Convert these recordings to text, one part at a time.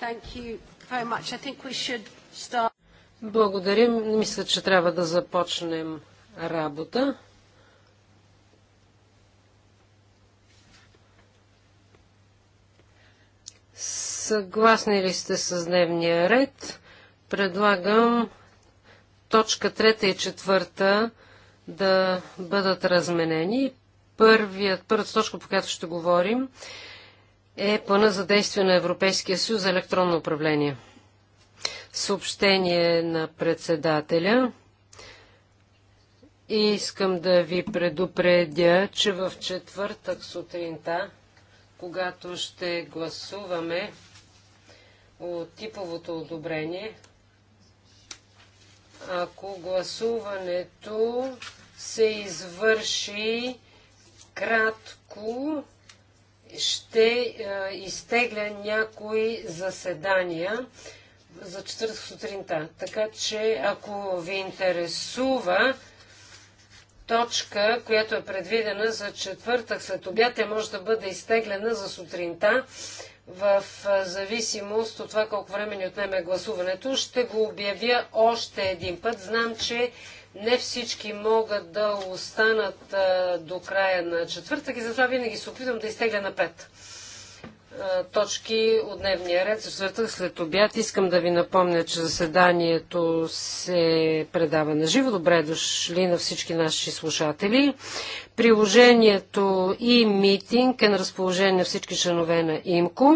Благодарим. Благодаря. Мисля, че трябва да започнем работа. Съгласни ли сте с дневния ред? Предлагам точка 3 и 4 да бъдат разменени. Първият, първата точка, по която ще говорим, е плана за действие на Европейския съюз за електронно управление. Съобщение на председателя. И искам да ви предупредя, че в четвъртък сутринта, когато ще гласуваме от типовото одобрение, ако гласуването се извърши кратко, ще е, изтегля някои заседания за четвъртък сутринта. Така че, ако ви интересува точка, която е предвидена за четвъртък след обяд, тя може да бъде изтеглена за сутринта в е, зависимост от това колко време ни отнеме гласуването. Ще го обявя още един път. Знам, че не всички могат да останат а, до края на четвъртък и затова винаги се опитвам да изтегля напред точки от дневния ред. За четвъртък след обяд искам да ви напомня, че заседанието се предава на живо. Добре дошли на всички наши слушатели. Приложението и митинг е на разположение на всички членове на ИМКО.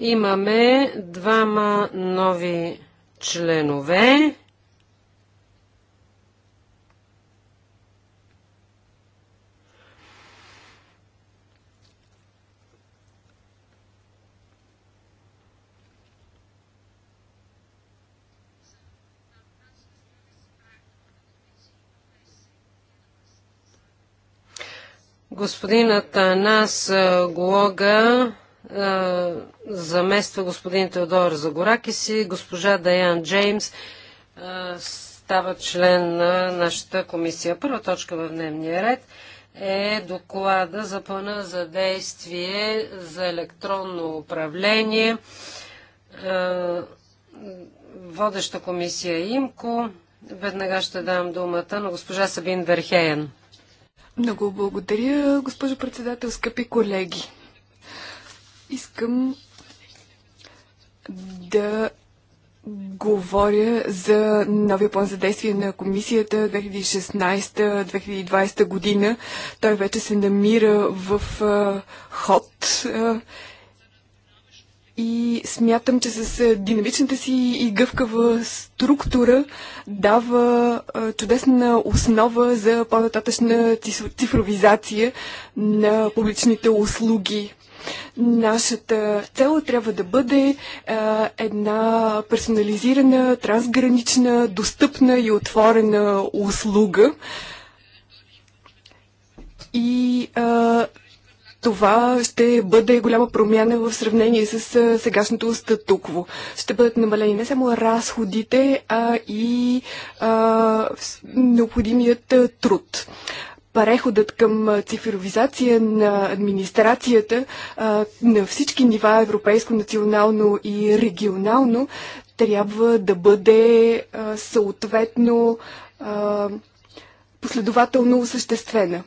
Имаме двама нови членове. Господин Атанас Глога е, замества господин Теодор Загоракис и госпожа Даян Джеймс е, става член на нашата комисия. Първа точка в дневния ред е доклада за плана за действие за електронно управление. Е, водеща комисия ИМКО. Веднага ще дам думата на госпожа Сабин Верхеен. Много благодаря, госпожо председател, скъпи колеги. Искам да говоря за новия план за действие на комисията 2016-2020 година. Той вече се намира в а, ход а, и смятам, че с динамичната си и гъвкава структура дава а, чудесна основа за по-нататъчна цифровизация на публичните услуги Нашата цел трябва да бъде а, една персонализирана, трансгранична, достъпна и отворена услуга. И а, това ще бъде голяма промяна в сравнение с сегашното статукво. Ще бъдат намалени не само разходите, а и а, необходимият труд преходът към цифровизация на администрацията на всички нива, европейско, национално и регионално, трябва да бъде съответно последователно осъществена.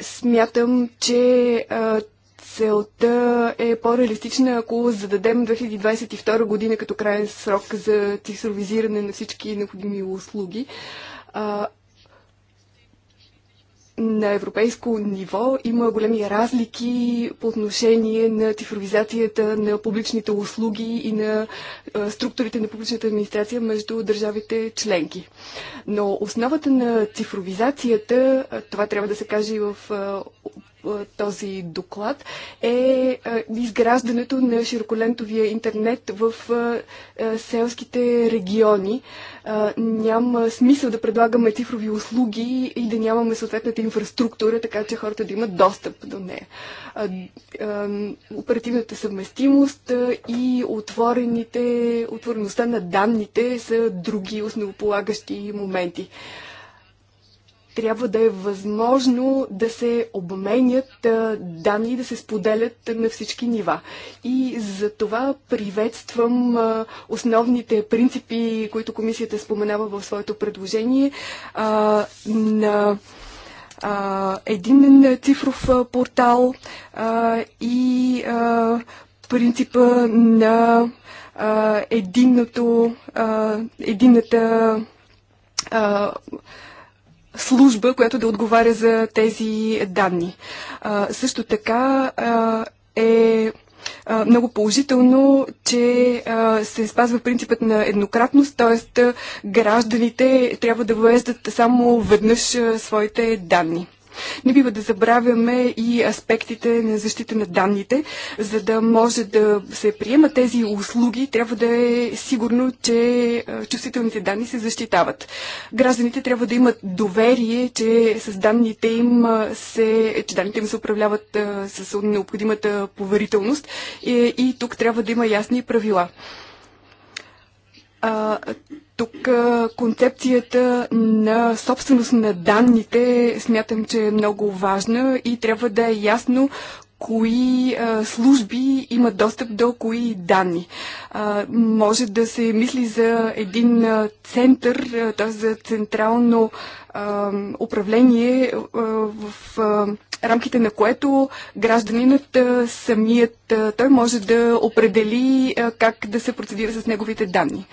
Смятам, че целта е по-реалистична, ако зададем 2022 година като крайен срок за цифровизиране на всички необходими услуги на европейско ниво има големи разлики по отношение на цифровизацията на публичните услуги и на структурите на публичната администрация между държавите членки. Но основата на цифровизацията, това трябва да се каже и в е, този доклад е, е изграждането на широколентовия интернет в е, селските региони. Няма смисъл да предлагаме цифрови услуги и да нямаме съответната инфраструктура, така че хората да имат достъп до нея. Оперативната съвместимост и отворените, отвореността на данните са други основополагащи моменти трябва да е възможно да се обменят данни и да се споделят на всички нива. И за това приветствам основните принципи, които комисията споменава в своето предложение на един цифров портал и принципа на единното, служба, която да отговаря за тези данни. А, също така а, е а, много положително, че а, се спазва принципът на еднократност, т.е. гражданите трябва да въвеждат само веднъж а, своите данни. Не бива да забравяме и аспектите на защита на данните. За да може да се приемат тези услуги, трябва да е сигурно, че чувствителните данни се защитават. Гражданите трябва да имат доверие, че с данните им се, че данните им се управляват с необходимата поверителност и, и тук трябва да има ясни правила. А, тук а, концепцията на собственост на данните смятам, че е много важна и трябва да е ясно кои а, служби имат достъп до кои данни. А, може да се мисли за един а, център, т.е. за централно а, управление а, в а, рамките на което гражданинът самият той може да определи как да се процедира с неговите данни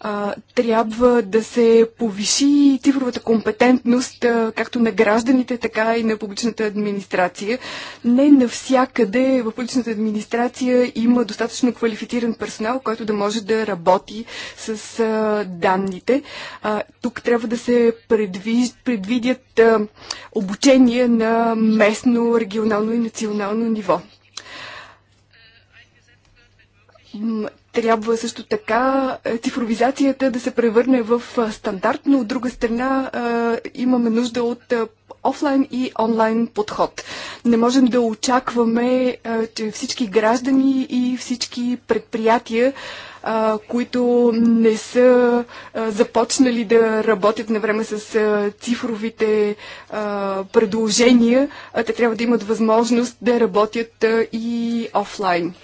а, трябва да се повиши цифровата компетентност а, както на гражданите, така и на публичната администрация. Не навсякъде в публичната администрация има достатъчно квалифициран персонал, който да може да работи с а, данните. А, тук трябва да се предвиж, предвидят а, обучение на местно, регионално и национално ниво трябва също така е, цифровизацията да се превърне в е, стандарт, но от друга страна е, имаме нужда от офлайн и онлайн подход. Не можем да очакваме, че всички граждани и всички предприятия, които не са започнали да работят на време с цифровите предложения, те трябва да имат възможност да работят и офлайн.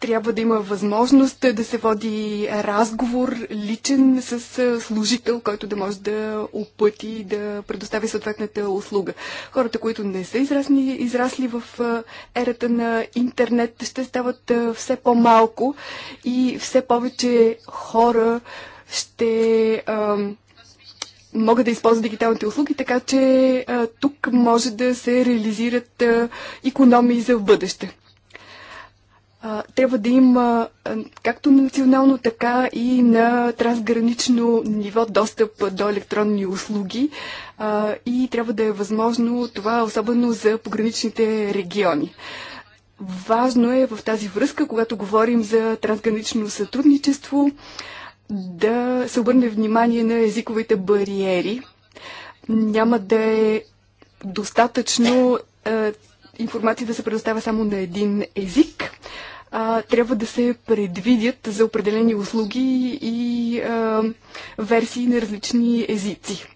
Трябва да има възможност да се води разговор личен с служител, който да може да опъти и да предостави съответната услуга. Хората, които не са израсли, израсли в ерата на интернет, ще стават все по-малко и все повече хора ще могат да използват дигиталните услуги, така че а, тук може да се реализират а, економии за в бъдеще а, трябва да има както на национално, така и на трансгранично ниво достъп до електронни услуги а, и трябва да е възможно това, особено за пограничните региони. Важно е в тази връзка, когато говорим за трансгранично сътрудничество, да се обърне внимание на езиковите бариери. Няма да е достатъчно е, информация да се предоставя само на един език а, трябва да се предвидят за определени услуги и а, версии на различни езици.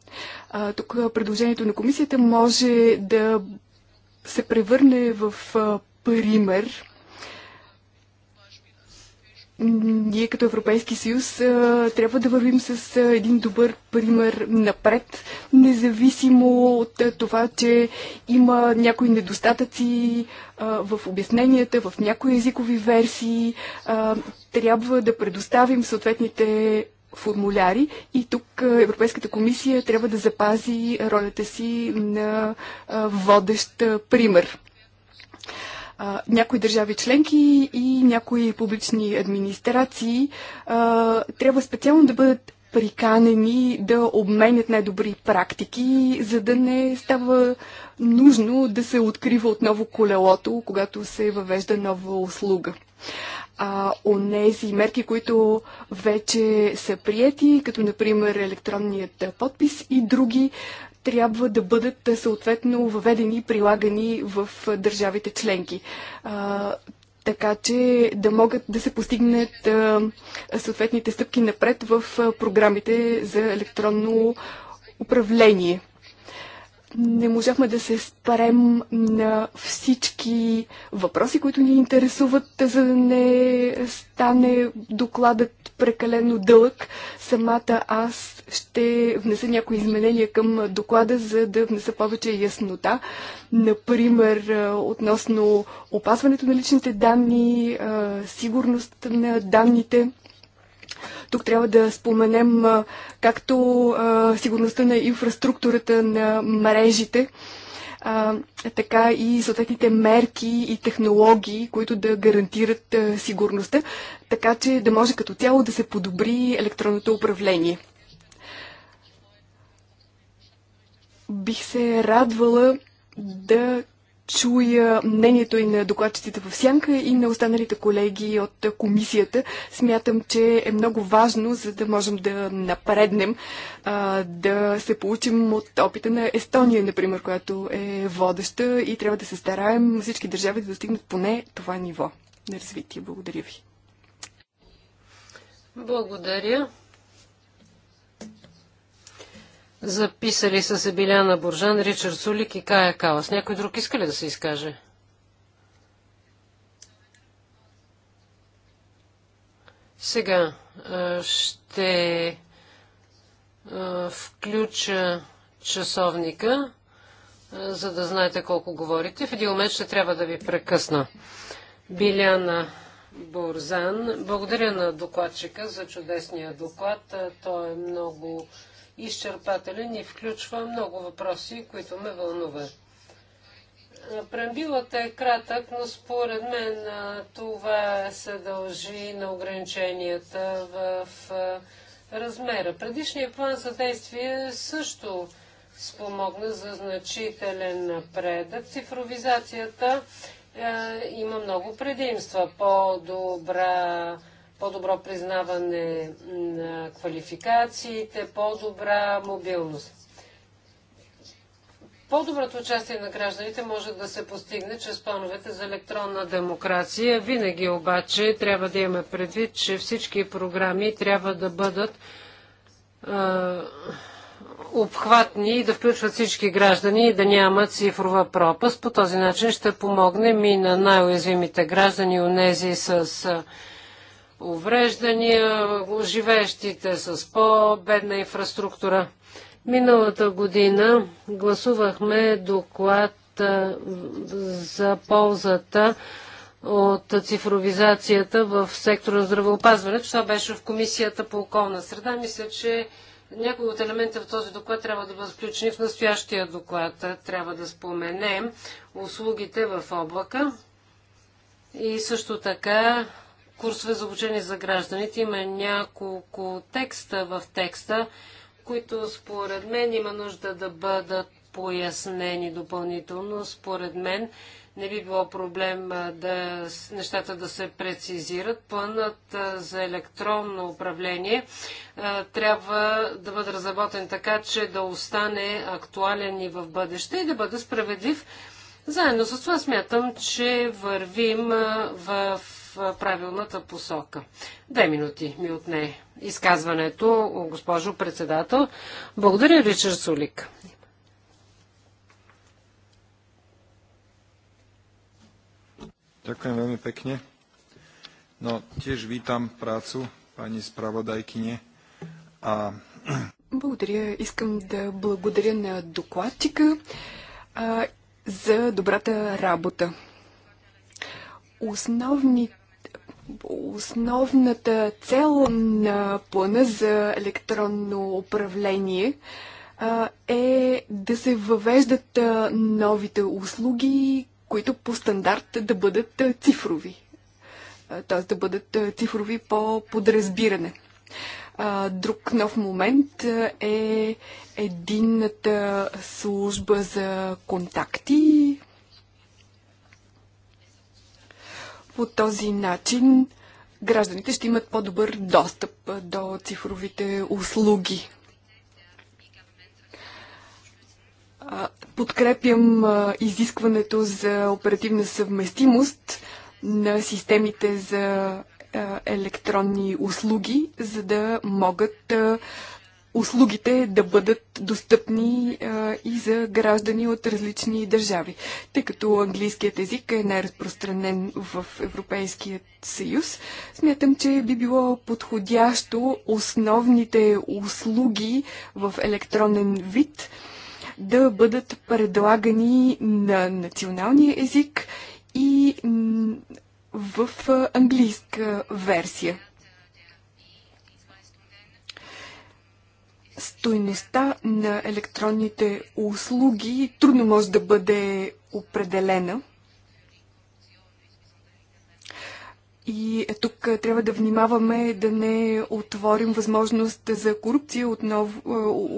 А, тук предложението на комисията може да се превърне в а, пример ние като Европейски съюз трябва да вървим с един добър пример напред, независимо от това, че има някои недостатъци в обясненията, в някои езикови версии. Трябва да предоставим съответните формуляри и тук Европейската комисия трябва да запази ролята си на водещ пример някои държави членки и някои публични администрации а, трябва специално да бъдат приканени да обменят най-добри практики, за да не става нужно да се открива отново колелото, когато се въвежда нова услуга. А онези мерки, които вече са прияти, като например електронният подпис и други, трябва да бъдат е, съответно въведени и прилагани в е, държавите членки. така че да могат да се постигнат е, съответните стъпки напред в програмите за електронно управление не можахме да се спрем на всички въпроси, които ни интересуват, за да не стане докладът прекалено дълъг. Самата аз ще внеса някои изменения към доклада, за да внеса повече яснота. Например, относно опазването на личните данни, сигурност на данните тук трябва да споменем както сигурността на инфраструктурата на мрежите, така и съответните мерки и технологии, които да гарантират сигурността, така че да може като цяло да се подобри електронното управление. Бих се радвала да чуя мнението и на докладчиците в Сянка и на останалите колеги от комисията. Смятам, че е много важно, за да можем да напреднем, а, да се получим от опита на Естония, например, която е водеща и трябва да се стараем всички държави да достигнат поне това ниво на развитие. Благодаря ви. Благодаря. Записали са се Биляна Буржан, Ричард Сулик и Кая Калас. Някой друг иска ли да се изкаже? Сега ще включа часовника, за да знаете колко говорите. В един момент ще трябва да ви прекъсна. Биляна Борзан. Благодаря на докладчика за чудесния доклад. Той е много изчерпателен и включва много въпроси, които ме вълнуват. Прембилът е кратък, но според мен това се дължи на ограниченията в размера. Предишният план за действие също спомогна за значителен напредък. Цифровизацията има много предимства. По-добра по-добро признаване на квалификациите, по-добра мобилност. По-доброто участие на гражданите може да се постигне чрез плановете за електронна демокрация. Винаги обаче трябва да имаме предвид, че всички програми трябва да бъдат е, обхватни и да включват всички граждани и да няма цифрова пропаст. По този начин ще помогнем и на най-уязвимите граждани, унези с увреждания, живеещите с по-бедна инфраструктура. Миналата година гласувахме доклад за ползата от цифровизацията в сектора на здравеопазването. Това беше в Комисията по околна среда. Мисля, че някои от елемента в този доклад трябва да бъдат включени в настоящия доклад. Трябва да споменем услугите в облака и също така курсове за обучение за гражданите. Има няколко текста в текста, които според мен има нужда да бъдат пояснени допълнително. Според мен не би било проблем да, нещата да се прецизират. Планът за електронно управление трябва да бъде разработен така, че да остане актуален и в бъдеще и да бъде справедлив. Заедно с това смятам, че вървим в правилната посока. Две минути ми отне изказването, госпожо председател. Благодаря, Ричард Сулик. Ďakujem veľmi pekne. No, tiež vítam prácu pani spravodajkyne a благодаря. Искам да благодаря на докладчика а, за добрата работа. Основните основната цел на плана за електронно управление е да се въвеждат новите услуги, които по стандарт да бъдат цифрови. Т.е. да бъдат цифрови по подразбиране. Друг нов момент е единната служба за контакти, По този начин гражданите ще имат по-добър достъп до цифровите услуги. Подкрепям изискването за оперативна съвместимост на системите за електронни услуги, за да могат услугите да бъдат достъпни а, и за граждани от различни държави, тъй като английският език е най-разпространен в Европейският съюз. Смятам, че би било подходящо основните услуги в електронен вид да бъдат предлагани на националния език и в английска версия. стойността на електронните услуги трудно може да бъде определена. И тук трябва да внимаваме да не отворим възможност за корупция, отново,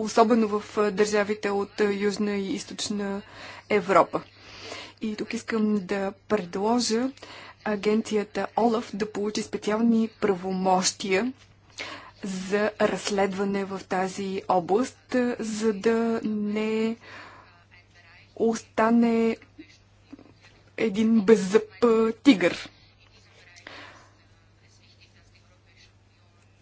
особено в държавите от Южна и Източна Европа. И тук искам да предложа агенцията ОЛАФ да получи специални правомощия за разследване в тази област, за да не остане един беззъб тигър.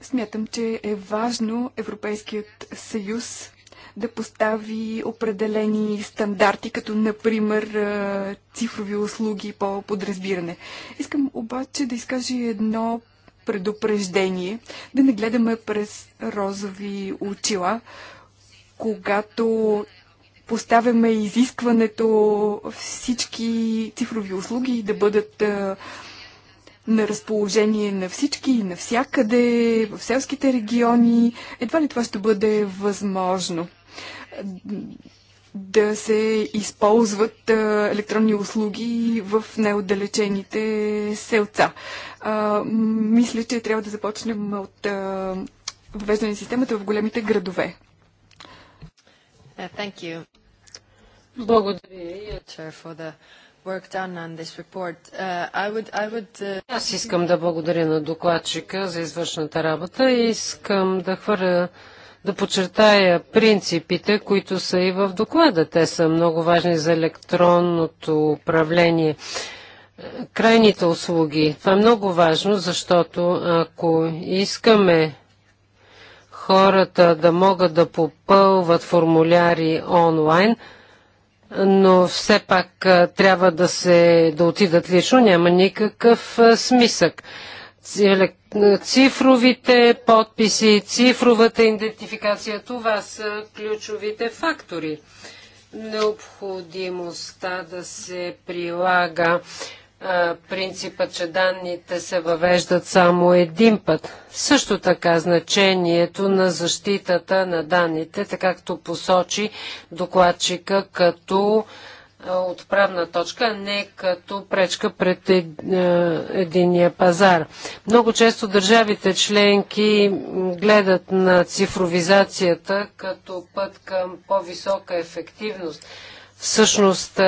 Смятам, че е важно Европейският съюз да постави определени стандарти, като например цифрови услуги по подразбиране. Искам обаче да изкажа едно предупреждение, да не гледаме през розови очила, когато поставяме изискването всички цифрови услуги да бъдат на разположение на всички и навсякъде, в селските региони. Едва ли това ще бъде възможно да се използват електронни услуги в неотдалечените селца а, мисля, че трябва да започнем от а, въвеждане на системата в големите градове. Uh, thank you. Благодаря, I would, I would... Uh, Аз искам да благодаря на докладчика за извършната работа и искам да хвърля да подчертая принципите, които са и в доклада. Те са много важни за електронното управление крайните услуги. Това е много важно, защото ако искаме хората да могат да попълват формуляри онлайн, но все пак трябва да, се, да отидат лично, няма никакъв смисък. Цифровите подписи, цифровата идентификация, това са ключовите фактори. Необходимостта да се прилага принципа, че данните се въвеждат само един път. Също така значението на защитата на данните, така както посочи докладчика като отправна точка, не като пречка пред единия пазар. Много често държавите членки гледат на цифровизацията като път към по-висока ефективност Всъщност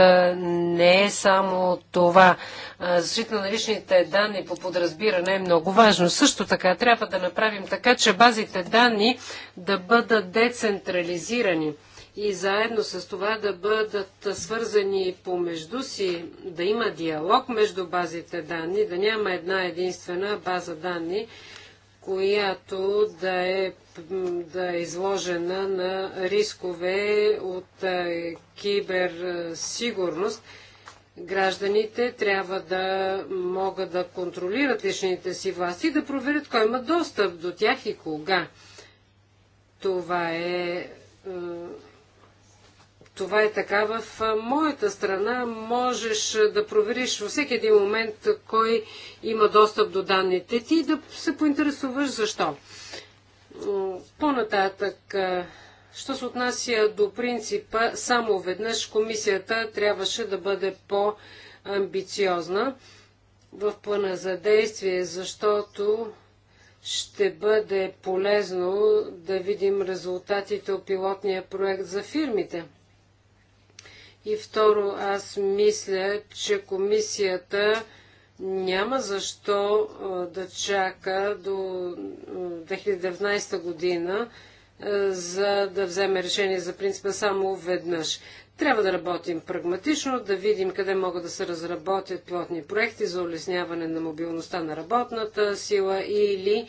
не е само това. Защита на личните данни по подразбиране е много важно. Също така трябва да направим така, че базите данни да бъдат децентрализирани и заедно с това да бъдат свързани помежду си, да има диалог между базите данни, да няма една единствена база данни, която да е, да е изложена на рискове от е, киберсигурност. Гражданите трябва да могат да контролират личните си власти и да проверят кой има достъп до тях и кога. Това е, е това е така в моята страна. Можеш да провериш във всеки един момент кой има достъп до данните ти и да се поинтересуваш защо. По-нататък, що се отнася до принципа, само веднъж комисията трябваше да бъде по-амбициозна в плана за действие, защото ще бъде полезно да видим резултатите от пилотния проект за фирмите. И второ, аз мисля, че комисията няма защо да чака до 2019 година, за да вземе решение за принципа само веднъж. Трябва да работим прагматично, да видим къде могат да се разработят пилотни проекти за улесняване на мобилността на работната сила или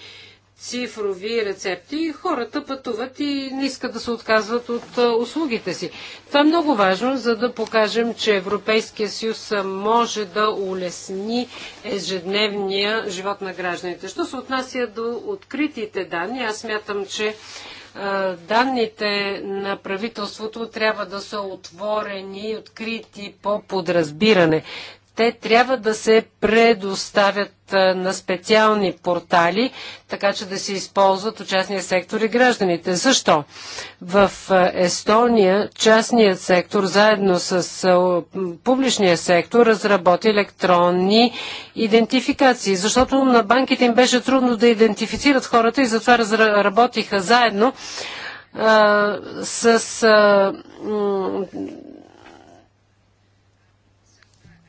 цифрови рецепти, хората пътуват и не искат да се отказват от услугите си. Това е много важно, за да покажем, че Европейския съюз може да улесни ежедневния живот на гражданите. Що се отнася до откритите данни, аз мятам, че данните на правителството трябва да са отворени и открити по подразбиране те трябва да се предоставят на специални портали, така че да се използват от частния сектор и гражданите. Защо? В Естония частният сектор заедно с публичния сектор разработи електронни идентификации, защото на банките им беше трудно да идентифицират хората и затова разработиха заедно а, с а,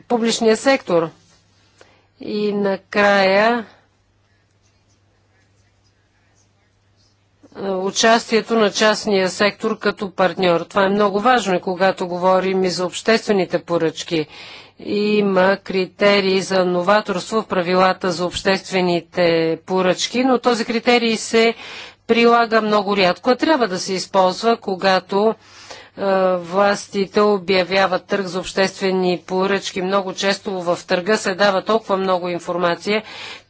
публичния сектор. И накрая е, участието на частния сектор като партньор. Това е много важно, когато говорим и за обществените поръчки. Има критерии за новаторство в правилата за обществените поръчки, но този критерий се прилага много рядко, а трябва да се използва, когато е, властите обявяват търг за обществени поръчки. Много често в търга се дава толкова много информация,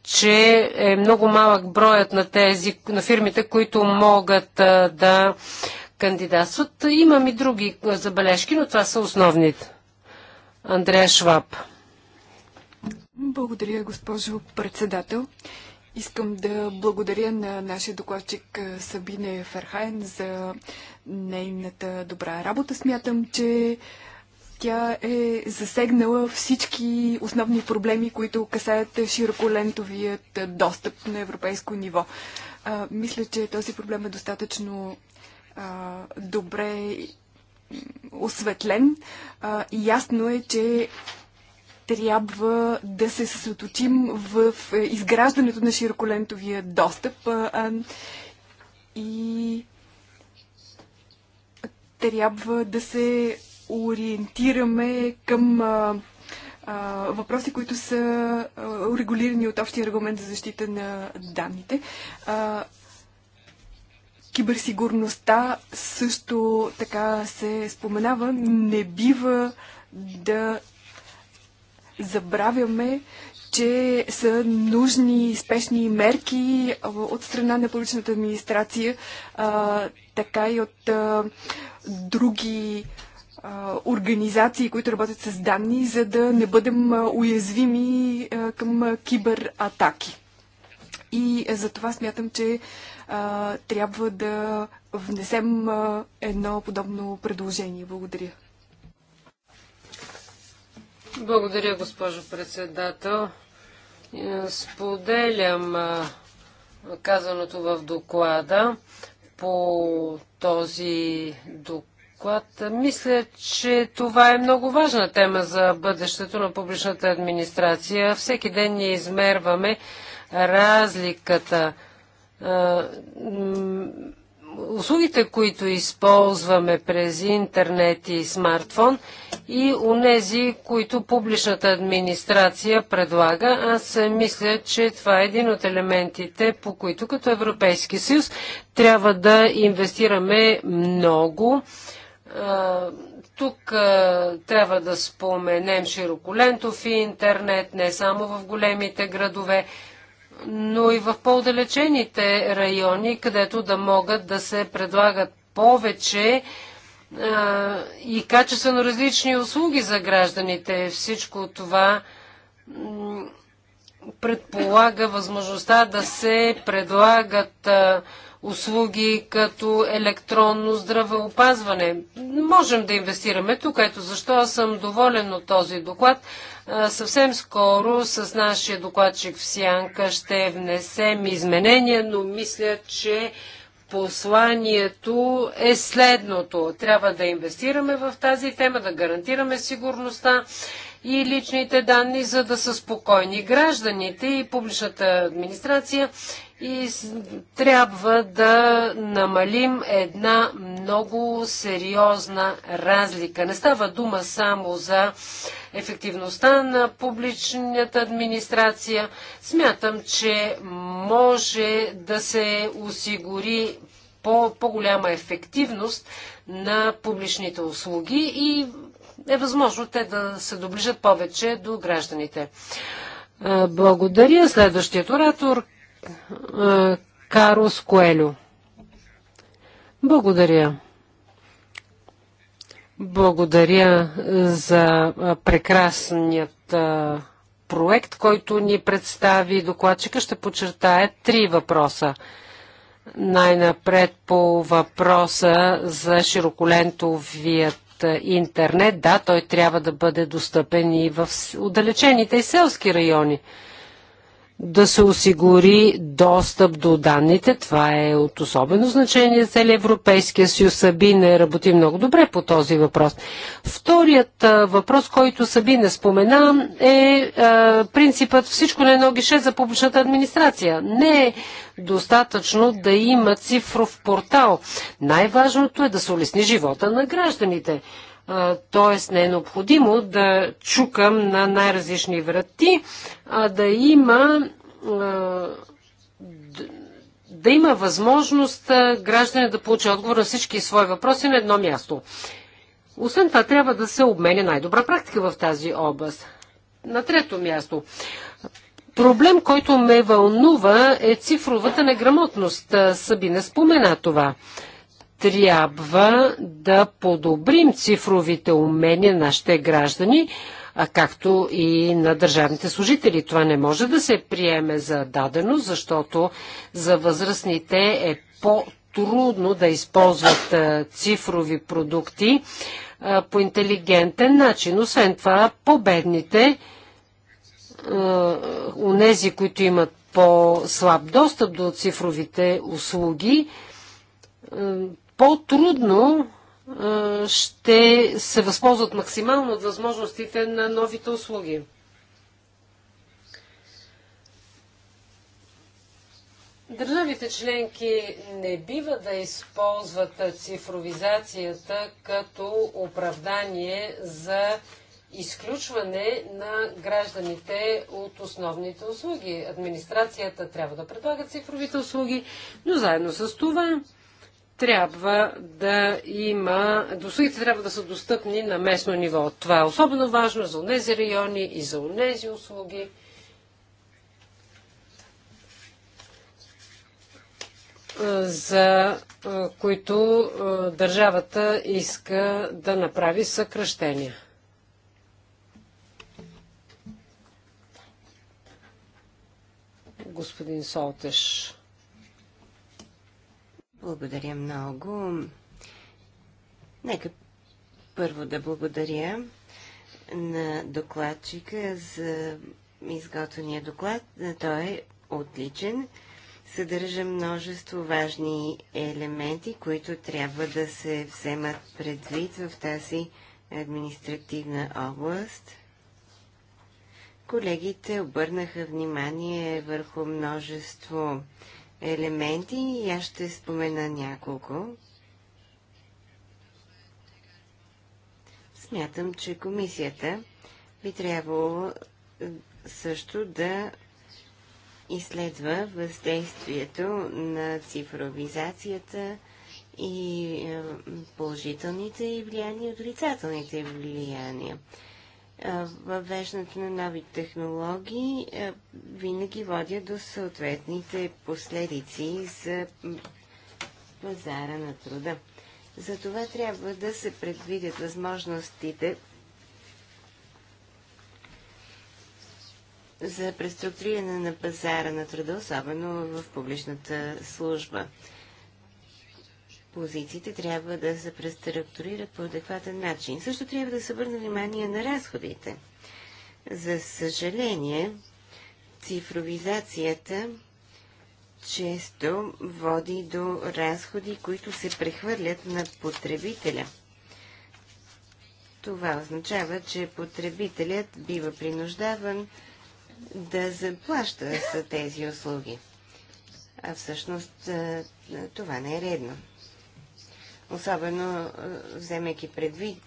че е много малък броят на тези, на фирмите, които могат е, да кандидатстват. Имам и други е, забележки, но това са основните. Андрея Шваб. Благодаря, госпожо председател. Искам да благодаря на нашия докладчик Сабине Ферхайн за нейната добра работа. Смятам, че тя е засегнала всички основни проблеми, които касаят широколентовият достъп на европейско ниво. А, мисля, че този проблем е достатъчно а, добре осветлен. А, и ясно е, че трябва да се съсредоточим в е, изграждането на широколентовия достъп и трябва да се ориентираме към въпроси, които са урегулирани регулирани от общия регламент за защита на данните. киберсигурността също така се споменава. Не бива да забравяме, че са нужни спешни мерки от страна на публичната администрация, а, така и от а, други а, организации, които работят с данни, за да не бъдем уязвими а, към кибератаки. И за това смятам, че а, трябва да внесем а, едно подобно предложение. Благодаря. Благодаря, госпожо председател. Е, споделям е, казаното в доклада по този доклад. Е, мисля, че това е много важна тема за бъдещето на публичната администрация. Всеки ден ние измерваме разликата услугите, които използваме през интернет и смартфон и унези, които публичната администрация предлага. Аз мисля, че това е един от елементите, по които като Европейски съюз трябва да инвестираме много. Тук трябва да споменем широколентов и интернет, не само в големите градове, но и в по-далечените райони, където да могат да се предлагат повече е, и качествено различни услуги за гражданите. Всичко това предполага възможността да се предлагат е, услуги като електронно здравеопазване. Можем да инвестираме тук, ето защо аз съм доволен от този доклад. Съвсем скоро с нашия докладчик в Сянка ще внесем изменения, но мисля, че посланието е следното. Трябва да инвестираме в тази тема, да гарантираме сигурността и личните данни, за да са спокойни гражданите и публичната администрация и трябва да намалим една много сериозна разлика. Не става дума само за ефективността на публичната администрация. Смятам, че може да се осигури по-голяма ефективност на публичните услуги и е възможно те да се доближат повече до гражданите. Е, благодаря. Следващият оратор е, Карлос Коелю. Благодаря. Благодаря за е, прекрасният проект, който ни представи докладчика. Ще подчертая три въпроса. Най-напред по въпроса за широколентовият интернет, да, той трябва да бъде достъпен и в отдалечените и селски райони да се осигури достъп до данните. Това е от особено значение за целия Европейския съюз. Сабина работи много добре по този въпрос. Вторият въпрос, който Сабина спомена, е принципът всичко на едно гише за публичната администрация. Не е достатъчно да има цифров портал. Най-важното е да се улесни живота на гражданите т.е. не е необходимо да чукам на най-различни врати, а да има да има възможност граждане да получи отговор на всички свои въпроси на едно място. Освен това, трябва да се обменя най-добра практика в тази област. На трето място. Проблем, който ме вълнува е цифровата неграмотност. не спомена това трябва да подобрим цифровите умения на нашите граждани, а както и на държавните служители. Това не може да се приеме за дадено, защото за възрастните е по-трудно да използват цифрови продукти по интелигентен начин. Освен това, победните, унези, които имат по-слаб достъп до цифровите услуги, по-трудно ще се възползват максимално от възможностите на новите услуги. Държавите членки не бива да използват цифровизацията като оправдание за изключване на гражданите от основните услуги. Администрацията трябва да предлага цифровите услуги, но заедно с това трябва да има, услугите трябва да са достъпни на местно ниво. Това е особено важно за тези райони и за тези услуги. за които държавата иска да направи съкръщения. Господин Солтеш. Благодаря много. Нека първо да благодаря на докладчика за изготвения доклад. Той е отличен. Съдържа множество важни елементи, които трябва да се вземат предвид в тази административна област. Колегите обърнаха внимание върху множество елементи и аз ще спомена няколко. Смятам, че комисията би трябвало също да изследва въздействието на цифровизацията и е, положителните влияния и отрицателните влияния въвеждането на нови технологии винаги водят до съответните последици за пазара на труда. Затова трябва да се предвидят възможностите за преструктуриране на пазара на труда, особено в публичната служба позициите трябва да се преструктурират по адекватен начин. Също трябва да се върне внимание на разходите. За съжаление, цифровизацията често води до разходи, които се прехвърлят на потребителя. Това означава, че потребителят бива принуждаван да заплаща за тези услуги. А всъщност това не е редно особено вземайки предвид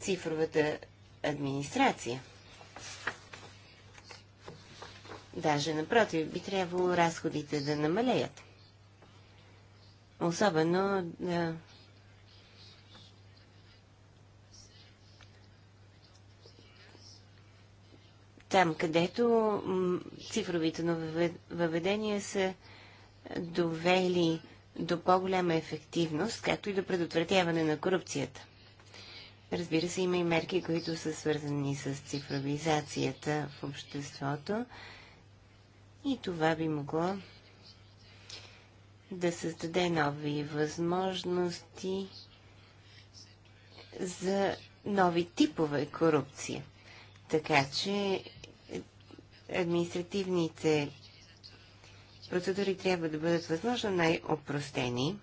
цифровата администрация. Даже напротив, би трябвало разходите да намалеят. Особено да там, където цифровите въведения са довели до по-голяма ефективност, както и до предотвратяване на корупцията. Разбира се, има и мерки, които са свързани с цифровизацията в обществото и това би могло да създаде нови възможности за нови типове корупция. Така че административните процедури трябва да бъдат възможно най-опростени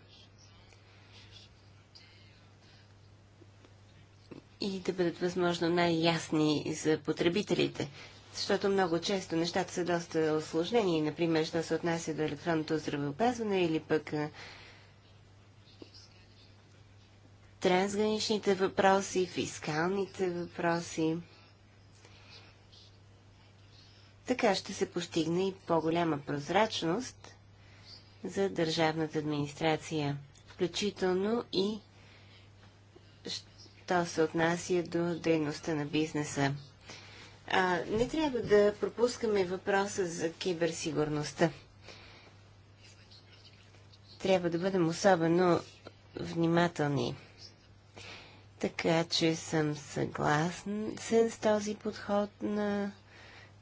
и да бъдат възможно най-ясни за потребителите. Защото много често нещата са доста осложнени, например, що се отнася до електронното здравеопазване или пък трансграничните въпроси, фискалните въпроси. Така ще се постигне и по-голяма прозрачност за държавната администрация, включително и що се отнася до дейността на бизнеса. А, не трябва да пропускаме въпроса за киберсигурността. Трябва да бъдем особено внимателни. Така че съм съгласен с този подход на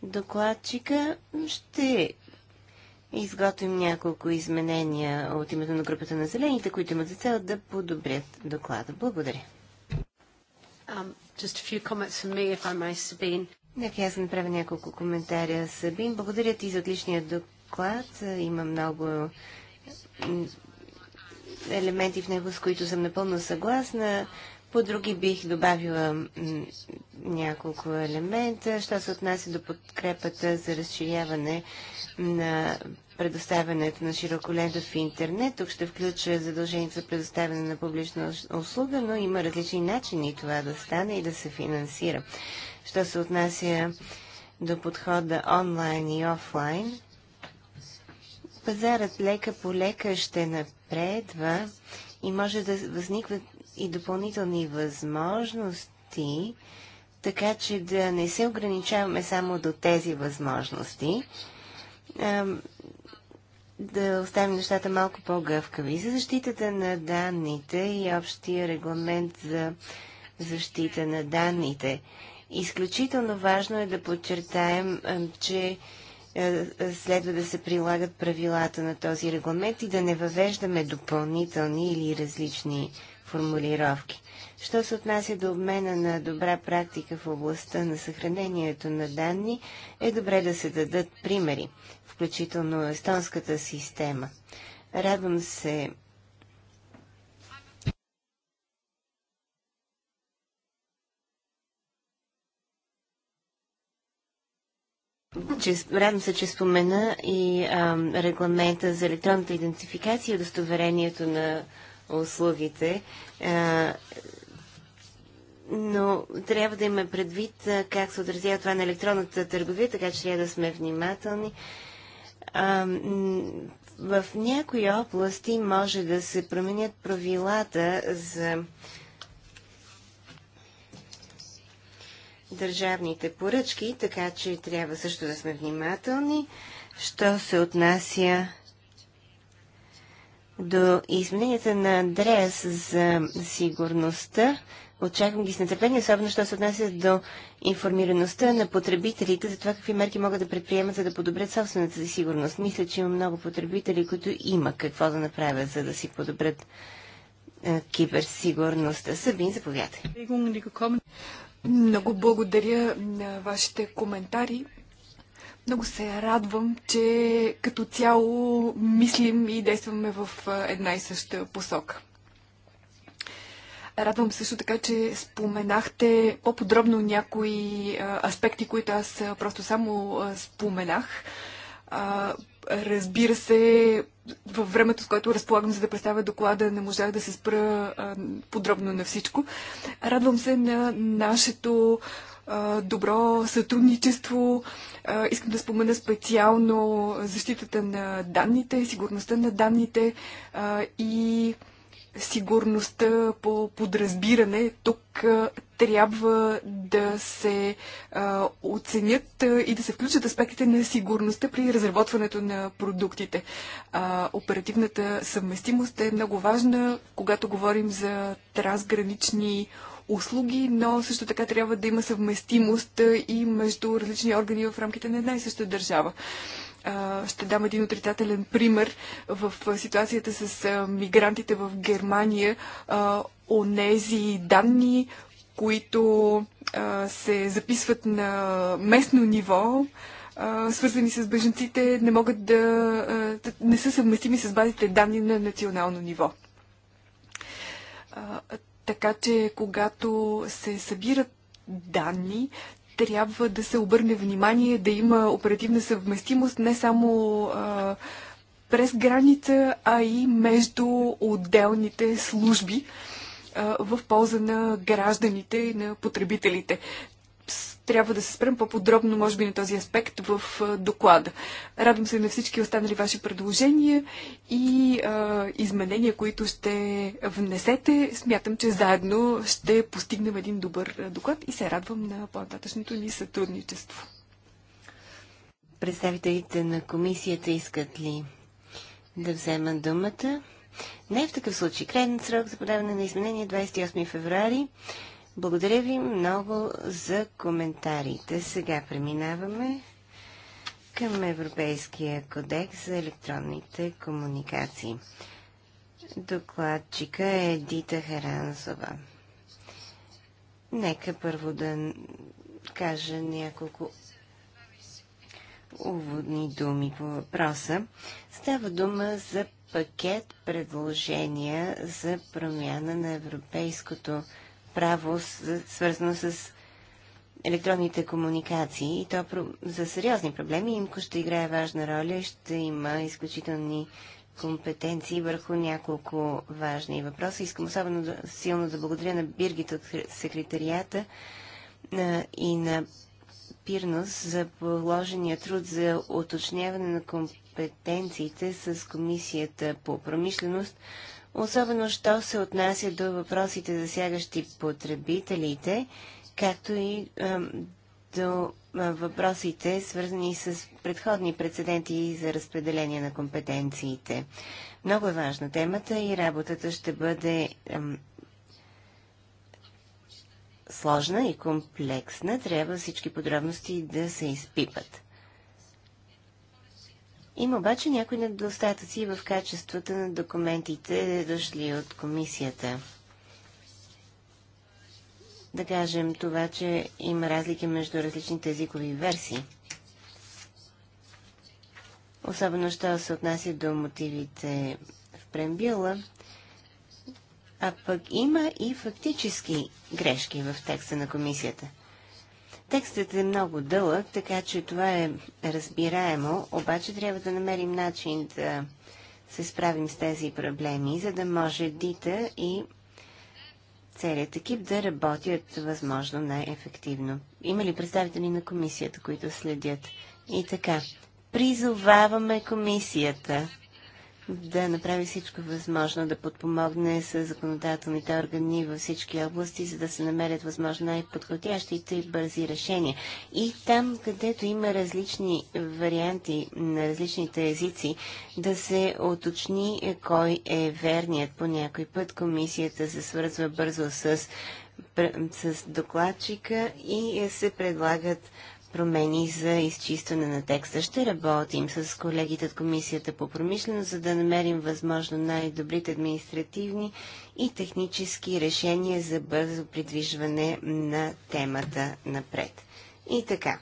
докладчика. Ще изготвим няколко изменения от името на групата на зелените, които имат за цел да подобрят доклада. Благодаря. Um, Нека аз направя няколко коментаря, Сабин. Благодаря ти за отличния доклад. Има много елементи в него, с които съм напълно съгласна. По други бих добавила няколко елемента. Що се отнася до подкрепата за разширяване на предоставянето на широколентов интернет, тук ще включа задължението за предоставяне на публична услуга, но има различни начини това да стане и да се финансира. Що се отнася до подхода онлайн и офлайн, пазарът лека по лека ще напредва и може да възникват и допълнителни възможности, така че да не се ограничаваме само до тези възможности, да оставим нещата малко по-гъвкави. За защитата на данните и общия регламент за защита на данните. Изключително важно е да подчертаем, че е, е, следва да се прилагат правилата на този регламент и да не въвеждаме допълнителни или различни формулировки. Що се отнася до обмена на добра практика в областта на съхранението на данни, е добре да се дадат примери, включително естонската система. Радвам се, че, радвам се, че спомена и а, регламента за електронната идентификация и удостоверението на услугите. А, но трябва да има предвид как се отразява това на електронната търговия, така че трябва да сме внимателни. в някои области може да се променят правилата за държавните поръчки, така че трябва също да сме внимателни. Що се отнася до измененията на адрес за сигурността, Очаквам ги с нетърпение, особено що се отнася до информираността на потребителите за това какви мерки могат да предприемат, за да подобрят собствената си сигурност. Мисля, че има много потребители, които има какво да направят, за да си подобрят е, киберсигурността. Събин, заповядай. Много благодаря на вашите коментари. Много се радвам, че като цяло мислим и действаме в е, една и съща посока. Радвам също така, че споменахте по-подробно някои аспекти, които аз просто само споменах. Разбира се, във времето, с което разполагам, за да представя доклада, не можах да се спра подробно на всичко. Радвам се на нашето добро сътрудничество. Искам да спомена специално защитата на данните, сигурността на данните и сигурността по подразбиране. Тук трябва да се оценят и да се включат аспектите на сигурността при разработването на продуктите. Оперативната съвместимост е много важна, когато говорим за трансгранични услуги, но също така трябва да има съвместимост и между различни органи в рамките на една и съща държава. Ще дам един отрицателен пример в ситуацията с мигрантите в Германия. Онези данни, които се записват на местно ниво, свързани с беженците, не могат да не са съвместими с базите данни на национално ниво. Така че, когато се събират данни, трябва да се обърне внимание да има оперативна съвместимост не само а, през граница, а и между отделните служби а, в полза на гражданите и на потребителите трябва да се спрем по-подробно, може би, на този аспект в доклада. Радвам се на всички останали ваши предложения и а, изменения, които ще внесете. Смятам, че заедно ще постигнем един добър доклад и се радвам на по-нататъчното ни сътрудничество. Представителите на комисията искат ли да вземат думата? Не в такъв случай. Крайният срок за подаване на изменение 28 феврари. Благодаря ви много за коментарите. Сега преминаваме към Европейския кодекс за електронните комуникации. Докладчика е Дита Харанзова. Нека първо да кажа няколко уводни думи по въпроса. Става дума за пакет предложения за промяна на европейското право, свързано с електронните комуникации и то за сериозни проблеми имко ще играе важна роля и ще има изключителни компетенции върху няколко важни въпроса. Искам особено да, силно да благодаря на Биргит от секретарията на, и на Пирнос за положения труд за уточняване на компетенциите с Комисията по промишленост особено що се отнася до въпросите, засягащи потребителите, както и а, до въпросите, свързани с предходни прецеденти за разпределение на компетенциите. Много е важна темата и работата ще бъде а, сложна и комплексна. Трябва всички подробности да се изпипат. Има обаче някои недостатъци в качеството на документите, дошли от комисията. Да кажем това, че има разлики между различните езикови версии. Особено, що се отнася до мотивите в прембила, а пък има и фактически грешки в текста на комисията. Текстът е много дълъг, така че това е разбираемо, обаче трябва да намерим начин да се справим с тези проблеми, за да може Дита и целият екип да работят възможно най-ефективно. Има ли представители на комисията, които следят? И така, призоваваме комисията да направи всичко възможно да подпомогне с законодателните органи във всички области, за да се намерят възможно най-подходящите и бързи решения. И там, където има различни варианти на различните езици, да се оточни е, кой е верният. По някой път комисията се свързва бързо с, с докладчика и е, се предлагат промени за изчистване на текста. Ще работим с колегите от Комисията по промишленост, за да намерим възможно най-добрите административни и технически решения за бързо придвижване на темата напред. И така.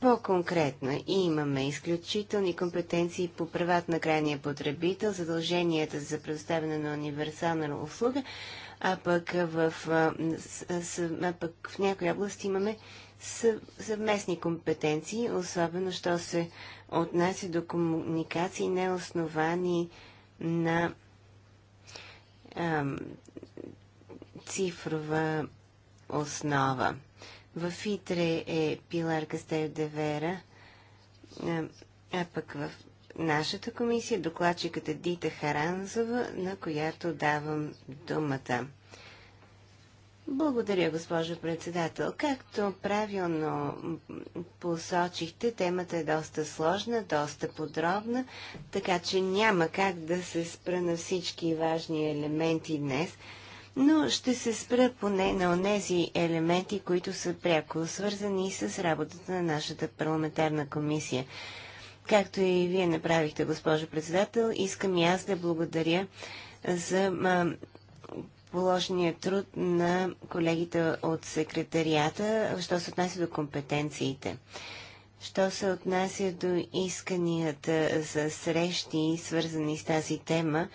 По-конкретно имаме изключителни компетенции по правата на крайния потребител, задълженията за предоставяне на универсална услуга, а пък в, а пък в някои области имаме съвместни компетенции, особено що се отнася до комуникации, не основани на ам, цифрова основа. В Итре е Пилар Кастел Девера, а пък в нашата комисия докладчиката е Дита Харанзова, на която давам думата. Благодаря, госпожо председател. Както правилно посочихте, темата е доста сложна, доста подробна, така че няма как да се спра на всички важни елементи днес, но ще се спра поне на онези елементи, които са пряко свързани с работата на нашата парламентарна комисия. Както и вие направихте, госпожо председател, искам и аз да благодаря за положения труд на колегите от секретарията, що се отнася до компетенциите. Що се отнася до исканията за срещи, свързани с тази тема,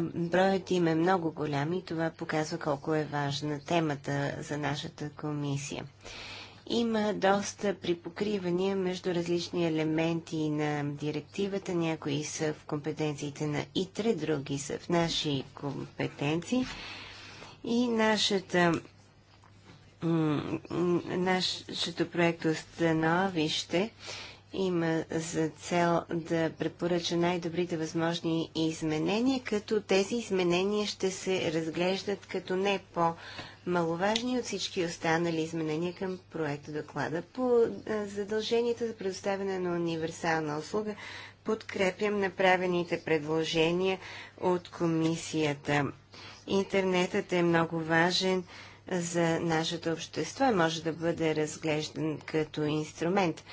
броят им е много голям и това показва колко е важна темата за нашата комисия. Има доста припокривания между различни елементи на директивата. Някои са в компетенциите на ИТРЕ, други са в наши компетенции. И нашата, нашето проекто становище има за цел да препоръча най-добрите възможни изменения, като тези изменения ще се разглеждат като не по-маловажни от всички останали изменения към проекта доклада. По задължението за предоставяне на универсална услуга подкрепям направените предложения от комисията Интернетът е много важен за нашето общество и може да бъде разглеждан като инструмент.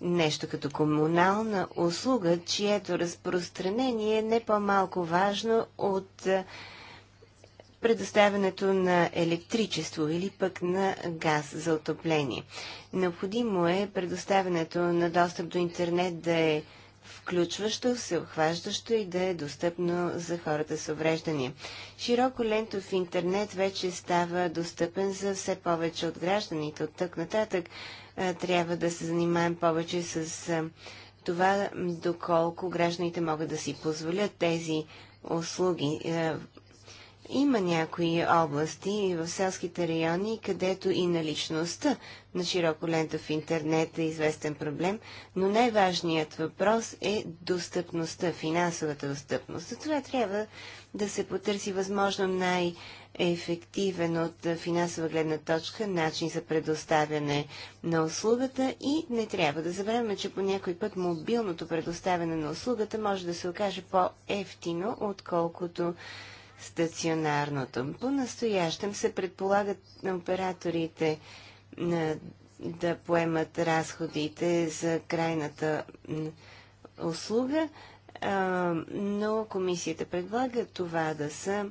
Нещо като комунална услуга, чието разпространение е не по-малко важно от предоставянето на електричество или пък на газ за отопление. Необходимо е предоставянето на достъп до интернет да е включващо, всеобхващащо и да е достъпно за хората с увреждания. Широко лентов интернет вече става достъпен за все повече от гражданите. От тък нататък трябва да се занимаем повече с това, доколко гражданите могат да си позволят тези услуги. има някои области в селските райони, където и наличността на широко лента в интернет е известен проблем, но най-важният въпрос е достъпността, финансовата достъпност. За това трябва да се потърси възможно най-ефективен от финансова гледна точка начин за предоставяне на услугата и не трябва да забравяме, че по някой път мобилното предоставяне на услугата може да се окаже по-ефтино, отколкото стационарното. По-настоящем се предполагат на операторите да поемат разходите за крайната услуга, но комисията предлага това да са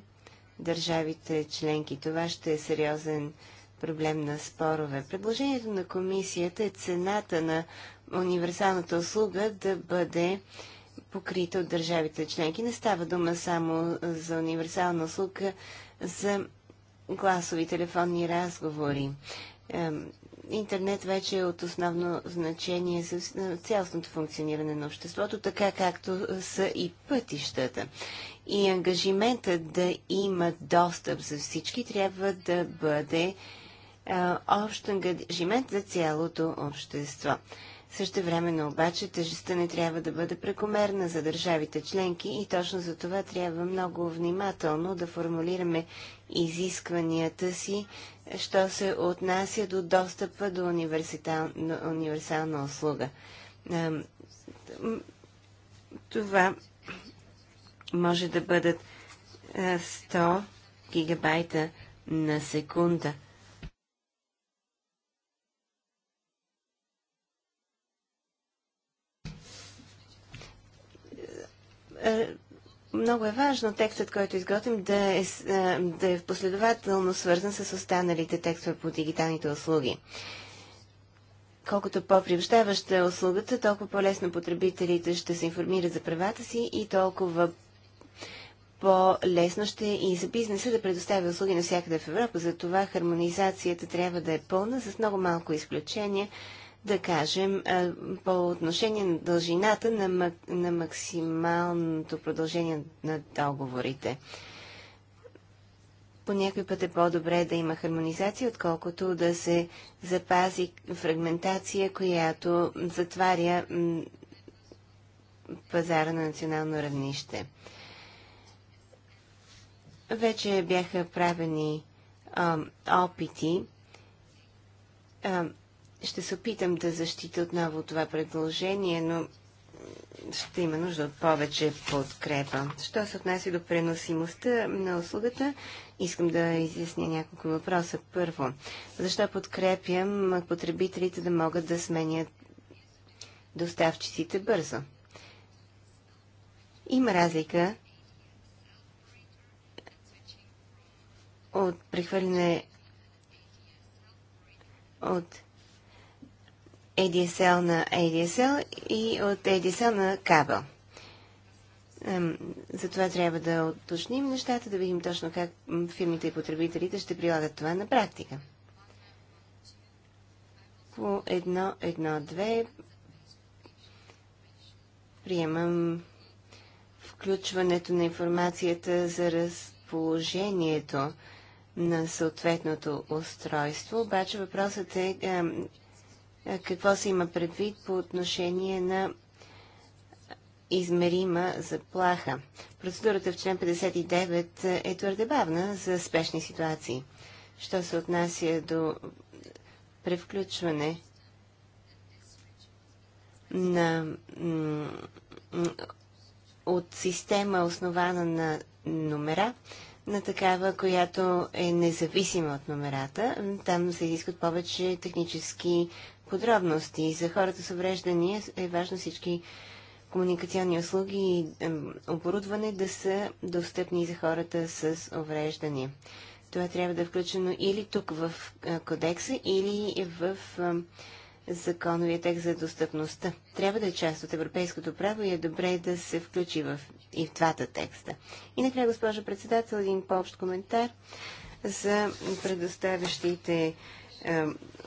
държавите членки. Това ще е сериозен проблем на спорове. Предложението на комисията е цената на универсалната услуга да бъде покрита от държавите членки. Не става дума само за универсална услуга, за гласови телефонни разговори. Интернет вече е от основно значение за цялостното функциониране на обществото, така както са и пътищата. И ангажиментът да има достъп за всички трябва да бъде а, общ ангажимент за цялото общество. Също времено обаче тежестта не трябва да бъде прекомерна за държавите членки и точно за това трябва много внимателно да формулираме изискванията си, що се отнася до достъпа до универсална услуга. Това може да бъдат 100 гигабайта на секунда много е важно текстът, който изготвим, да е, е, да е последователно свързан с останалите текстове по дигиталните услуги. Колкото по-приобщаваща е услугата, толкова по-лесно потребителите ще се информират за правата си и толкова по-лесно ще е и за бизнеса да предоставя услуги навсякъде в Европа. Затова хармонизацията трябва да е пълна, с много малко изключение да кажем, по отношение на дължината на, на максималното продължение на договорите. По някой път е по-добре да има хармонизация, отколкото да се запази фрагментация, която затваря пазара на национално равнище. Вече бяха правени а, опити а, ще се опитам да защита отново това предложение, но ще има нужда от повече подкрепа. Що се отнася до преносимостта на услугата, искам да изясня няколко въпроса. Първо, защо подкрепям потребителите да могат да сменят доставчиците бързо? Има разлика от прехвърляне от ADSL на ADSL и от ADSL на кабел. Затова трябва да уточним нещата, да видим точно как фирмите и потребителите ще прилагат това на практика. По едно, едно, две приемам включването на информацията за разположението на съответното устройство, обаче въпросът е какво се има предвид по отношение на измерима заплаха. Процедурата в член 59 е твърде бавна за спешни ситуации. Що се отнася до превключване на, от система основана на номера на такава, която е независима от номерата. Там се изискват повече технически подробности. За хората с увреждания е важно всички комуникационни услуги и оборудване да са достъпни за хората с увреждания. Това трябва да е включено или тук в е, кодекса, или в е, законовия текст за достъпността. Трябва да е част от европейското право и е добре да се включи в, и в двата текста. И накрая, госпожа председател, един по-общ коментар за предоставящите е,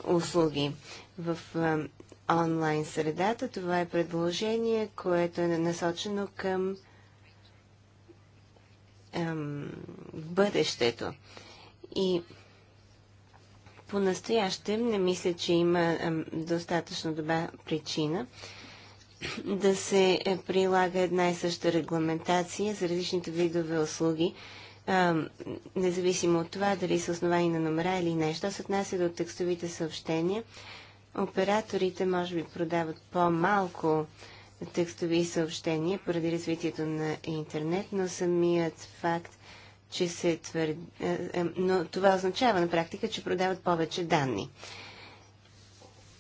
услуги в е, онлайн средата. Това е предложение, което е насочено към ам, бъдещето. И по-настоящем не мисля, че има ам, достатъчно добра причина да се е, прилага една и съща регламентация за различните видове услуги, независимо от това дали са основани на номера или нещо. Се отнася до текстовите съобщения. Операторите може би продават по-малко текстови съобщения поради развитието на интернет, но самият факт, че се твърди... Е, е, но това означава на практика, че продават повече данни.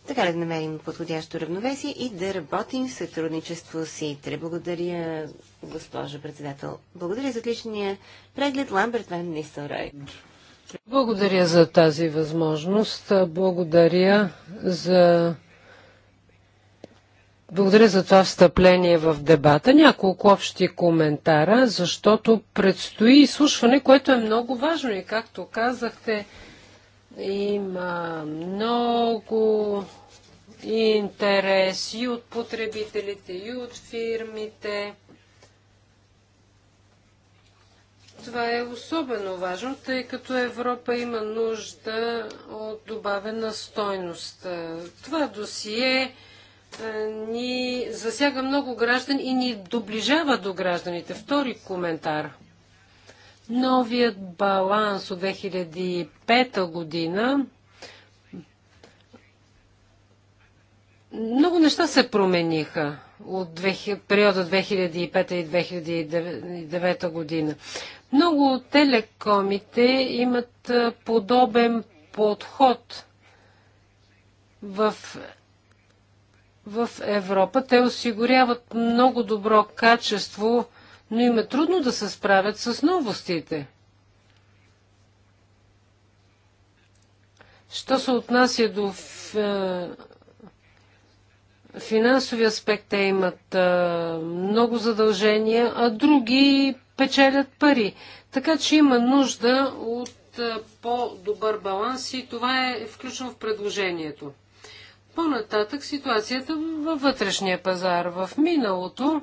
Така да намерим подходящо равновесие и да работим в сътрудничество с ИТРЕ. Благодаря, госпожо председател. Благодаря за отличния преглед. Ламберт Ван Нисълрой. Благодаря за тази възможност. Благодаря за благодаря за това встъпление в дебата. Няколко общи коментара, защото предстои изслушване, което е много важно и както казахте, има много интерес и от потребителите, и от фирмите. Това е особено важно, тъй като Европа има нужда от добавена стойност. Е, това досие е, ни засяга много граждан и ни доближава до гражданите. Втори коментар. Новият баланс от 2005 година много неща се промениха от периода 2005 и 2009 година. Много от телекомите имат подобен подход в, в Европа. Те осигуряват много добро качество, но им е трудно да се справят с новостите. Що се отнася до е, финансови аспект те имат а, много задължения, а други печелят пари. Така че има нужда от по-добър баланс и това е включено в предложението. По-нататък ситуацията във вътрешния пазар. В миналото,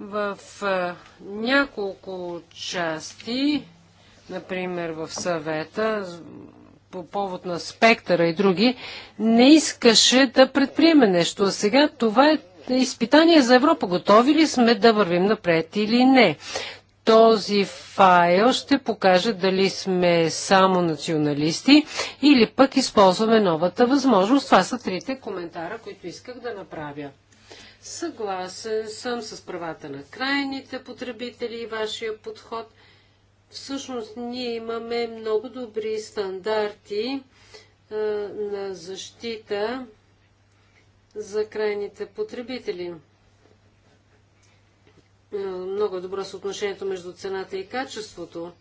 в а, няколко части, например в съвета, по повод на спектъра и други, не искаше да предприеме нещо. А сега това е изпитание за Европа. Готови ли сме да вървим напред или не? Този файл ще покаже дали сме само националисти или пък използваме новата възможност. Това са трите коментара, които исках да направя. Съгласен съм с правата на крайните потребители и вашия подход – Всъщност ние имаме много добри стандарти а, на защита за крайните потребители. А, много е добро съотношението между цената и качеството.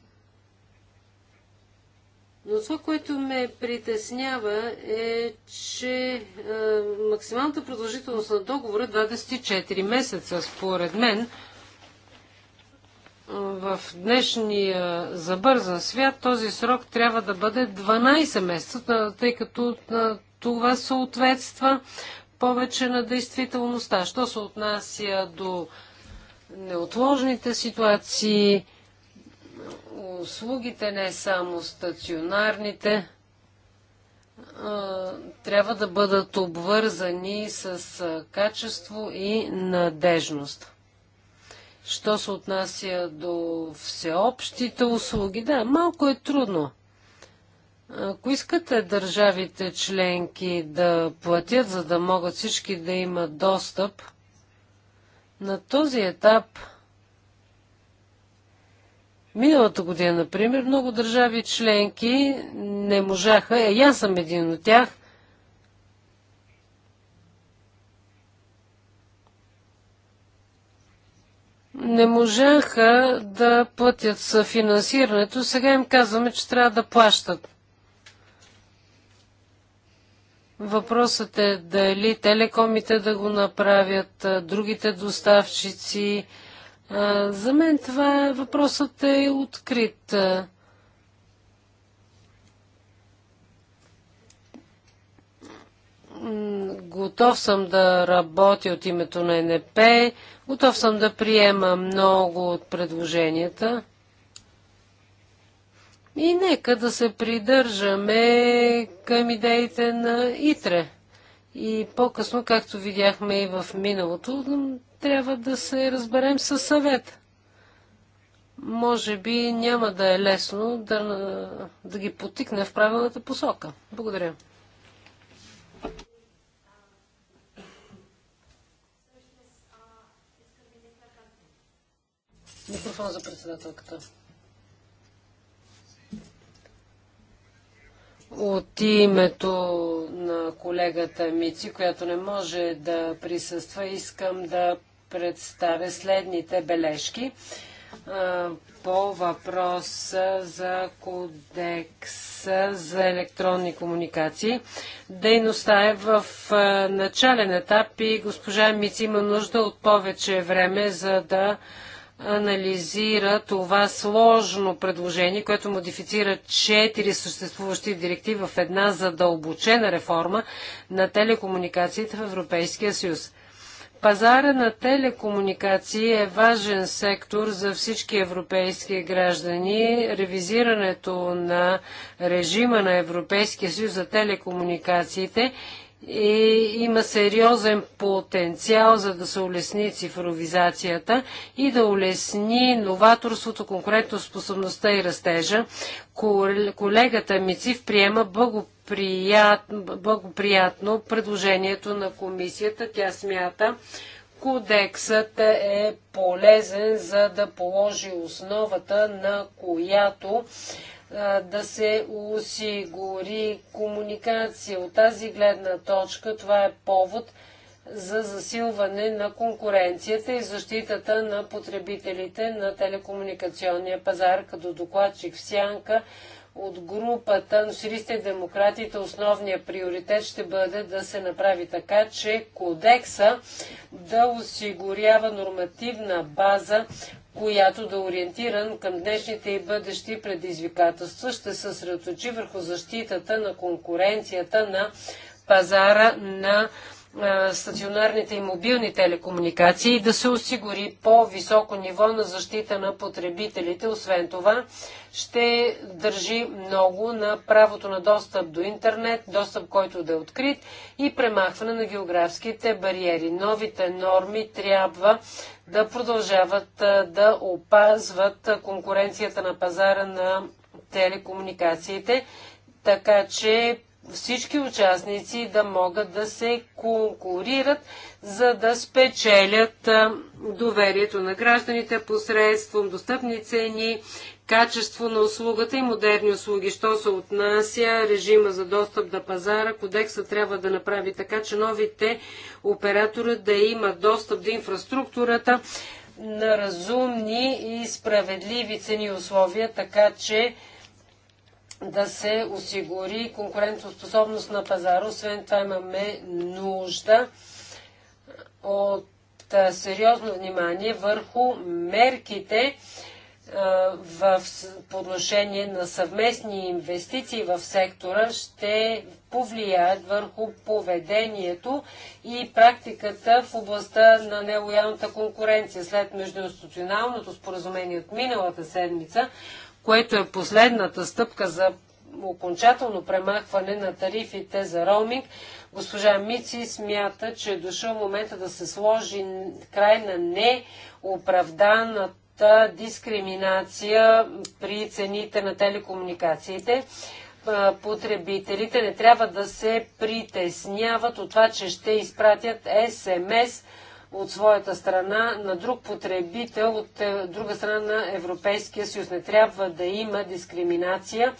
Но това, което ме притеснява е, че максималната продължителност на договора е 24 месеца. Според мен, в днешния забързан свят този срок трябва да бъде 12 месеца, тъй като това съответства повече на действителността. Що се отнася до неотложните ситуации, услугите, не само стационарните, трябва да бъдат обвързани с качество и надежност. Що се отнася до всеобщите услуги, да, малко е трудно. Ако искате държавите членки да платят, за да могат всички да имат достъп, на този етап Миналата година, например, много държави членки не можаха, е, аз съм един от тях, не можаха да платят съфинансирането, сега им казваме, че трябва да плащат. Въпросът е дали телекомите да го направят, другите доставчици. За мен това е, въпросът е открит. Готов съм да работя от името на НП, Готов съм да приема много от предложенията. И нека да се придържаме към идеите на ИТРЕ. И по-късно, както видяхме и в миналото, трябва да се разберем със съвет. Може би няма да е лесно да, да ги потикне в правилната посока. Благодаря. Микрофон за председателката. От името на колегата Мици, която не може да присъства, искам да представя следните бележки по въпроса за кодекса за електронни комуникации. Дейността е в начален етап и госпожа Мици има нужда от повече време, за да анализира това сложно предложение, което модифицира четири съществуващи директиви в една задълбочена реформа на телекомуникациите в Европейския съюз. Пазара на телекомуникации е важен сектор за всички европейски граждани. Ревизирането на режима на Европейския съюз за телекомуникациите и има сериозен потенциал за да се улесни цифровизацията и да улесни новаторството, конкурентоспособността и растежа. Колегата Мицив приема благоприятно, благоприятно предложението на комисията. Тя смята, Кодексът е полезен за да положи основата, на която да се осигури комуникация. От тази гледна точка това е повод за засилване на конкуренцията и защитата на потребителите на телекомуникационния пазар, като докладчик в сянка от групата на Сирийските и демократите основният приоритет ще бъде да се направи така, че кодекса да осигурява нормативна база, която да е ориентиран към днешните и бъдещи предизвикателства, ще се съсредоточи върху защитата на конкуренцията на пазара на е, стационарните и мобилни телекомуникации и да се осигури по-високо ниво на защита на потребителите. Освен това, ще държи много на правото на достъп до интернет, достъп който да е открит и премахване на географските бариери. Новите норми трябва да продължават е, да опазват конкуренцията на пазара на телекомуникациите, така че всички участници да могат да се конкурират, за да спечелят доверието на гражданите посредством достъпни цени, качество на услугата и модерни услуги. Що се отнася режима за достъп до пазара, кодекса трябва да направи така, че новите оператори да имат достъп до инфраструктурата на разумни и справедливи цени и условия, така че да се осигури конкурентоспособност на пазара. Освен това имаме нужда от сериозно внимание върху мерките в, подношение на съвместни инвестиции в сектора ще повлияят върху поведението и практиката в областта на нелоялната конкуренция. След междуинституционалното споразумение от миналата седмица, което е последната стъпка за окончателно премахване на тарифите за роуминг, госпожа Мици смята, че е дошъл момента да се сложи край на неоправданата дискриминация при цените на телекомуникациите. Потребителите не трябва да се притесняват от това, че ще изпратят СМС от своята страна на друг потребител от е, друга страна на Европейския съюз. Не трябва да има дискриминация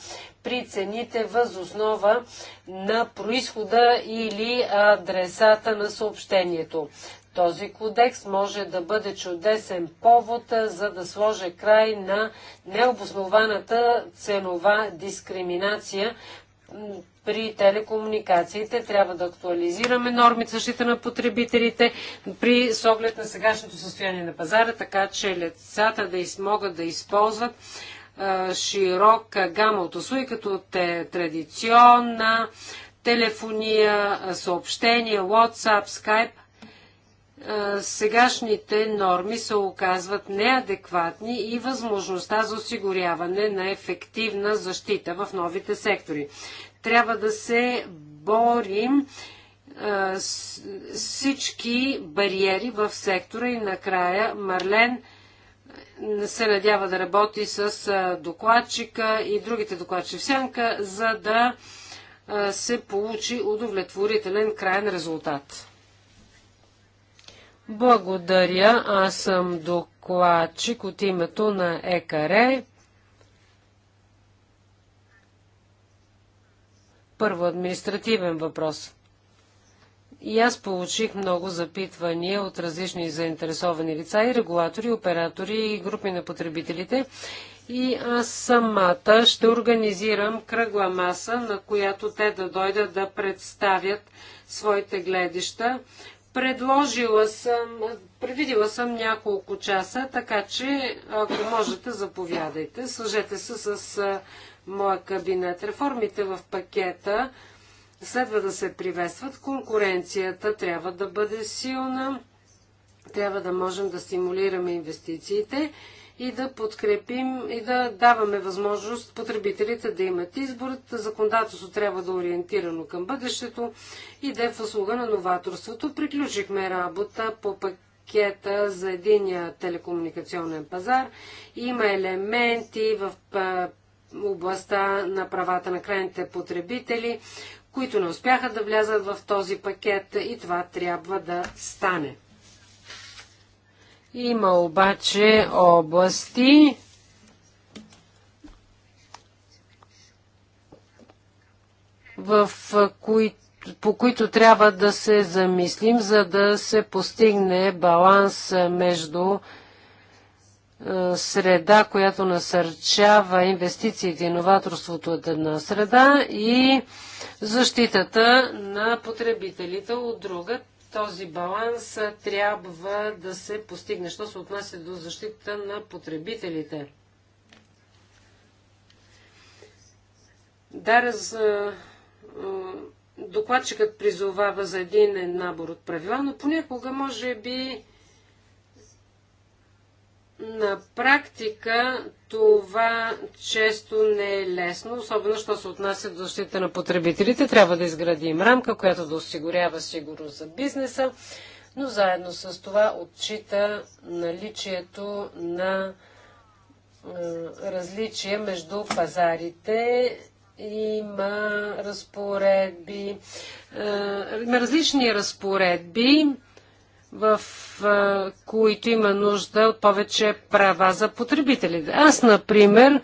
при цените въз основа на происхода или адресата на съобщението. Този кодекс може да бъде чудесен повод, е, за да сложи край на необоснованата ценова дискриминация при телекомуникациите. Трябва да актуализираме нормите защита на потребителите при с оглед на сегашното състояние на пазара, така че лицата да могат да използват а, широка гама от услуги, като те, традиционна телефония, съобщения, WhatsApp, Skype. сегашните норми се оказват неадекватни и възможността за осигуряване на ефективна защита в новите сектори. Трябва да се борим а, с, всички бариери в сектора и накрая Марлен се надява да работи с докладчика и другите докладчи в сянка, за да се получи удовлетворителен крайен резултат. Благодаря. Аз съм докладчик от името на ЕКАРЕ. Първо, административен въпрос. И аз получих много запитвания от различни заинтересовани лица и регулатори, оператори и групи на потребителите. И аз самата ще организирам кръгла маса, на която те да дойдат да представят своите гледища. Предложила съм, предвидила съм няколко часа, така че ако можете, заповядайте. Слъжете се с моя кабинет. Реформите в пакета следва да се приветстват. Конкуренцията трябва да бъде силна. Трябва да можем да стимулираме инвестициите и да подкрепим и да даваме възможност потребителите да имат избор. Законодателство трябва да е ориентирано към бъдещето и да е в услуга на новаторството. Приключихме работа по пакета за единия телекомуникационен пазар. Има елементи в областта на правата на крайните потребители, които не успяха да влязат в този пакет и това трябва да стане. Има обаче области, в които по които трябва да се замислим, за да се постигне баланс между е, среда, която насърчава инвестициите и новаторството от една среда и защитата на потребителите от друга. Този баланс трябва да се постигне, що се отнася до защита на потребителите. Да, раз, е, е, докладчикът призовава за един набор от правила, но понякога може би на практика това често не е лесно, особено що се отнася до защита на потребителите. Трябва да изградим рамка, която да осигурява сигурност за бизнеса, но заедно с това отчита наличието на различия между пазарите. Има разпоредби, има различни разпоредби в а, които има нужда от повече права за потребителите. Аз, например,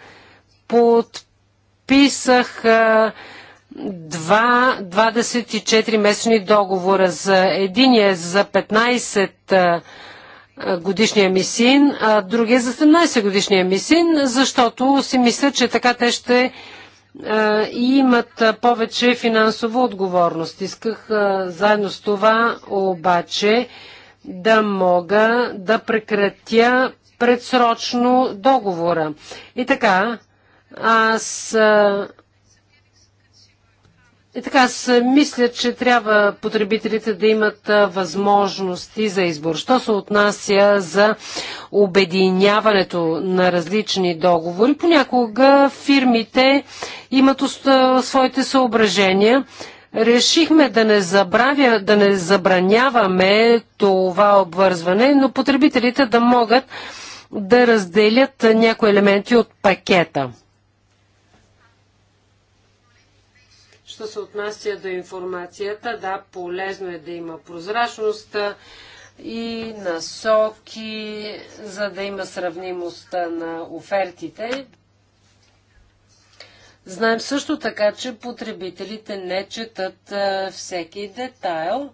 подписах а, два 24-месечни договора. За единия е за 15 а, годишния мисин, а другия за 17 годишния мисин, защото си мисля, че така те ще и имат повече финансова отговорност. Исках заедно с това обаче да мога да прекратя предсрочно договора. И така, аз и така, аз мисля, че трябва потребителите да имат възможности за избор. Що се отнася за обединяването на различни договори, понякога фирмите имат своите съображения. Решихме да не, забравя, да не забраняваме това обвързване, но потребителите да могат да разделят някои елементи от пакета. Що се отнася до информацията, да, полезно е да има прозрачност и насоки, за да има сравнимост на офертите. Знаем също така, че потребителите не четат всеки детайл,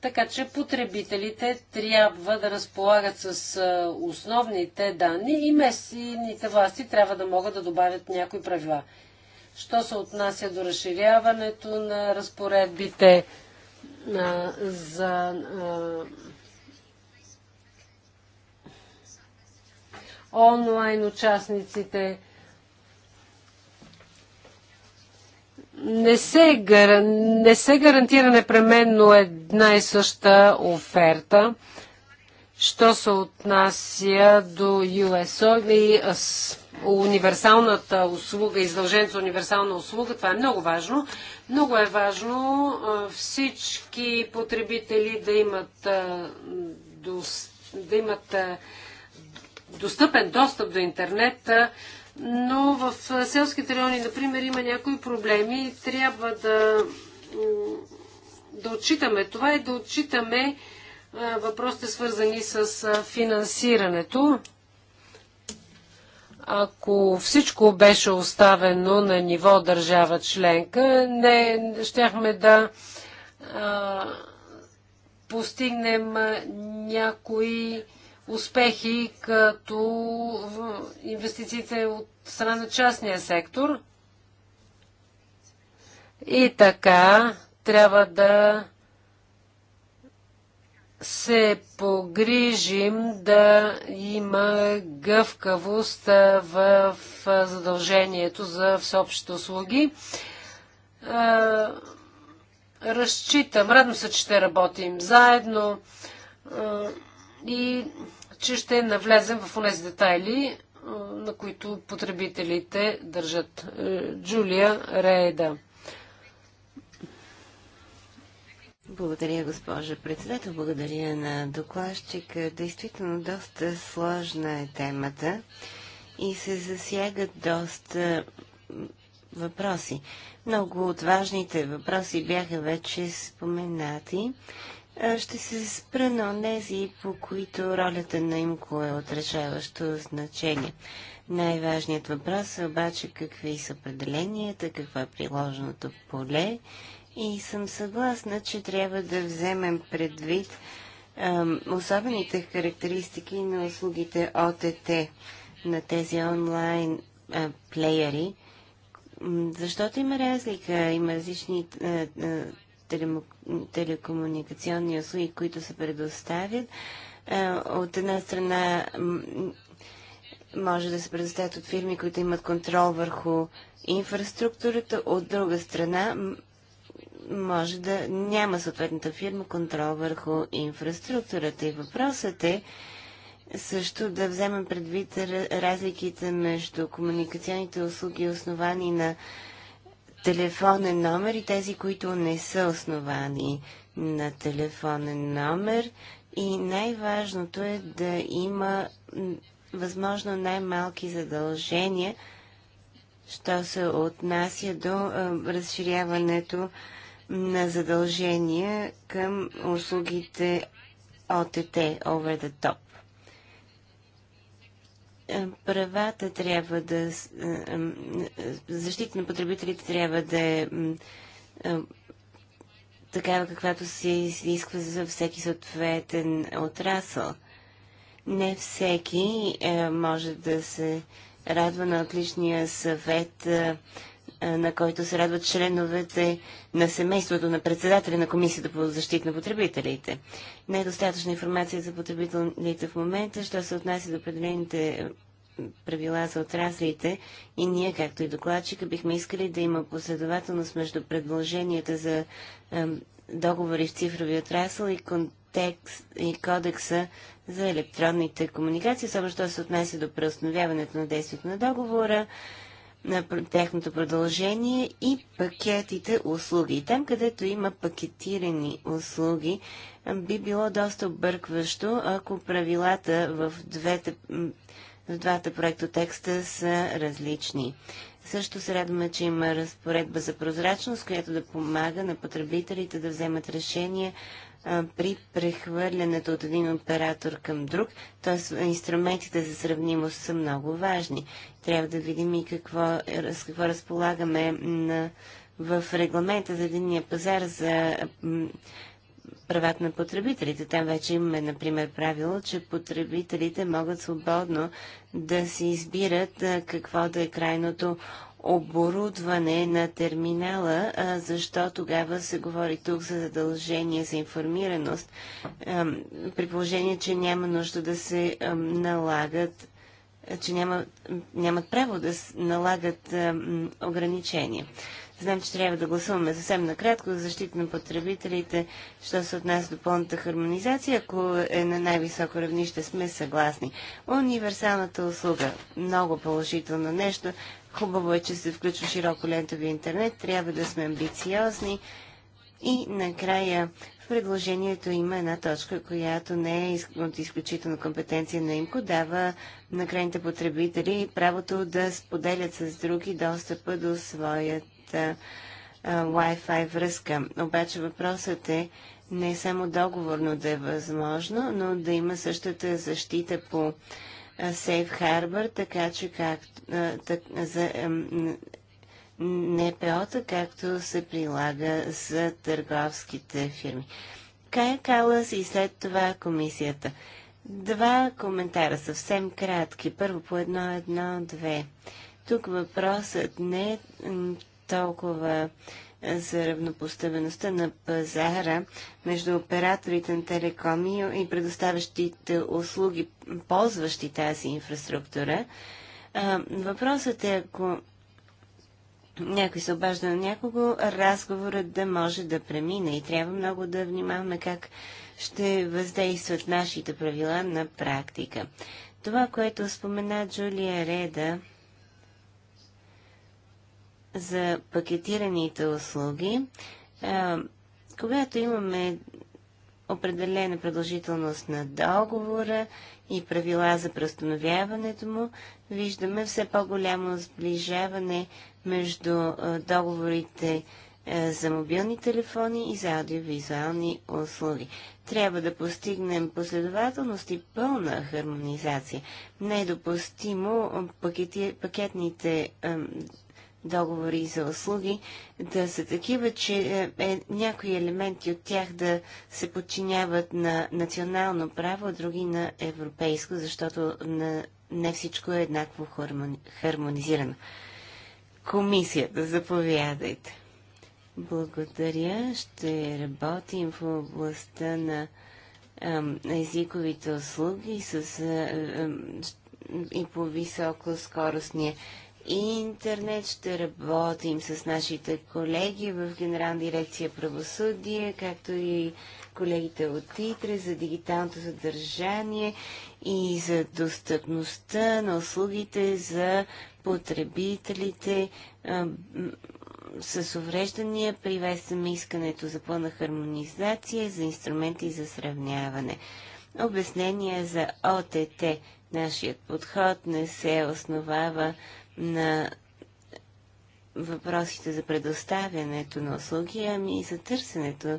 така че потребителите трябва да разполагат с основните данни и местните власти трябва да могат да добавят някои правила. Що се отнася до разширяването на разпоредбите а, за. А, онлайн участниците, не се, не се гарантира непременно една и съща оферта. Що се отнася до USO и универсалната услуга, издълженца за универсална услуга, това е много важно. Много е важно всички потребители да имат, да имат достъпен достъп до интернет, но в селските райони, например, има някои проблеми и трябва да, да отчитаме това и да отчитаме въпросите свързани с финансирането. Ако всичко беше оставено на ниво държава членка, не щяхме да а, постигнем някои успехи, като инвестициите от страна на частния сектор. И така трябва да се погрижим да има гъвкавост в задължението за всеобщите услуги. Разчитам, радвам се, че ще работим заедно и че ще навлезем в тези детайли, е, на които потребителите държат. Е, Джулия Рейда. Благодаря, госпожа председател. Благодаря на докладчика. Действително доста сложна е темата и се засягат доста въпроси. Много от важните въпроси бяха вече споменати. Е, ще се спра на тези, по които ролята на имко е отрешаващо значение. Най-важният въпрос е обаче какви са определенията, какво е приложеното поле и съм съгласна, че трябва да вземем предвид е, особените характеристики на услугите ОТТ на тези онлайн е, плеери, защото има разлика, има различни е, телекомуникационни услуги, които се предоставят. Е, от една страна може да се предоставят от фирми, които имат контрол върху инфраструктурата, от друга страна може да няма съответната фирма контрол върху инфраструктурата. И въпросът е също да вземем предвид разликите между комуникационните услуги, основани на телефонен номер и тези, които не са основани на телефонен номер. И най-важното е да има възможно най-малки задължения, що се отнася до а, разширяването на задължения към услугите ОТТ, Over the Top. Е, правата трябва да... Е, е, защита на потребителите трябва да е такава, каквато се изисква за всеки съответен отрасъл. Не всеки може да се радва на отличния съвет е, на който се радват членовете на семейството на председателя на Комисията по защита на потребителите. Не е достатъчна информация за потребителите в момента, що се отнася до определените е, правила за отраслите и ние, както и докладчика, бихме искали да има последователност между предложенията за е, договори в цифрови отрасъл и, контекст, и кодекса за електронните комуникации, особено що се отнася до преустановяването на действието на договора, на техното продължение и пакетите услуги. Там, където има пакетирани услуги, би било доста объркващо, ако правилата в, двете, в двата текста са различни. Също се радваме, че има разпоредба за прозрачност, която да помага на потребителите да вземат решения при прехвърлянето от един оператор към друг, т.е. инструментите за сравнимост са много важни. Трябва да видим и какво, с какво разполагаме на, в регламента за единния пазар за правата на потребителите. Там вече имаме, например, правило, че потребителите могат свободно да си избират какво да е крайното оборудване на терминала, защо тогава се говори тук за задължение за информираност, при положение, че няма нужда да се налагат, че няма, нямат право да налагат ограничения. Знам, че трябва да гласуваме съвсем накратко за защита на потребителите, що се отнася до пълната хармонизация, ако е на най-високо равнище, сме съгласни. Универсалната услуга, много положително нещо. Хубаво е, че се включва широко лентови интернет. Трябва да сме амбициозни. И накрая в предложението има една точка, която не е от изключителна компетенция на имко, дава на крайните потребители правото да споделят с други достъпа до своята Wi-Fi връзка. Обаче въпросът е не само договорно да е възможно, но да има същата защита по Сейф Харбър, така че как, так, за НПО-та, както се прилага за търговските фирми. Кая Калас и след това комисията. Два коментара, съвсем кратки. Първо по едно, едно, две. Тук въпросът не е толкова за равнопоставеността на пазара между операторите на телекоми и предоставящите услуги, ползващи тази инфраструктура. Въпросът е, ако някой се обажда на някого, разговорът да може да премине и трябва много да внимаваме как ще въздействат нашите правила на практика. Това, което спомена Джулия Реда, за пакетираните услуги, а, когато имаме определена продължителност на договора и правила за преустановяването му, виждаме все по-голямо сближаване между договорите за мобилни телефони и за аудиовизуални услуги. Трябва да постигнем последователност и пълна хармонизация. Не е допустимо пакети, пакетните э, договори за услуги да са такива, че е, е, някои елементи от тях да се подчиняват на национално право, а други на европейско, защото на, не всичко е еднакво хармони, хармонизирано. Комисията, заповядайте. Благодаря. Ще работим в областта на езиковите услуги с, а, е, а, е, и по високо скоростния интернет. Ще работим с нашите колеги в Генерална дирекция правосъдие, както и колегите от ТИТРЕ за дигиталното съдържание и за достъпността на услугите за потребителите с увреждания. Приветстваме искането за пълна хармонизация, за инструменти за сравняване. Обяснение за ОТТ. Нашият подход не се основава на въпросите за предоставянето на услуги, ами и за търсенето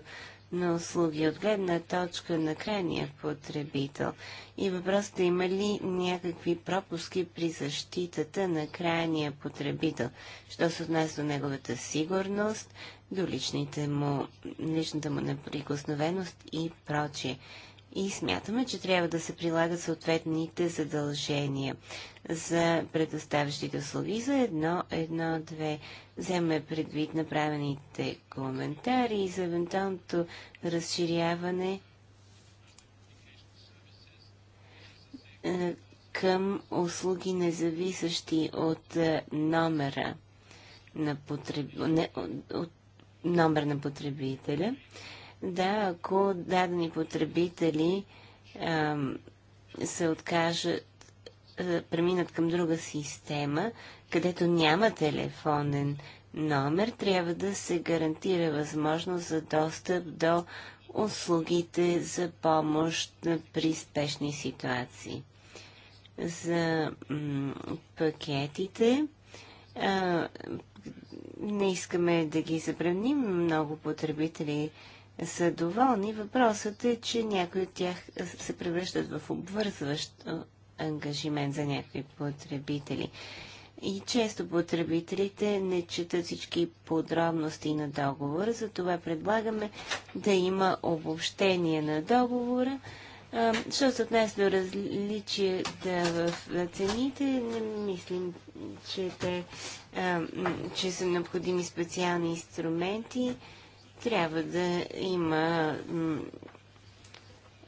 на услуги от гледна точка на крайния потребител. И въпросът е има ли някакви пропуски при защитата на крайния потребител, що се отнася до неговата сигурност, до личните му, личната му неприкосновеност и прочие и смятаме, че трябва да се прилагат съответните задължения за предоставящите услуги за едно, едно, две. Вземе предвид направените коментари и за евентуалното разширяване е, към услуги независещи от е, номера на, потреб... Не, от, номер на потребителя. Да, ако дадени потребители а, се откажат, а, преминат към друга система, където няма телефонен номер, трябва да се гарантира възможност за достъп до услугите за помощ при спешни ситуации. За пакетите а, не искаме да ги забраним. Много потребители са доволни. Въпросът е, че някои от тях се превръщат в обвързващ ангажимент за някои потребители. И често потребителите не четат всички подробности на договора, затова предлагаме да има обобщение на договора. Що се отнесе до различията в цените, не мислим, че, те, че са необходими специални инструменти трябва да има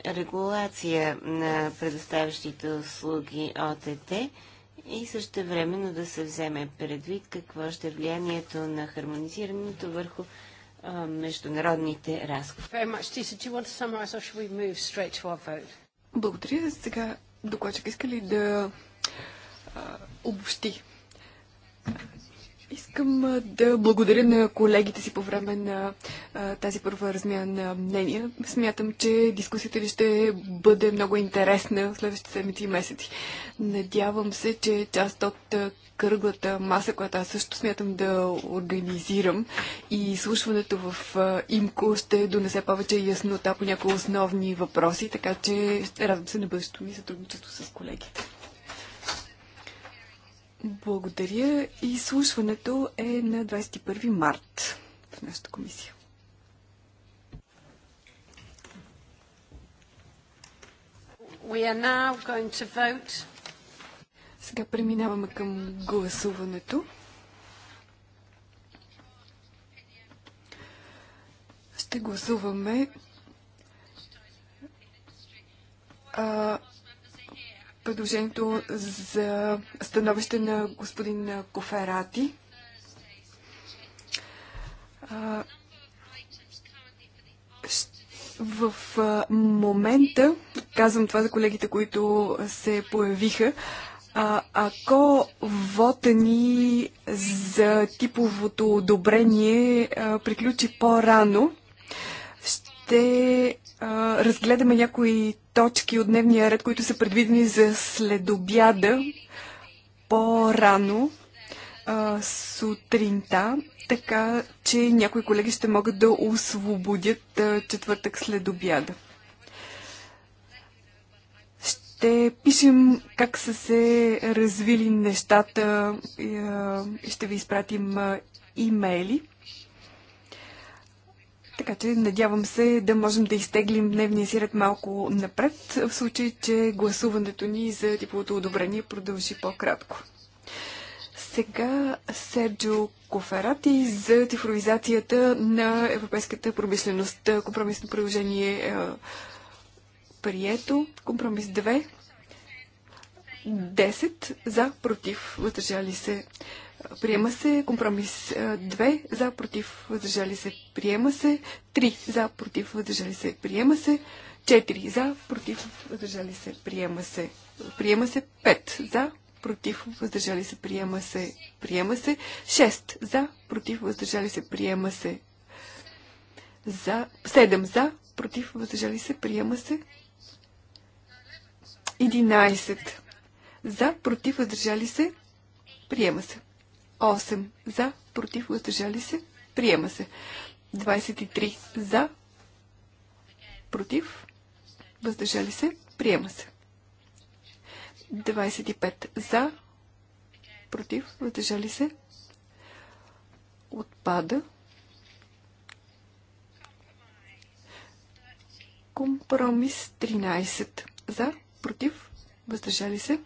регулация на предоставящите услуги от ЕТ и също времено да се вземе предвид какво ще е влиянието на хармонизирането върху международните разходи. Благодаря. Сега докладчик иска ли да а, обобщи? Искам да благодаря на колегите си по време на а, тази първа размяна на мнения. Смятам, че дискусията ви ще бъде много интересна в следващите седмици и месеци. Надявам се, че част от кръглата маса, която аз също смятам да организирам и слушването в ИМКО ще донесе повече яснота по някои основни въпроси, така че радвам се на бъдещето ми сътрудничество с колегите. Благодаря. Изслушването е на 21 март в нашата комисия. We are now going to vote. Сега преминаваме към гласуването. Ще гласуваме а, предложението за становище на господин Коферати. В момента, казвам това за колегите, които се появиха, а, ако вота ни за типовото одобрение а, приключи по-рано, ще а, разгледаме някои точки от дневния ред, които са предвидени за следобяда по-рано сутринта, така че някои колеги ще могат да освободят четвъртък следобяда ще пишем как са се развили нещата и ще ви изпратим имейли. Така че надявам се да можем да изтеглим дневния си ред малко напред, в случай, че гласуването ни за типовото одобрение продължи по-кратко. Сега Серджо Коферати за цифровизацията на европейската промишленост. Компромисно приложение е прието. Компромис 2. 10 за, против, въздържали се, Приема се компромис 2 е, за против въздържали се. Приема се 3 за против въздържали се. Приема се 4 за против въздържали се. Приема се. Приема се 5 за против въздържали се. Приема се. Приема се 6 за против въздържали се. Приема се. За 7 за против въздържали се. Приема се. 11 за против въздържали се. Приема се. 8 за, против, въздържали се, приема се. 23 за, против, въздържали се, приема се. 25 за, против, въздържали се, отпада. Компромис 13 за, против, въздържали се,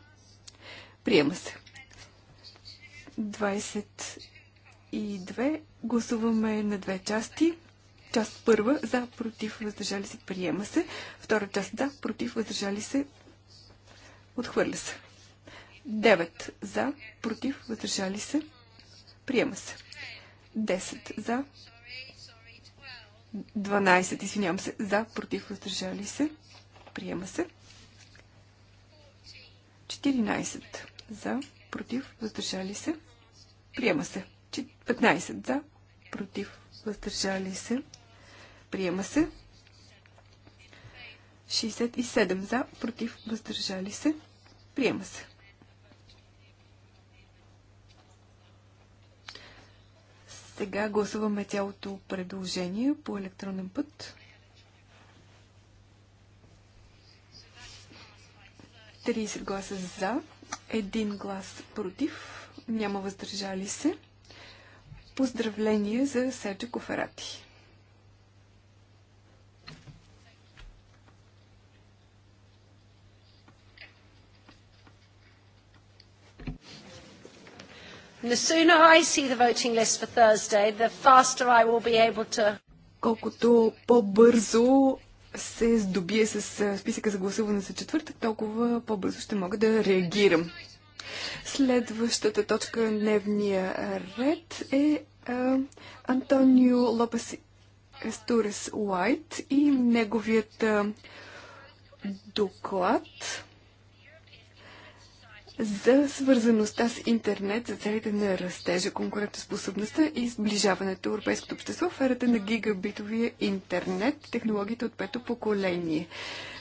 приема се. 22. Гласуваме на две части. Част първа за, против, въздържали се, приема се. Втора част за, против, въздържали се, отхвърля се. 9 за, против, въздържали се, приема се. 10 за, 12, извинявам се, за, против, въздържали се, приема се. 14 за, против, въздържали се, приема се. 15 за, против, въздържали се, приема се. 67 за, против, въздържали се, приема се. Сега гласуваме цялото предложение по електронен път. 30 гласа за, един глас против, няма въздържали се. Поздравление за Седжо Коферати. The sooner I see the voting list for Thursday, the faster I will be able to... Колкото по-бързо се здобие с списъка за гласуване за четвъртък, толкова по-бързо ще мога да реагирам. Следващата точка на дневния ред е а, Антонио Лопес Кастурес Уайт и неговият а, доклад за свързаността с интернет за целите на растежа, конкурентоспособността и сближаването европейското общество в ерата на гигабитовия интернет, технологията от пето поколение.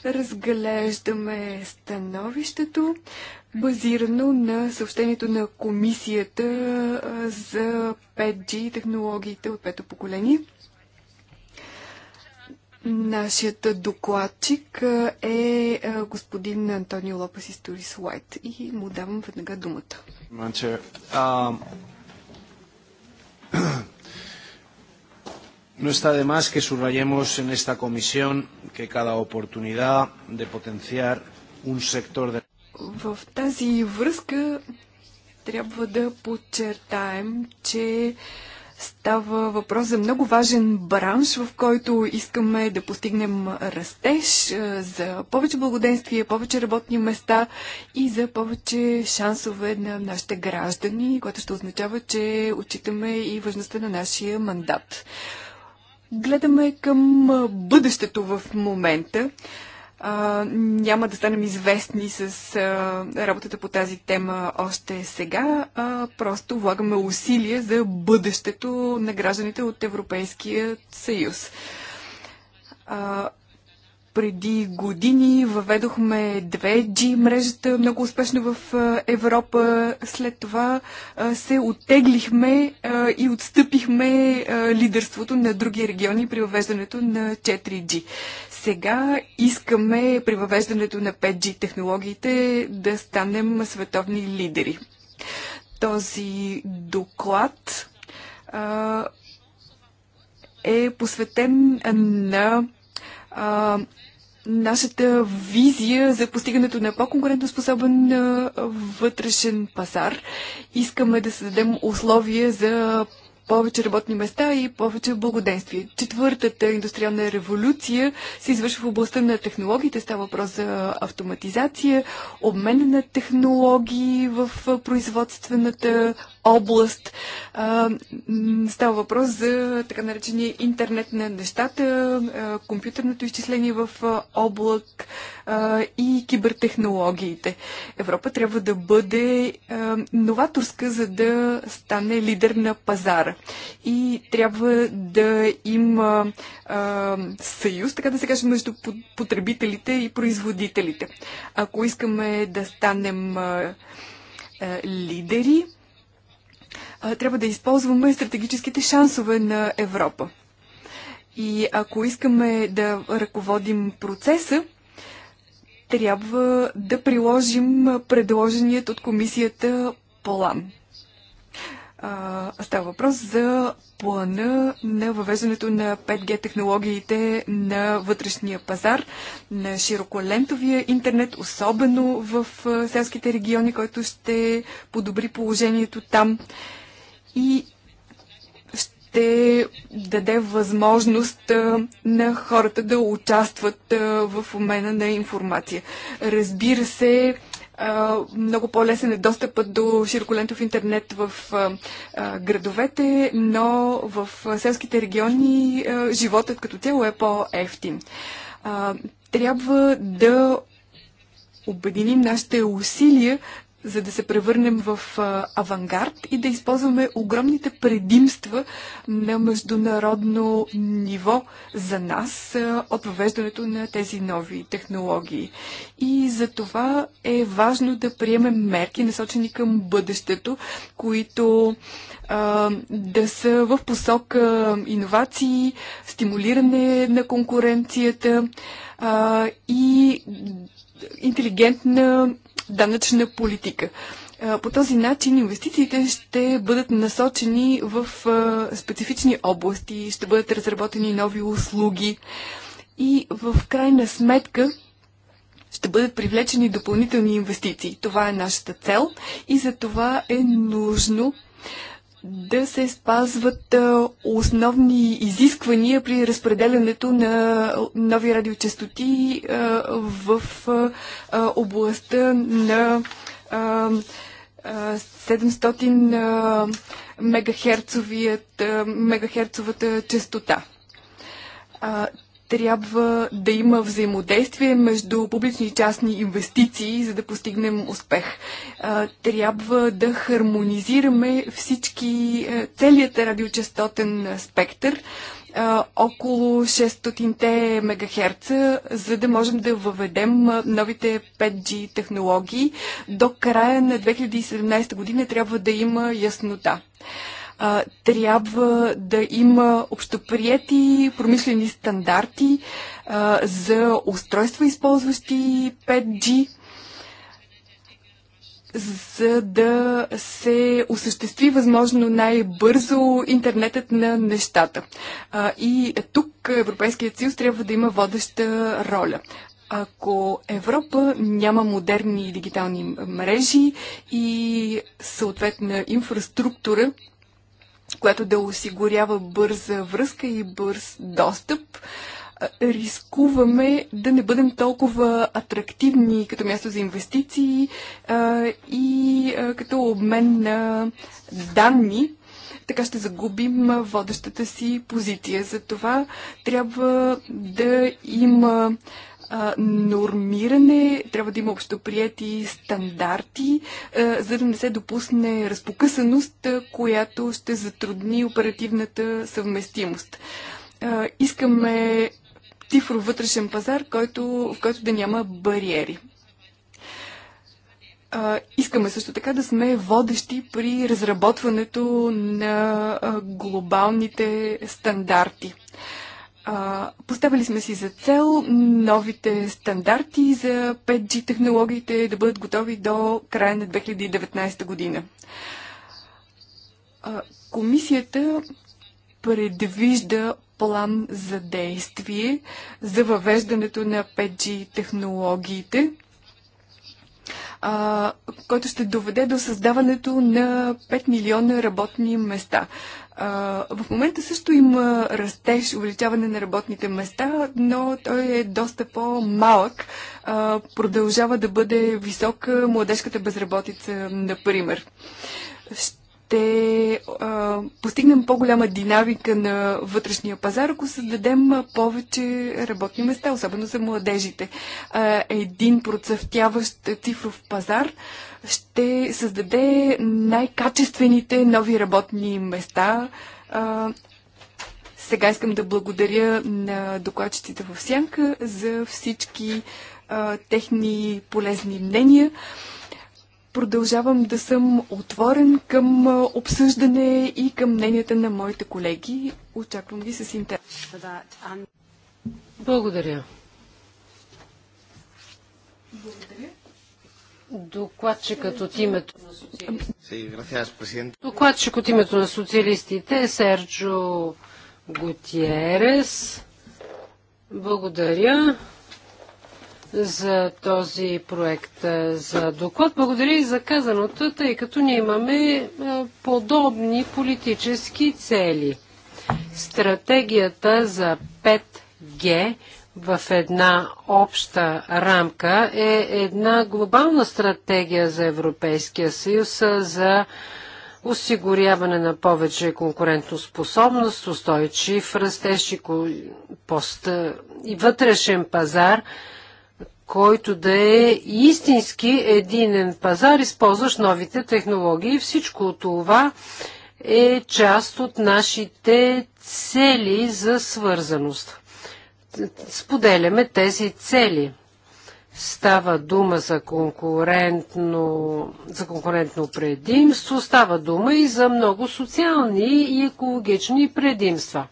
Разглеждаме становището, базирано на съобщението на комисията за 5G технологиите от пето поколение. Нашият докладчик е господин Антонио Лопес Историс Уайт. и му давам веднага думата. Um, no está de más que subrayemos en esta comisión que cada oportunidad de potenciar un sector de... В тази връзка трябва да подчертаем, че uh, Става въпрос за много важен бранш, в който искаме да постигнем растеж е, за повече благоденствие, повече работни места и за повече шансове на нашите граждани, което ще означава, че отчитаме и важността на нашия мандат. Гледаме към бъдещето в момента а, няма да станем известни с а, работата по тази тема още сега, а просто влагаме усилия за бъдещето на гражданите от Европейския съюз. А, преди години въведохме 2G мрежата много успешно в Европа. След това се оттеглихме и отстъпихме лидерството на други региони при въвеждането на 4G. Сега искаме при въвеждането на 5G технологиите да станем световни лидери. Този доклад е посветен на нашата визия за постигането на по-конкурентоспособен вътрешен пазар. Искаме да създадем условия за повече работни места и повече благоденствие. Четвъртата индустриална революция се извършва в областта на технологиите. Става въпрос за автоматизация, обмен на технологии в производствената област. Става въпрос за така наречения интернет на нещата, компютърното изчисление в облак и кибертехнологиите. Европа трябва да бъде новаторска, за да стане лидер на пазара. И трябва да има съюз, така да се каже, между потребителите и производителите. Ако искаме да станем лидери, трябва да използваме стратегическите шансове на Европа. И ако искаме да ръководим процеса, трябва да приложим предложеният от комисията план. става въпрос за плана на въвеждането на 5G технологиите на вътрешния пазар, на широколентовия интернет, особено в селските региони, който ще подобри положението там и ще даде възможност на хората да участват в обмена на информация. Разбира се, много по-лесен е достъпът до широколентов интернет в градовете, но в селските региони животът като цяло е по-ефтин. Трябва да обединим нашите усилия, за да се превърнем в авангард и да използваме огромните предимства на международно ниво за нас от въвеждането на тези нови технологии. И за това е важно да приемем мерки, насочени към бъдещето, които а, да са в посока иновации, стимулиране на конкуренцията а, и интелигентна данъчна политика. По този начин инвестициите ще бъдат насочени в специфични области, ще бъдат разработени нови услуги и в крайна сметка ще бъдат привлечени допълнителни инвестиции. Това е нашата цел и за това е нужно да се спазват основни изисквания при разпределянето на нови радиочастоти в областта на 700 мегахерцовата частота трябва да има взаимодействие между публични и частни инвестиции, за да постигнем успех. Трябва да хармонизираме всички, е, целият радиочастотен спектър е, около 600 МГц, за да можем да въведем е, новите 5G технологии. До края на 2017 година трябва да има яснота а, трябва да има общоприяти промишлени стандарти а, за устройства, използващи 5G, за да се осъществи възможно най-бързо интернетът на нещата. А, и тук Европейският съюз трябва да има водеща роля ако Европа няма модерни дигитални мрежи и съответна инфраструктура, която да осигурява бърза връзка и бърз достъп, рискуваме да не бъдем толкова атрактивни като място за инвестиции и като обмен на данни. Така ще загубим водещата си позиция. За това трябва да има нормиране, трябва да има общоприяти стандарти, за да не се допусне разпокъсаност, която ще затрудни оперативната съвместимост. искаме цифров вътрешен пазар, който, в който да няма бариери. искаме също така да сме водещи при разработването на глобалните стандарти. А, поставили сме си за цел новите стандарти за 5G технологиите да бъдат готови до края на 2019 година. А, комисията предвижда план за действие за въвеждането на 5G технологиите, а, който ще доведе до създаването на 5 милиона работни места. В момента също има растеж, увеличаване на работните места, но той е доста по-малък. Продължава да бъде висока младежката безработица, например ще а, постигнем по-голяма динамика на вътрешния пазар, ако създадем повече работни места, особено за младежите. А, един процъфтяващ цифров пазар ще създаде най-качествените нови работни места. А, сега искам да благодаря на докладчиците в Сянка за всички а, техни полезни мнения продължавам да съм отворен към обсъждане и към мненията на моите колеги. Очаквам ви с интерес. Благодаря. Благодаря. Докладчик от името на социалистите е Серджо Гутиерес. Благодаря за този проект за доклад. Благодаря и за казаното, тъй като ние имаме подобни политически цели. Стратегията за 5G в една обща рамка е една глобална стратегия за Европейския съюз за осигуряване на повече конкурентоспособност, устойчив растеж и пост и вътрешен пазар – който да е истински единен пазар, използващ новите технологии. Всичко това е част от нашите цели за свързаност. Споделяме тези цели. Става дума за конкурентно, за конкурентно предимство, става дума и за много социални и екологични предимства.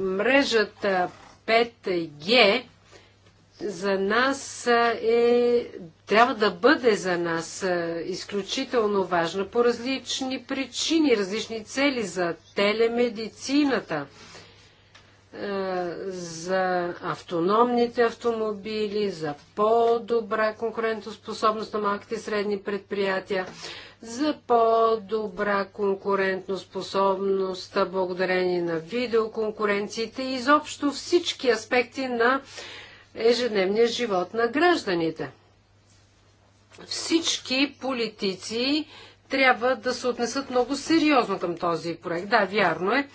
Мрежата 5G за нас е, трябва да бъде за нас изключително важна по различни причини, различни цели за телемедицината, за автономните автомобили, за по-добра конкурентоспособност на малките и средни предприятия, за по-добра конкурентоспособност благодарение на видеоконкуренциите и изобщо всички аспекти на ежедневния живот на гражданите. Всички политици трябва да се отнесат много сериозно към този проект. Да, вярно е.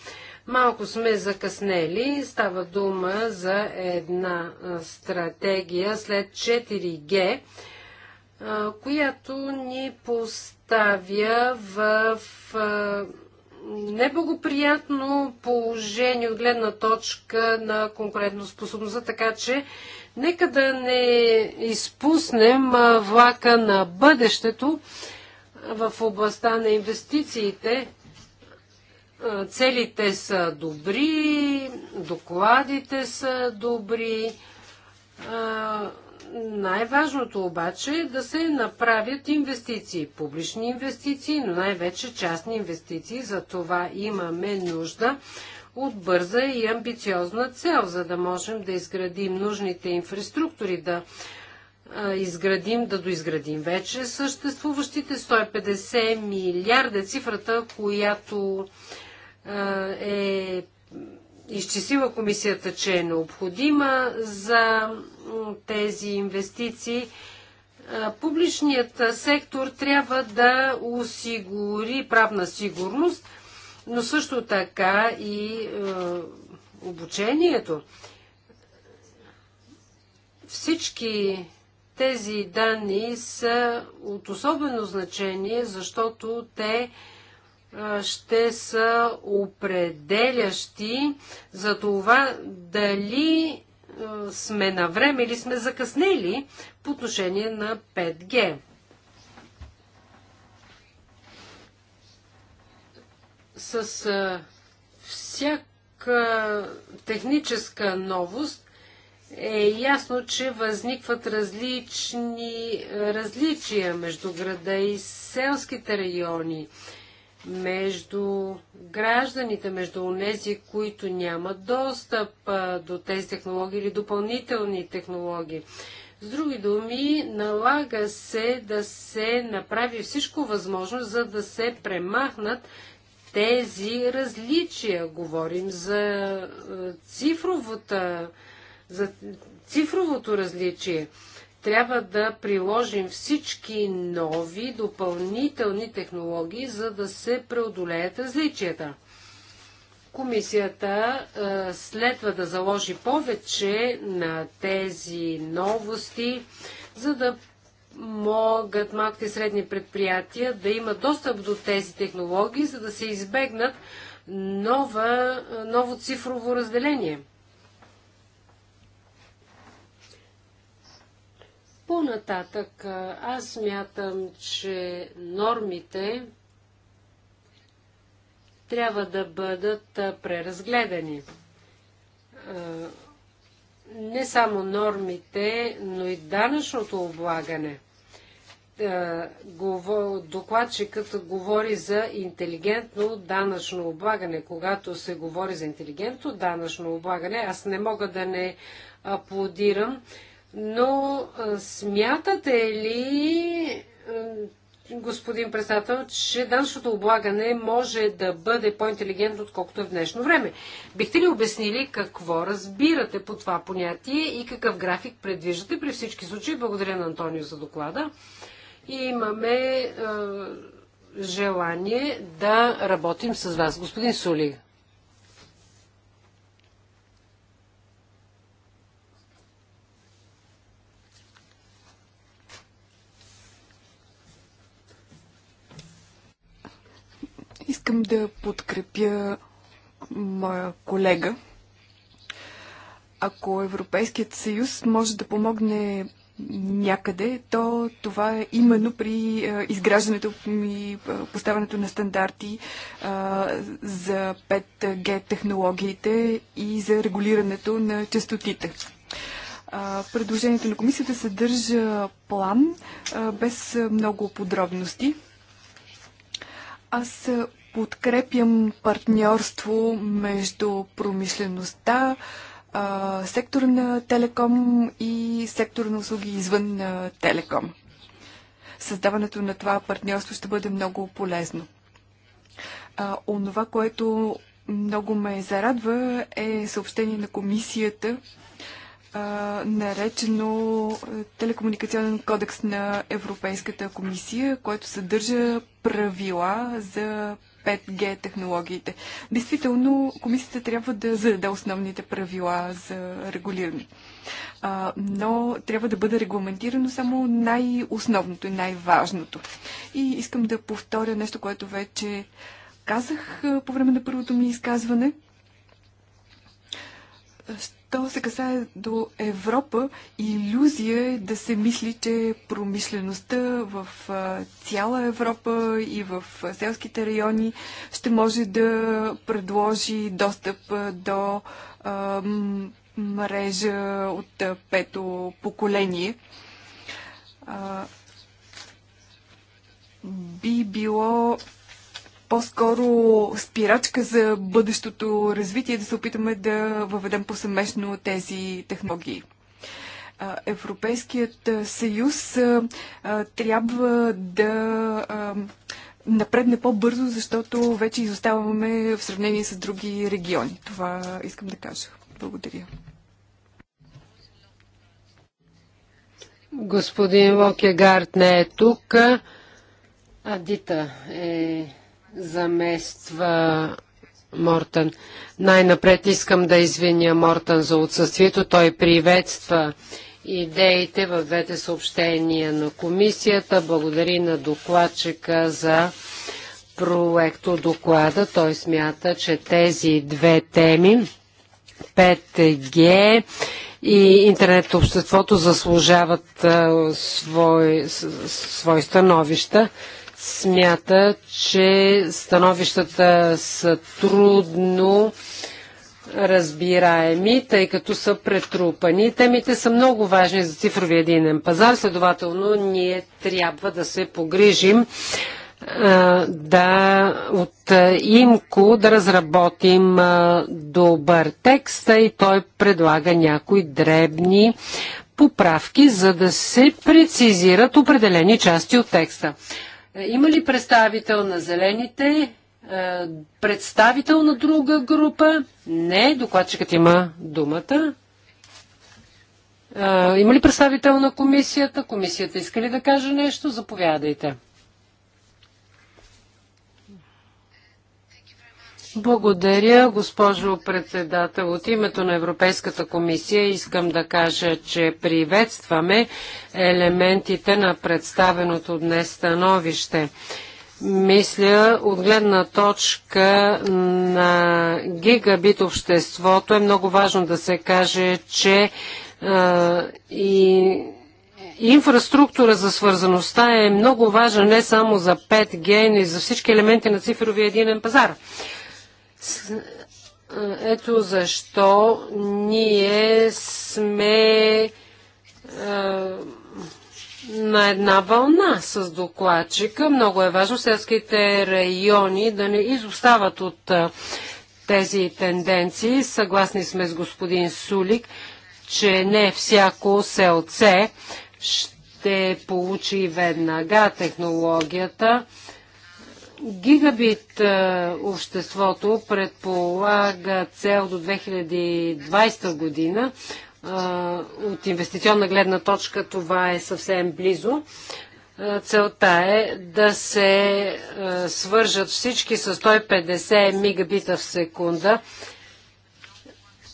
Малко сме закъснели. Става дума за една стратегия след 4G, която ни поставя в неблагоприятно положение от гледна точка на конкурентоспособността, така че нека да не изпуснем влака на бъдещето в областта на инвестициите. Целите са добри, докладите са добри, най-важното обаче е да се направят инвестиции, публични инвестиции, но най-вече частни инвестиции. За това имаме нужда от бърза и амбициозна цел, за да можем да изградим нужните инфраструктури, да изградим, да доизградим вече съществуващите 150 милиарда цифрата, която е изчислила комисията, че е необходима за тези инвестиции. Публичният сектор трябва да осигури правна сигурност, но също така и е, обучението. Всички тези данни са от особено значение, защото те ще са определящи за това дали сме на време или сме закъснели по отношение на 5G. С всяка техническа новост е ясно, че възникват различни различия между града и селските райони между гражданите, между тези, които нямат достъп до тези технологии или допълнителни технологии. С други думи, налага се да се направи всичко възможно, за да се премахнат тези различия. Говорим за цифровата, за цифровото различие трябва да приложим всички нови допълнителни технологии, за да се преодолеят различията. Комисията следва да заложи повече на тези новости, за да могат малките и средни предприятия да имат достъп до тези технологии, за да се избегнат нова, ново цифрово разделение – По-нататък аз мятам, че нормите трябва да бъдат преразгледани. Не само нормите, но и данъчното облагане. Докладчикът говори за интелигентно данъчно облагане. Когато се говори за интелигентно данъчно облагане, аз не мога да не аплодирам но смятате ли, господин председател, че данъчното облагане може да бъде по-интелигентно, отколкото е в днешно време? Бихте ли обяснили какво разбирате по това понятие и какъв график предвиждате? При всички случаи, благодаря на Антонио за доклада. И имаме е, желание да работим с вас. Господин Сули, Искам да подкрепя моя колега. Ако Европейският съюз може да помогне някъде, то това е именно при изграждането и поставянето на стандарти за 5G технологиите и за регулирането на частотите. Предложението на комисията съдържа план без много подробности. Аз Подкрепям партньорство между промишлеността, сектора на телеком и сектора на услуги извън телеком. Създаването на това партньорство ще бъде много полезно. А, онова, което много ме зарадва е съобщение на комисията, а, наречено Телекомуникационен кодекс на Европейската комисия, който съдържа правила за 5G технологиите. Действително, комисията трябва да зададе основните правила за регулиране. но трябва да бъде регламентирано само най-основното и най-важното. И искам да повторя нещо, което вече казах по време на първото ми изказване то се касае до Европа. Иллюзия е да се мисли, че промишлеността в цяла Европа и в селските райони ще може да предложи достъп до мрежа от пето поколение. би било по-скоро спирачка за бъдещото развитие, да се опитаме да въведем повсеместно тези технологии. Европейският съюз трябва да напредне по-бързо, защото вече изоставаме в сравнение с други региони. Това искам да кажа. Благодаря. Господин Локегард не е тук. Адита е замества Мортън. Най-напред искам да извиня Мортън за отсъствието. Той приветства идеите в двете съобщения на комисията. Благодари на докладчика за проекто доклада. Той смята, че тези две теми 5G и интернет обществото заслужават свой, свой становища смята, че становищата са трудно разбираеми, тъй като са претрупани. Темите са много важни за цифрови единен пазар, следователно ние трябва да се погрижим да от имко да разработим добър текст и той предлага някои дребни поправки, за да се прецизират определени части от текста. Е, има ли представител на зелените? Е, представител на друга група? Не, докладчикът има думата. Е, има ли представител на комисията? Комисията иска ли да каже нещо? Заповядайте. Благодаря, госпожо председател. От името на Европейската комисия искам да кажа, че приветстваме елементите на представеното днес становище. Мисля, от гледна точка на гигабит обществото е много важно да се каже, че а, и инфраструктура за свързаността е много важна не само за 5G, но и за всички елементи на цифровия единен пазар. Ето защо ние сме на една вълна с докладчика. Много е важно селските райони да не изостават от тези тенденции. Съгласни сме с господин Сулик, че не всяко селце ще получи веднага технологията гигабит е, обществото предполага цел до 2020 година. Е, от инвестиционна гледна точка това е съвсем близо. Е, целта е да се свържат всички с 150 мегабита в секунда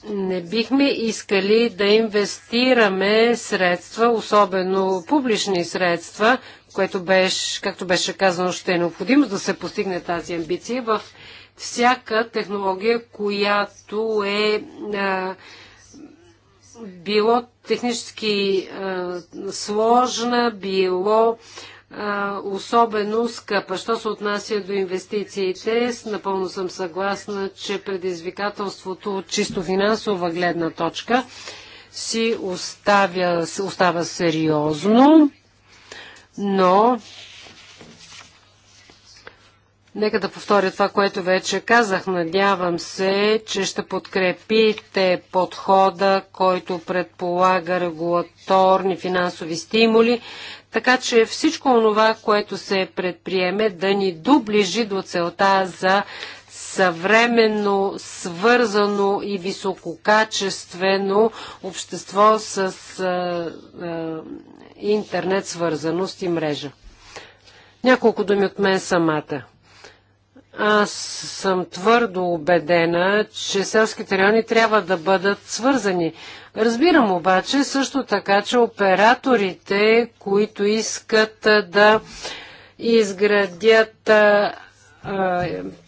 не бихме искали да инвестираме средства, особено публични средства, което беше, както беше казано, ще е необходимо да се постигне тази амбиция в всяка технология, която е а, било технически а, сложна, било особено скъпа. Що се отнася до инвестициите, напълно съм съгласна, че предизвикателството от чисто финансова гледна точка си оставя, остава сериозно, но Нека да повторя това, което вече казах. Надявам се, че ще подкрепите подхода, който предполага регулаторни финансови стимули, така че всичко онова, което се предприеме, да ни доближи до целта за съвременно, свързано и висококачествено общество с а, а, интернет свързаност и мрежа. Няколко думи от мен самата. Аз съм твърдо убедена, че селските райони трябва да бъдат свързани. Разбирам обаче също така, че операторите, които искат да изградят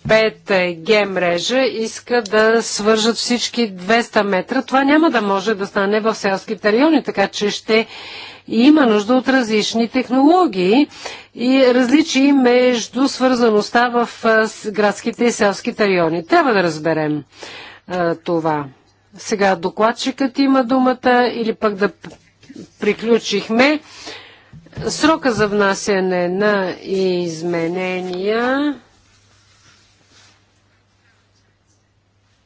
5G мрежа, искат да свържат всички 200 метра. Това няма да може да стане в селските райони, така че ще и има нужда от различни технологии и различии между свързаността в градските и селските райони. Трябва да разберем а, това. Сега докладчикът има думата или пък да приключихме. Срока за внасяне на изменения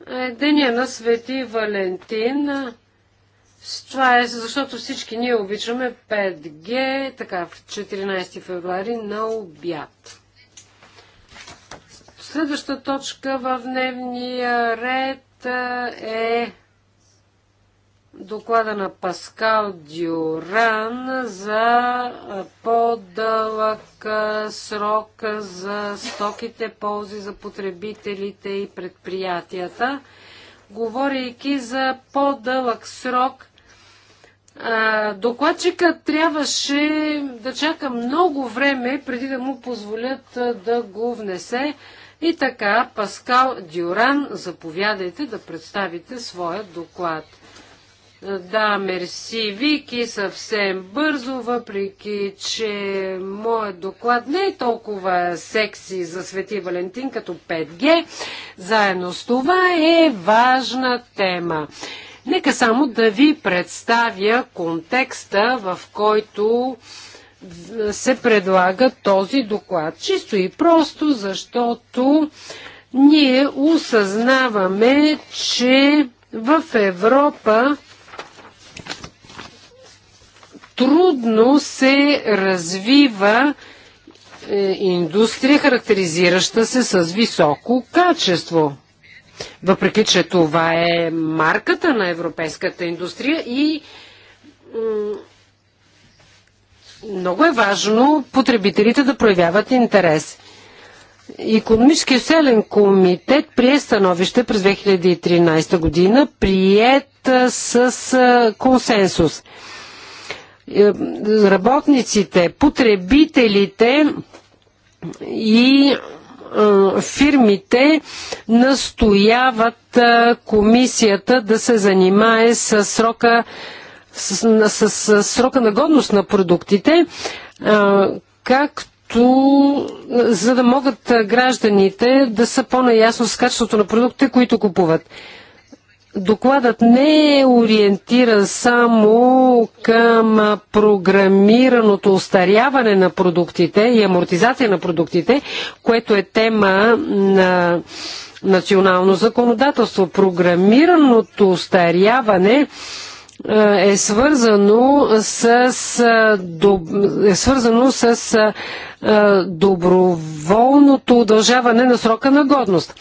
е деня на Свети Валентин. Това е защото всички ние обичаме 5G, така в 14 февруари на обяд. Следваща точка в дневния ред е доклада на Паскал Дюран за по-дълъг срок за стоките ползи за потребителите и предприятията. Говорейки за по-дълъг срок – Докладчика трябваше да чака много време преди да му позволят да го внесе. И така, Паскал Дюран, заповядайте да представите своя доклад. Да, мерси, Вики, съвсем бързо, въпреки, че моят доклад не е толкова секси за Свети Валентин като 5G. Заедно с това е важна тема. Нека само да ви представя контекста, в който се предлага този доклад. Чисто и просто, защото ние осъзнаваме, че в Европа трудно се развива е, индустрия, характеризираща се с високо качество. Въпреки, че това е марката на европейската индустрия и много е важно потребителите да проявяват интерес. Економически селен комитет прие становище през 2013 година, прият с консенсус. Е, работниците, потребителите и е, фирмите настояват е, комисията да се занимае с срока, с, с, с срока на годност на продуктите, е, както за да могат гражданите да са по-наясно с качеството на продуктите, които купуват. Докладът не е ориентиран само към програмираното устаряване на продуктите и амортизация на продуктите, което е тема на национално законодателство. Програмираното устаряване е свързано с, е свързано с доброволното удължаване на срока на годност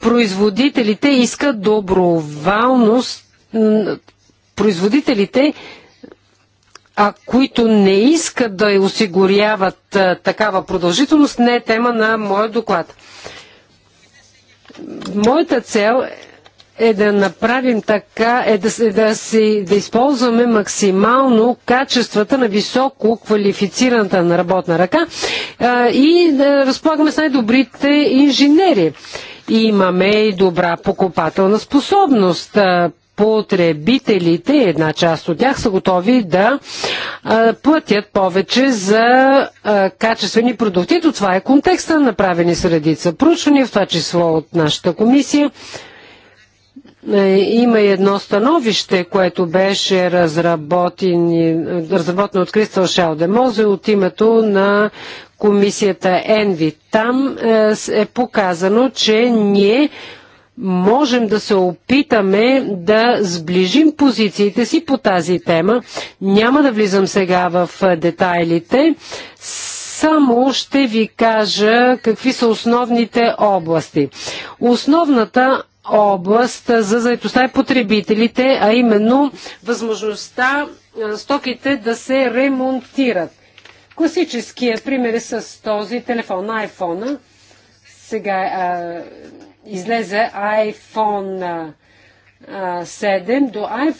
производителите искат доброволност, производителите, а които не искат да осигуряват такава продължителност, не е тема на моят доклад. Моята цел е е да направим така, е да, е да, си, да използваме максимално качествата на високо квалифицираната на работна ръка а, и да разполагаме с най-добрите инженери. И имаме и добра покупателна способност потребителите, една част от тях са готови да а, платят повече за а, качествени продукти. То това е контекста, направени средица редица проучвания, в това число от нашата комисия. Е, има и едно становище, което беше разработено от Кристал Мозе от името на комисията Енви. Там е, е показано, че ние можем да се опитаме да сближим позициите си по тази тема. Няма да влизам сега в е, детайлите. Само ще ви кажа какви са основните области. Основната област за заедостта и потребителите, а именно възможността стоките да се ремонтират. Класическия пример е с този телефон на iPhone. Сега а, излезе iPhone 7 до iPhone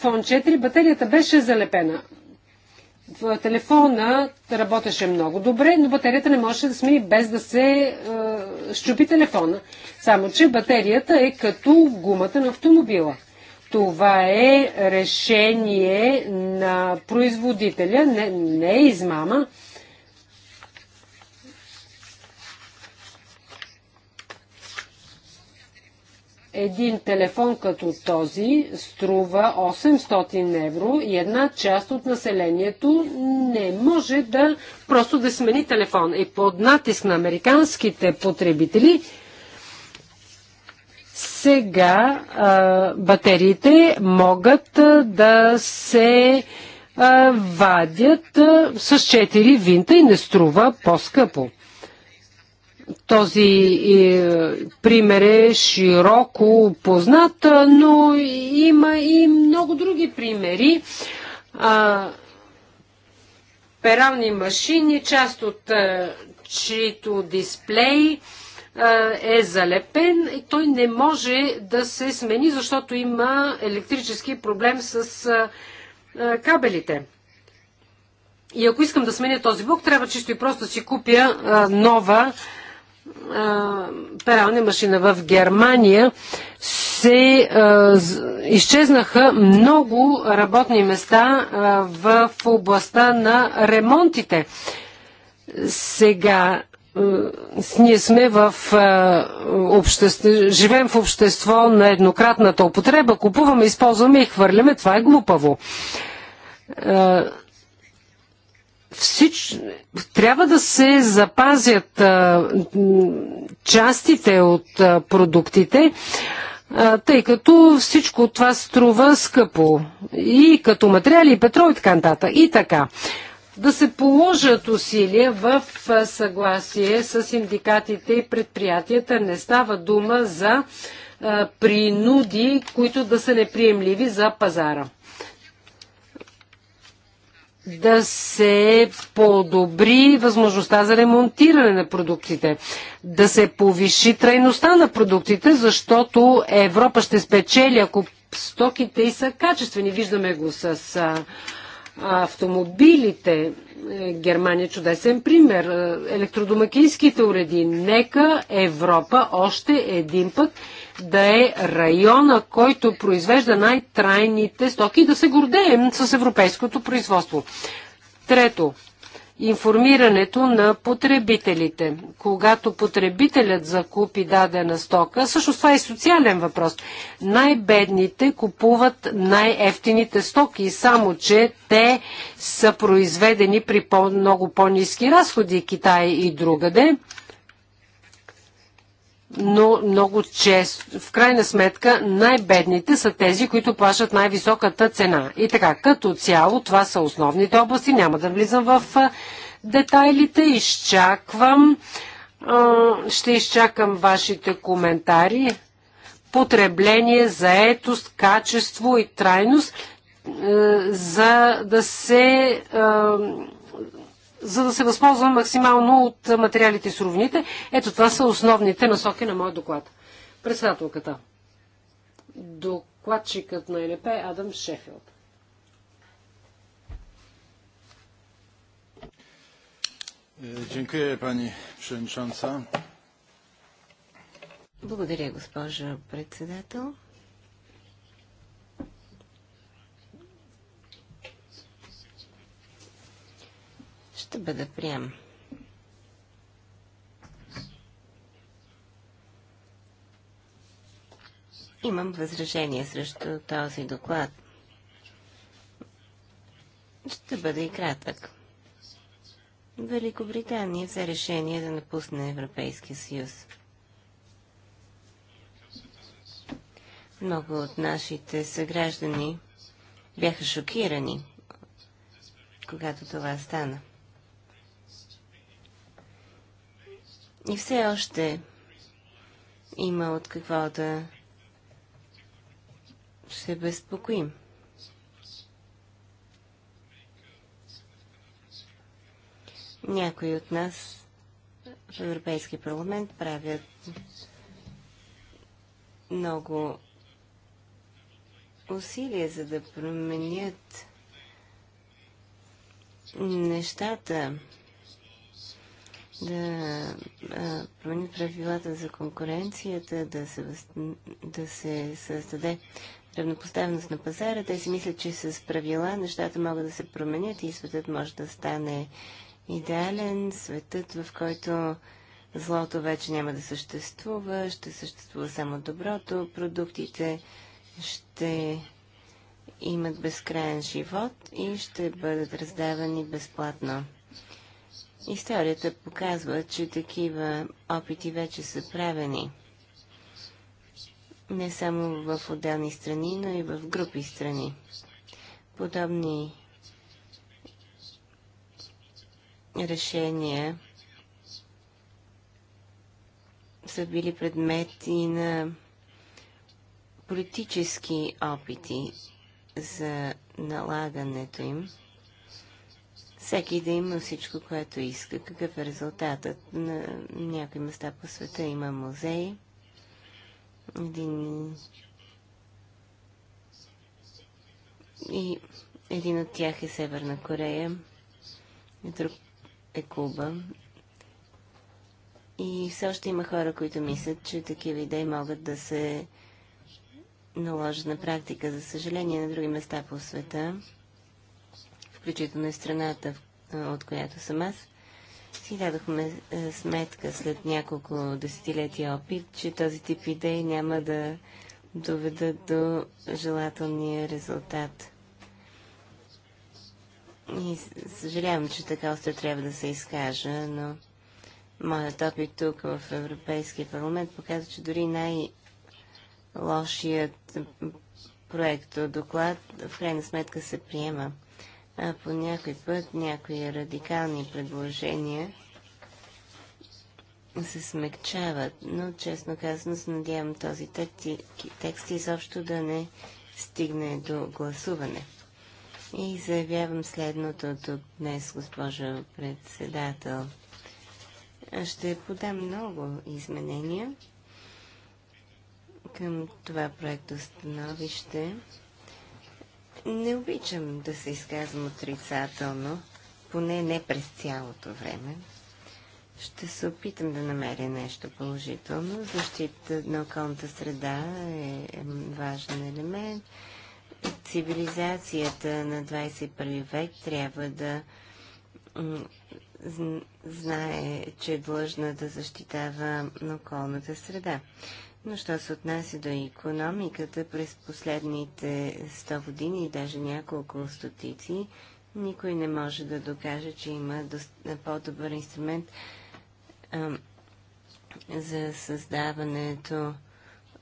4. Батерията беше залепена телефона работеше много добре, но батерията не можеше да смени без да се е, щупи телефона. Само, че батерията е като гумата на автомобила. Това е решение на производителя, не, не е измама. един телефон като този струва 800 евро и една част от населението не може да просто да смени телефон. И под натиск на американските потребители сега а, батериите могат а, да се а, вадят а, с 4 винта и не струва по-скъпо. Този е, пример е широко познат, но има и много други примери. Перални машини, част от е, чието дисплей е, е залепен и той не може да се смени, защото има електрически проблем с кабелите. И ако искам да сменя този блок, трябва чисто и просто да си купя нова Перални машина в Германия се а, изчезнаха много работни места а, в областта на ремонтите. Сега а, ние сме в обществе, живеем в общество на еднократната употреба, купуваме, използваме и хвърляме. Това е глупаво Всич... Трябва да се запазят а, частите от а, продуктите, а, тъй като всичко това струва скъпо. И като материали, и петрол, и така нататък. И така. Да се положат усилия в съгласие с синдикатите и предприятията. Не става дума за принуди, които да са неприемливи за пазара да се подобри възможността за ремонтиране на продуктите, да се повиши трайността на продуктите, защото Европа ще спечели, ако стоките и са качествени. Виждаме го с автомобилите. Е, Германия е чудесен пример. Е, електродомакинските уреди. Нека Европа още един път да е района, който произвежда най-трайните стоки и да се гордеем с европейското производство. Трето, информирането на потребителите. Когато потребителят закупи дадена стока, също това е социален въпрос. Най-бедните купуват най-ефтините стоки, само че те са произведени при по- много по-низки разходи Китай и другаде но много често, в крайна сметка, най-бедните са тези, които плащат най-високата цена. И така, като цяло, това са основните области. Няма да влизам в детайлите. Изчаквам. Ще изчакам вашите коментари. Потребление, заетост, качество и трайност, за да се за да се възползвам максимално от материалите и суровините. Ето това са основните насоки на моят доклад. Председателката. Докладчикът на ЕНП е Адам Шефилд. Е, дякую, пани Шенчанца. Благодаря, госпожо председател. ще бъде прием. Имам възражение срещу този доклад. Ще бъде и кратък. Великобритания взе решение да напусне Европейския съюз. Много от нашите съграждани бяха шокирани, когато това стана. И все още има от какво да се безпокоим. Някои от нас в Европейския парламент правят много усилия, за да променят нещата да промени правилата за конкуренцията, да се, да се създаде равнопоставеност на пазара. Те си мислят, че с правила нещата могат да се променят и светът може да стане идеален, светът, в който злото вече няма да съществува, ще съществува само доброто, продуктите ще имат безкрайен живот и ще бъдат раздавани безплатно. Историята показва, че такива опити вече са правени. Не само в отделни страни, но и в групи страни. Подобни решения са били предмети на политически опити за налагането им всеки да има всичко, което иска. Какъв е резултатът? На някои места по света има музеи. Един... И един от тях е Северна Корея, друг е Куба. И все още има хора, които мислят, че такива идеи могат да се наложат на практика. За съжаление, на други места по света включително и страната, от която съм аз, си дадохме сметка след няколко десетилетия опит, че този тип идеи няма да доведат до желателния резултат. И съжалявам, че така още трябва да се изкажа, но моят опит тук в Европейския парламент показва, че дори най-лошият проект доклад в крайна сметка се приема а по някой път някои радикални предложения се смекчават, но честно казано се надявам този текст, текст изобщо да не стигне до гласуване. И заявявам следното от днес, госпожа председател. Ще подам много изменения към това проекто становище. Не обичам да се изказвам отрицателно, поне не през цялото време. Ще се опитам да намеря нещо положително. Защита на околната среда е, е важен елемент. Цивилизацията на 21 век трябва да знае, че е длъжна да защитава околната среда. Но що се отнася до економиката през последните 100 години и даже няколко стотици, никой не може да докаже, че има по-добър инструмент а, за създаването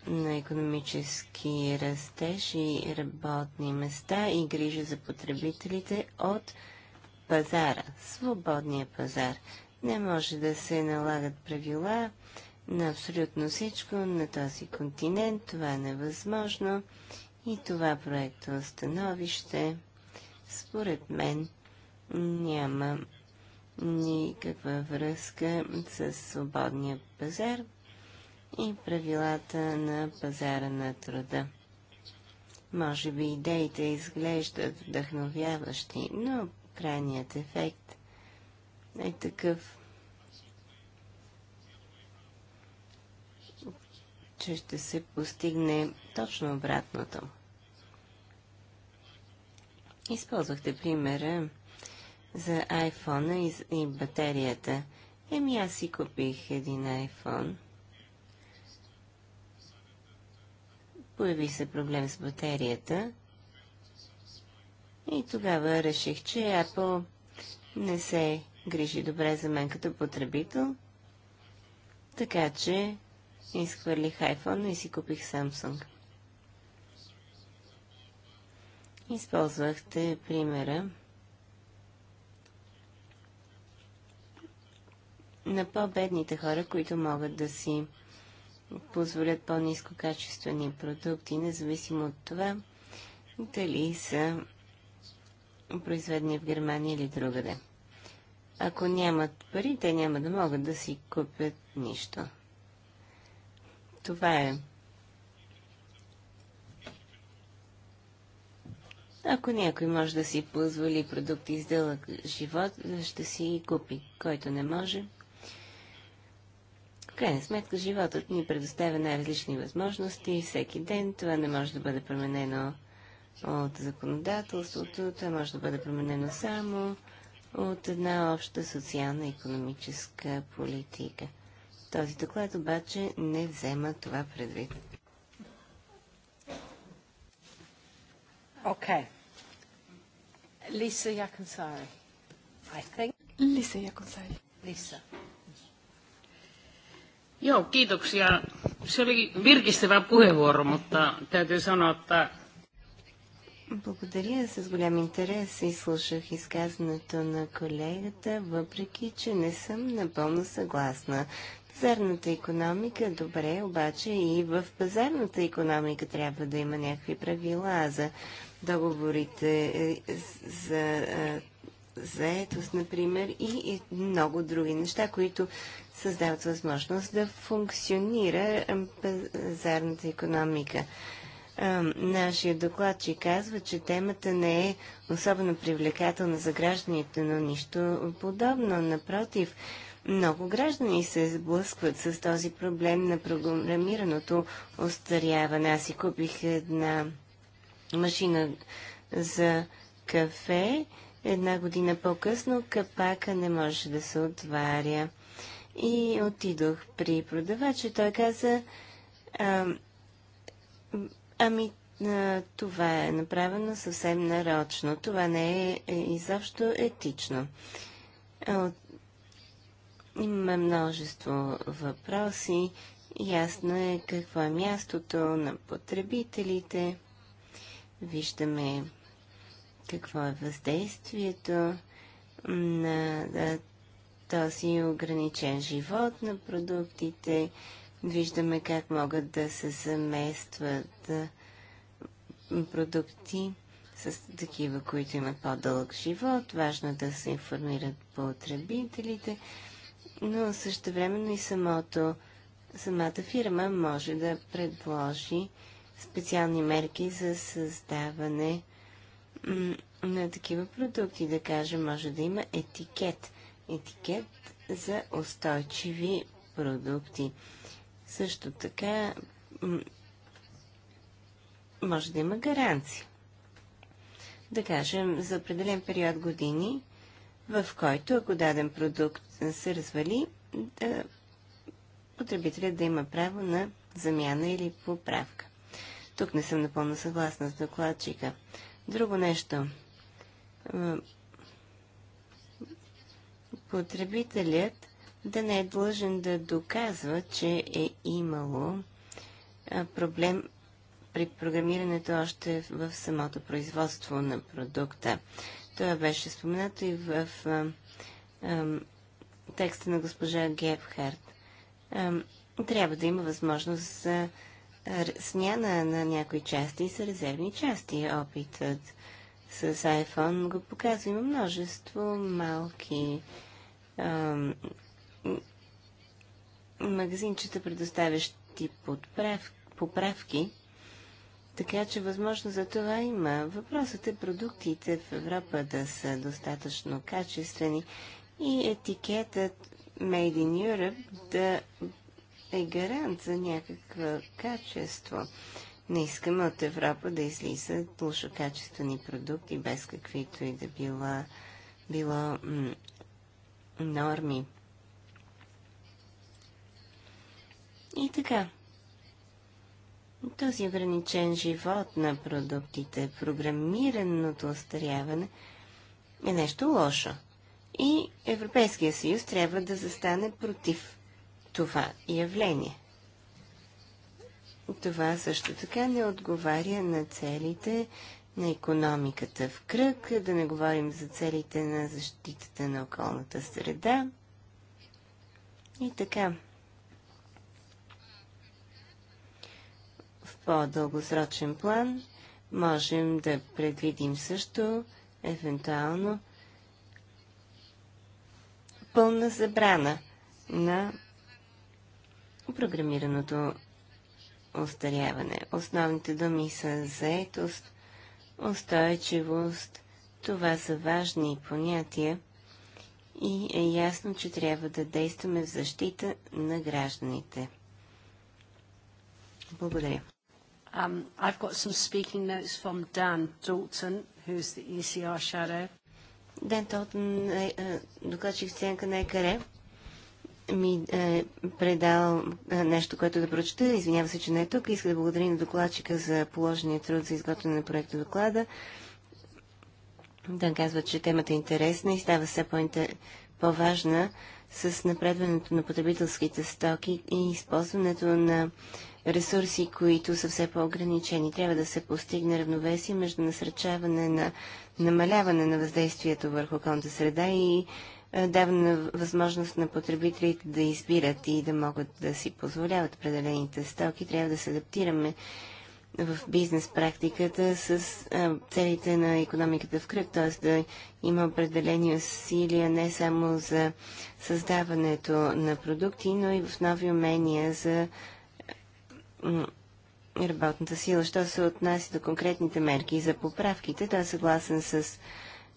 на економически растеж и работни места и грижа за потребителите от пазара, свободния пазар. Не може да се налагат правила, на абсолютно всичко на този континент. Това е невъзможно и това проекто становище, според мен, няма никаква връзка с свободния пазар и правилата на пазара на труда. Може би идеите изглеждат вдъхновяващи, но крайният ефект е такъв, че ще се постигне точно обратното. Използвахте примера за iPhone и, и батерията. Еми аз си купих един iPhone. Появи се проблем с батерията. И тогава реших, че Apple не се грижи добре за мен като потребител. Така че изхвърлих iPhone и си купих Samsung. Използвахте примера на по-бедните хора, които могат да си позволят по-низко качествени продукти, независимо от това дали са произведени в Германия или другаде. Ако нямат пари, те няма да могат да си купят нищо. Това е. Ако някой може да си позволи продукти с дълъг живот, ще си купи. Който не може. В крайна сметка, животът ни предоставя най-различни възможности всеки ден. Това не може да бъде променено от законодателството, това може да бъде променено само от една обща социална и економическа политика. Този доклад обаче не взема това предвид. Okay. Lisa Yakonsari. I think. Lisa Yakonsari. Lisa. Joo, kiitoksia. Se oli virkistävä puheenvuoro, mutta täytyy sanoa, että... Благодаря. С голям интерес изслушах изказването на колегата, въпреки че не съм напълно съгласна пазарната економика, добре, обаче и в пазарната економика трябва да има някакви правила за договорите е, за е, заетост, например, и много други неща, които създават възможност да функционира е, пазарната економика. Нашия докладчик казва, че темата не е особено привлекателна за гражданите, но нищо подобно. Напротив, много граждани се сблъскват с този проблем на програмираното остаряване. Аз си купих една машина за кафе. Една година по-късно капака не може да се отваря. И отидох при продавача. Той каза, а, ами а, това е направено съвсем нарочно. Това не е, е изобщо етично. От има множество въпроси. Ясно е какво е мястото на потребителите. Виждаме какво е въздействието на този ограничен живот на продуктите. Виждаме как могат да се заместват продукти с такива, които имат по-дълъг живот. Важно е да се информират потребителите. По но също времено и самото, самата фирма може да предложи специални мерки за създаване на такива продукти. Да кажем, може да има етикет. Етикет за устойчиви продукти. Също така може да има гаранции. Да кажем, за определен период години в който, ако даден продукт се развали, да, потребителят да има право на замяна или поправка. Тук не съм напълно съгласна с докладчика. Друго нещо. Потребителят да не е длъжен да доказва, че е имало проблем при програмирането още в самото производство на продукта. Той беше споменато и в текста на госпожа Гебхарт. трябва да има възможност за смяна на някои части и са резервни части. Опитът с iPhone го показва. Има множество малки магазинчета, предоставящи подправ... поправки така че възможно за това има. Въпросът е продуктите в Европа да са достатъчно качествени и етикетът Made in Europe да е гарант за някакво качество. Не искаме от Европа да излизат лошокачествени продукти без каквито и да била, било норми. И така. Този ограничен живот на продуктите, програмираното остаряване е нещо лошо. И Европейския съюз трябва да застане против това явление. Това също така не отговаря на целите на економиката в кръг, да не говорим за целите на защитата на околната среда. И така. по-дългосрочен план можем да предвидим също, евентуално, пълна забрана на програмираното устаряване. Основните думи са заетост, устойчивост. Това са важни понятия и е ясно, че трябва да действаме в защита на гражданите. Благодаря. Um, I've got some speaking notes from Dan Dalton, who's the ECR shadow. Dan Dalton е, е докладчик на ЕКР. Ми е предал е, нещо, което да прочета. Извинява се, че не е тук. Иска да благодаря на докладчика за положения труд за изготвяне на проекта доклада. Дан казва, че темата е интересна и става все по-важна по с напредването на потребителските стоки и използването на ресурси, които са все по-ограничени. Трябва да се постигне равновесие между насръчаване на намаляване на въздействието върху околната среда и е, даване на възможност на потребителите да избират и да могат да си позволяват определените стоки. Трябва да се адаптираме в бизнес практиката с е, целите на економиката в кръг, т.е. да има определени усилия не само за създаването на продукти, но и в нови умения за работната сила. Що се отнася до конкретните мерки за поправките, той е съгласен с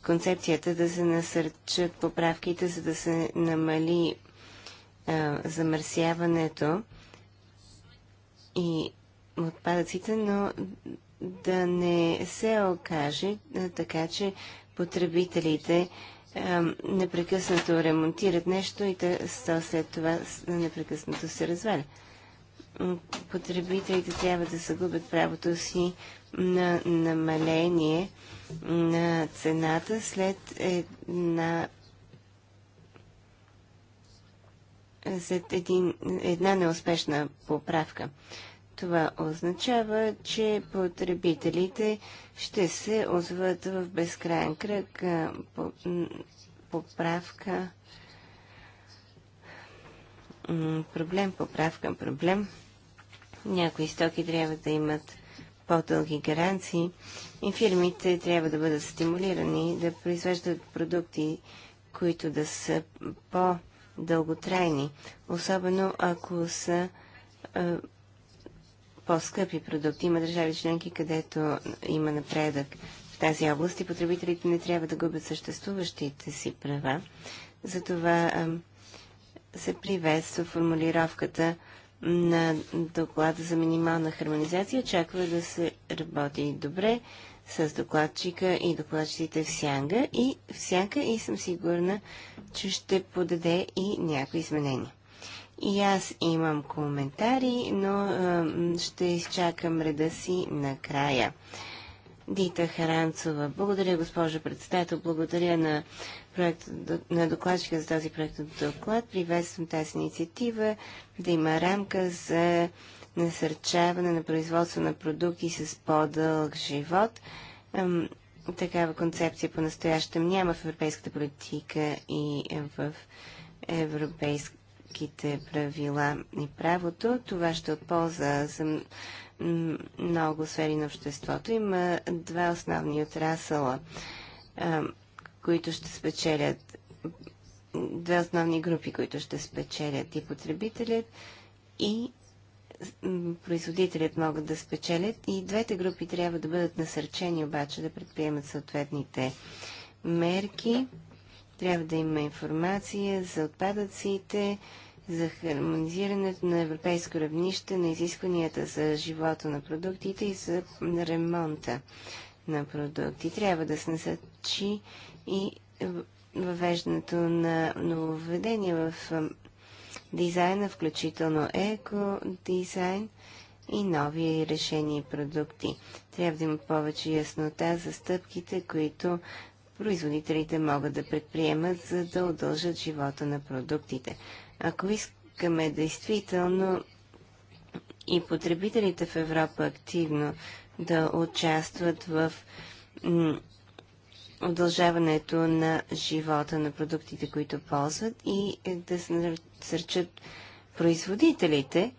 концепцията да се насърчат поправките, за да се намали а, замърсяването и отпадъците, но да не се окаже а, така, че потребителите а, непрекъснато ремонтират нещо и то след това непрекъснато се разваля потребителите трябва да загубят правото си на намаление на цената след една след един, една неуспешна поправка. Това означава, че потребителите ще се озват в безкрайен кръг поправка проблем, поправка, проблем. Някои стоки трябва да имат по-дълги гаранции и фирмите трябва да бъдат стимулирани да произвеждат продукти, които да са по-дълготрайни, особено ако са е, по-скъпи продукти. Има държави членки, където има напредък в тази област и потребителите не трябва да губят съществуващите си права. Затова е, се приветства формулировката на доклада за минимална хармонизация. Очаква да се работи добре с докладчика и докладчиците в сянга и в сянка и съм сигурна, че ще подаде и някои изменения. И аз имам коментари, но е, ще изчакам реда си накрая. Дита Харанцова. Благодаря, госпожа председател. Благодаря на проект на докладчика за този проект от доклад. Приветствам тази инициатива да има рамка за насърчаване на производство на продукти с по-дълъг живот. Такава концепция по-настоящем няма в европейската политика и в европейските правила и правото. Това ще е от полза за много сфери на обществото. Има два основни отрасъла които ще спечелят две основни групи, които ще спечелят и потребителят и производителят могат да спечелят и двете групи трябва да бъдат насърчени обаче да предприемат съответните мерки. Трябва да има информация за отпадъците, за хармонизирането на европейско равнище, на изискванията за живота на продуктите и за ремонта на продукти. Трябва да се насърчи и въвеждането на нововведения в дизайна, включително еко-дизайн и нови решения и продукти. Трябва да има повече яснота за стъпките, които производителите могат да предприемат, за да удължат живота на продуктите. Ако искаме действително и потребителите в Европа активно да участват в удължаването на живота на продуктите, които ползват и е, да се насърчат производителите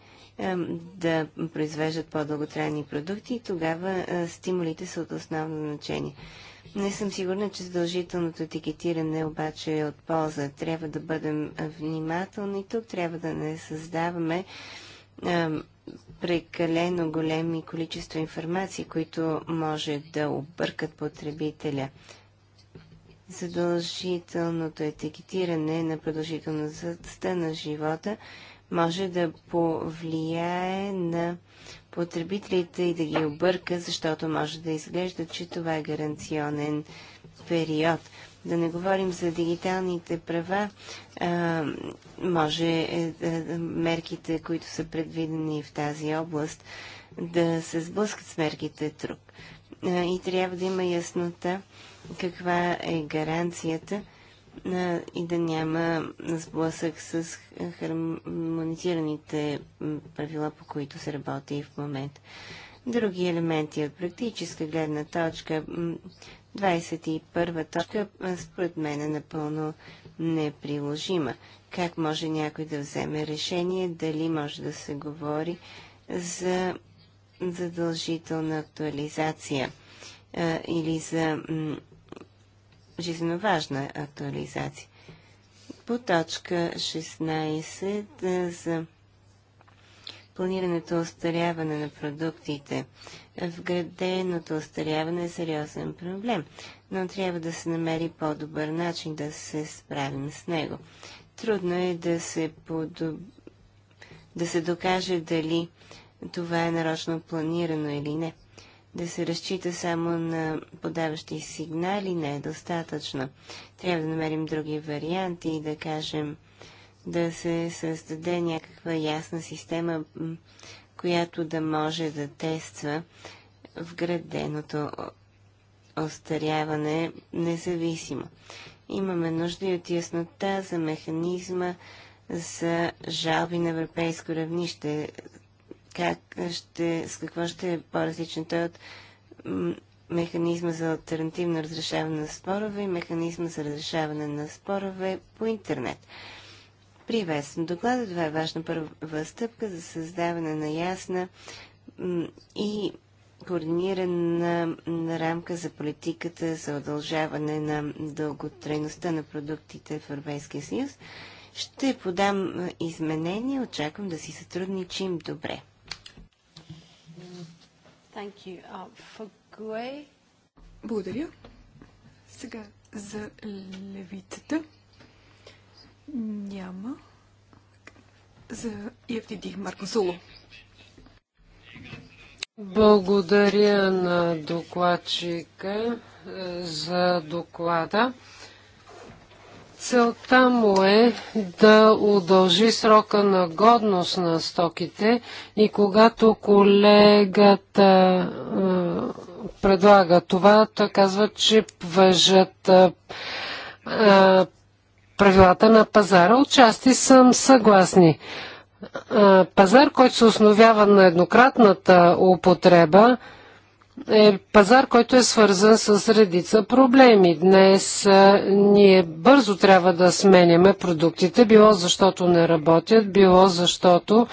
да произвеждат по-дълготрайни продукти и тогава е, стимулите са от основно значение. Не съм сигурна, че задължителното етикетиране обаче е от полза. Трябва да бъдем е, внимателни тук, трябва да не създаваме прекалено големи количества информации, които може да объркат потребителя задължителното етикетиране на продължителността на живота може да повлияе на потребителите и да ги обърка, защото може да изглежда, че това е гаранционен период. Да не говорим за дигиталните права, може е, е, мерките, които са предвидени в тази област, да се сблъскат с мерките друг. и трябва да има яснота каква е гаранцията и да няма сблъсък с хармонизираните правила, по които се работи и в момента. Други елементи от практическа гледна точка, 21 точка, според мен е напълно неприложима. Как може някой да вземе решение, дали може да се говори за задължителна актуализация а, или за жизненно важна актуализация. По точка 16 за планирането остаряване на продуктите. Вграденото остаряване е сериозен проблем, но трябва да се намери по-добър начин да се справим с него. Трудно е да се, подоб... да се докаже дали това е нарочно планирано или не да се разчита само на подаващи сигнали не е достатъчно. Трябва да намерим други варианти и да кажем да се създаде някаква ясна система, която да може да тества вграденото остаряване независимо. Имаме нужда и от яснота за механизма за жалби на европейско равнище, как ще, с какво ще е по-различен той е от механизма за альтернативно разрешаване на спорове и механизма за разрешаване на спорове по интернет. Приветствам доклада. Това е важна първа стъпка за създаване на ясна и координирана на рамка за политиката за удължаване на дълготрайността на продуктите в Европейския съюз. Ще подам изменения. Очаквам да си сътрудничим добре. Thank you. Uh, for GUE... Благодаря. Сега за левицата няма. За EFTD Марко Соло. Благодаря на докладчика е, за доклада. Целта му е да удължи срока на годност на стоките и когато колегата а, предлага това, той казва, че въжат а, а, правилата на пазара. Отчасти съм съгласни. Пазар, който се основява на еднократната употреба, е пазар, който е свързан с редица проблеми. Днес ние бързо трябва да сменяме продуктите, било защото не работят, било защото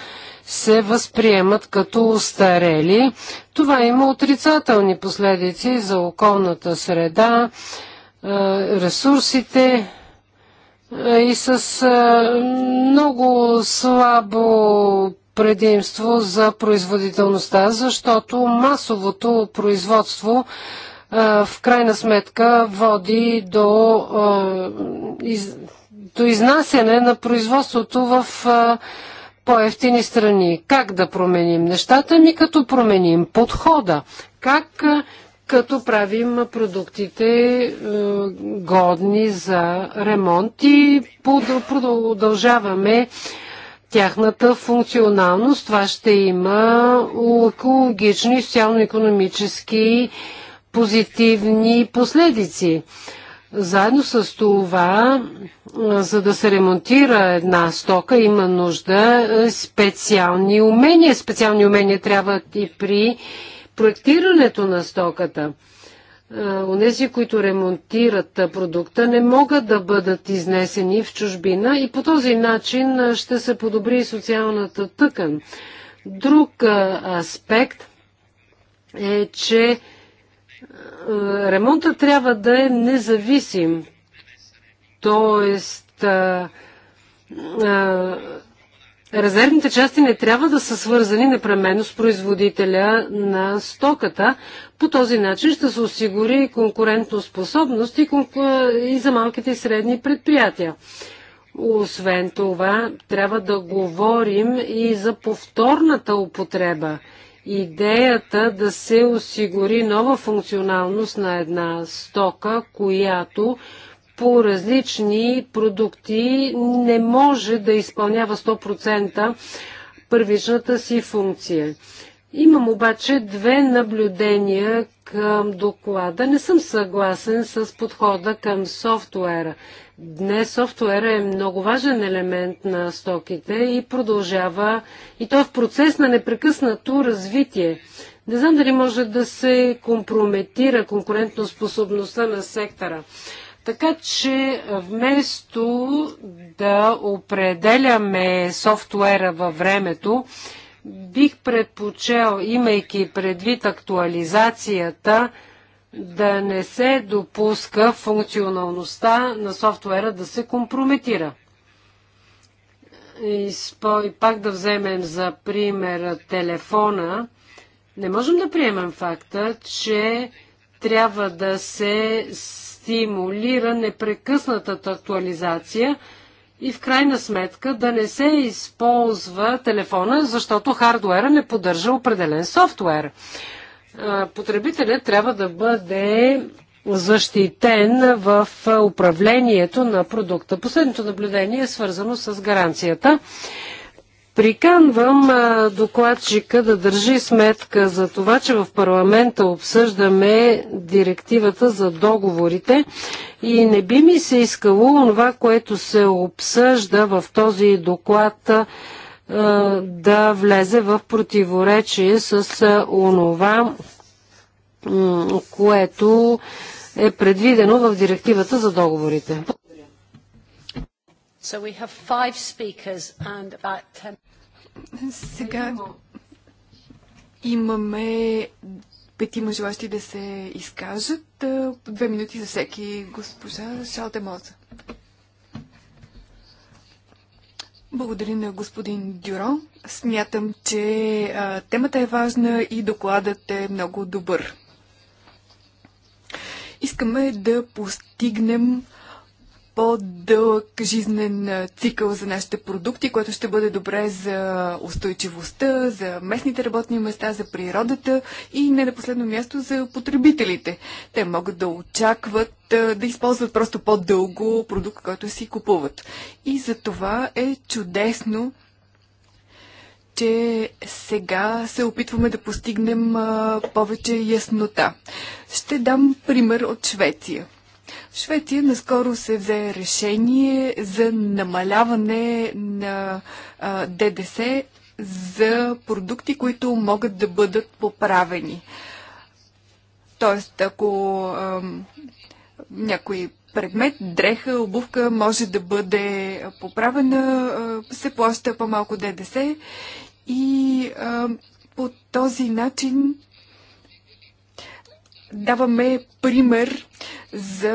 се възприемат като устарели. Това има отрицателни последици за околната среда, ресурсите и с много слабо предимство за производителността, защото масовото производство в крайна сметка води до, до изнасяне на производството в по-ефтини страни. Как да променим нещата? Ми като променим подхода. Как като правим продуктите годни за ремонт и продължаваме тяхната функционалност. Това ще има екологични, социално-економически позитивни последици. Заедно с това, за да се ремонтира една стока, има нужда специални умения. Специални умения трябват и при проектирането на стоката. Е, онези, които ремонтират продукта, не могат да бъдат изнесени в чужбина и по този начин ще се подобри и социалната тъкан. Друг аспект е, че ремонтът трябва да е независим. Тоест, резервните части не трябва да са свързани непременно с производителя на стоката. По този начин ще се осигури способност и, конку... и за малките и средни предприятия. Освен това, трябва да говорим и за повторната употреба. Идеята да се осигури нова функционалност на една стока, която по различни продукти не може да изпълнява 100% първичната си функция. Имам обаче две наблюдения към доклада. Не съм съгласен с подхода към софтуера. Днес софтуера е много важен елемент на стоките и продължава, и то е в процес на непрекъснато развитие. Не знам дали може да се компрометира конкурентоспособността на сектора. Така че вместо да определяме софтуера във времето, бих предпочел, имайки предвид актуализацията, да не се допуска функционалността на софтуера да се компрометира. И, спо, и пак да вземем за пример телефона. Не можем да приемем факта, че трябва да се стимулира непрекъснатата актуализация и в крайна сметка да не се използва телефона, защото хардуера не поддържа определен софтуер. Потребителят трябва да бъде защитен в управлението на продукта. Последното наблюдение е свързано с гаранцията. Приканвам докладчика да държи сметка за това, че в парламента обсъждаме директивата за договорите и не би ми се искало това, което се обсъжда в този доклад да влезе в противоречие с онова, което е предвидено в директивата за договорите. So сега имаме петима желащи да се изкажат. Е, две минути за всеки госпожа Моза. Благодаря на господин Дюро. Смятам, че а, е, темата е важна и докладът е много добър. Искаме да постигнем по-дълъг жизнен цикъл за нашите продукти, което ще бъде добре за устойчивостта, за местните работни места, за природата и не на последно място за потребителите. Те могат да очакват да използват просто по-дълго продукт, който си купуват. И за това е чудесно, че сега се опитваме да постигнем повече яснота. Ще дам пример от Швеция. Швеция наскоро се взе решение за намаляване на ДДС за продукти, които могат да бъдат поправени. Тоест, ако а, някой предмет, дреха, обувка може да бъде поправена, а, се плаща по-малко ДДС и а, по този начин даваме пример за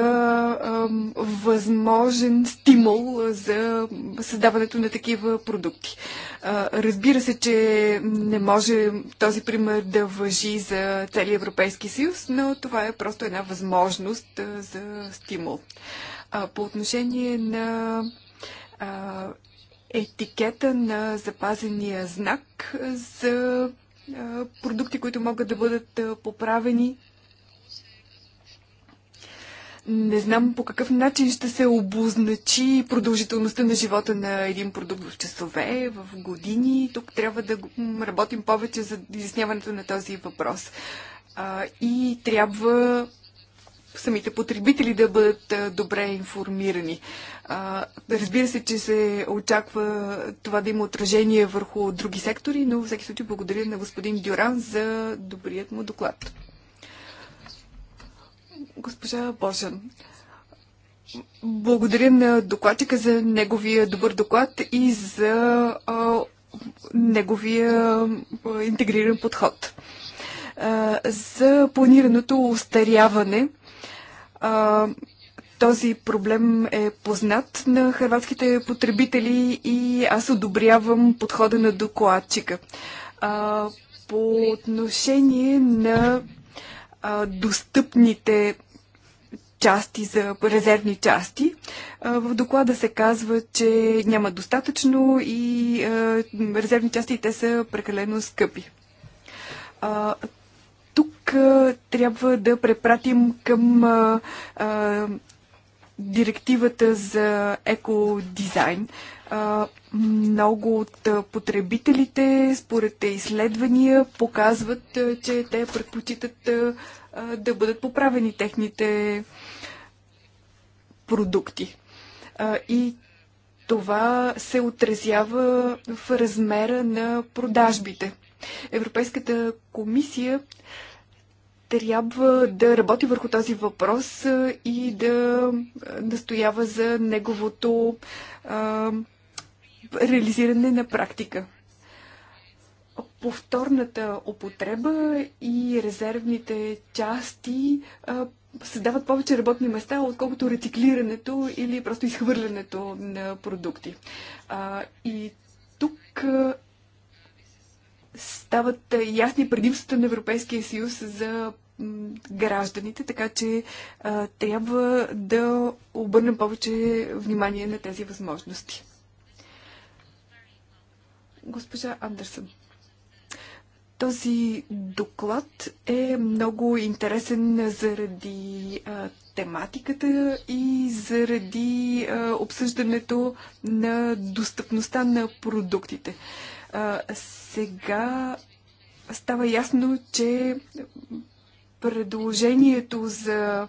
ам, възможен стимул за създаването на такива продукти. А, разбира се, че не може този пример да въжи за целия Европейски съюз, но това е просто една възможност а, за стимул. А, по отношение на а, етикета на запазения знак за продукти, които могат да бъдат поправени не знам по какъв начин ще се обозначи продължителността на живота на един продукт в часове, в години. Тук трябва да работим повече за изясняването на този въпрос. А, и трябва самите потребители да бъдат добре информирани. А, разбира се, че се очаква това да има отражение върху други сектори, но във всеки случай благодаря на господин Дюран за добрият му доклад. Госпожа Бошан, благодаря на докладчика за неговия добър доклад и за а, неговия а, интегриран подход. А, за планираното устаряване. А, този проблем е познат на хрватските потребители и аз одобрявам подхода на докладчика. А, по отношение на а, достъпните части, за резервни части. В доклада се казва, че няма достатъчно и резервни части те са прекалено скъпи. Тук трябва да препратим към директивата за екодизайн. Много от потребителите, според изследвания, показват, че те предпочитат да бъдат поправени техните продукти. И това се отразява в размера на продажбите. Европейската комисия трябва да работи върху този въпрос и да настоява за неговото а, реализиране на практика. Повторната употреба и резервните части а, създават повече работни места, отколкото рециклирането или просто изхвърлянето на продукти. А, и тук стават ясни предимствата на Европейския съюз за гражданите, така че а, трябва да обърнем повече внимание на тези възможности. Госпожа Андерсън. Този доклад е много интересен заради а, тематиката и заради а, обсъждането на достъпността на продуктите. А, сега става ясно, че предложението за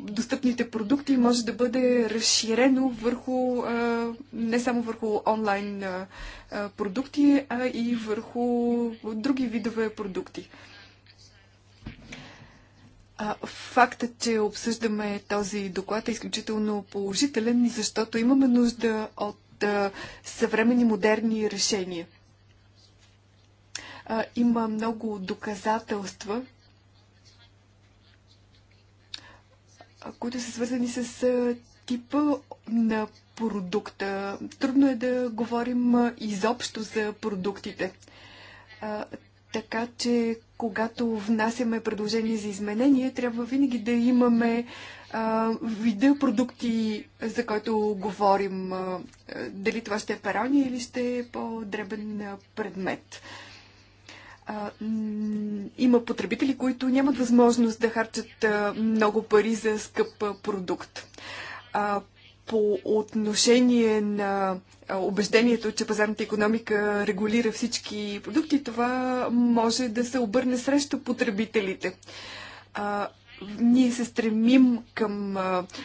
достъпните продукти може да бъде разширено върху, не само върху онлайн продукти, а и върху други видове продукти. Фактът, че обсъждаме този доклад е изключително положителен, защото имаме нужда от съвремени модерни решения. Има много доказателства, които са свързани с типа на продукта. Трудно е да говорим изобщо за продуктите. Така че, когато внасяме предложение за изменение, трябва винаги да имаме а, вида продукти, за който говорим. А, дали това ще е пералня или ще е по-дребен предмет а, има потребители, които нямат възможност да харчат а, много пари за скъп а, продукт. А, по отношение на убеждението, че пазарната економика регулира всички продукти, това може да се обърне срещу потребителите. А, ние се стремим към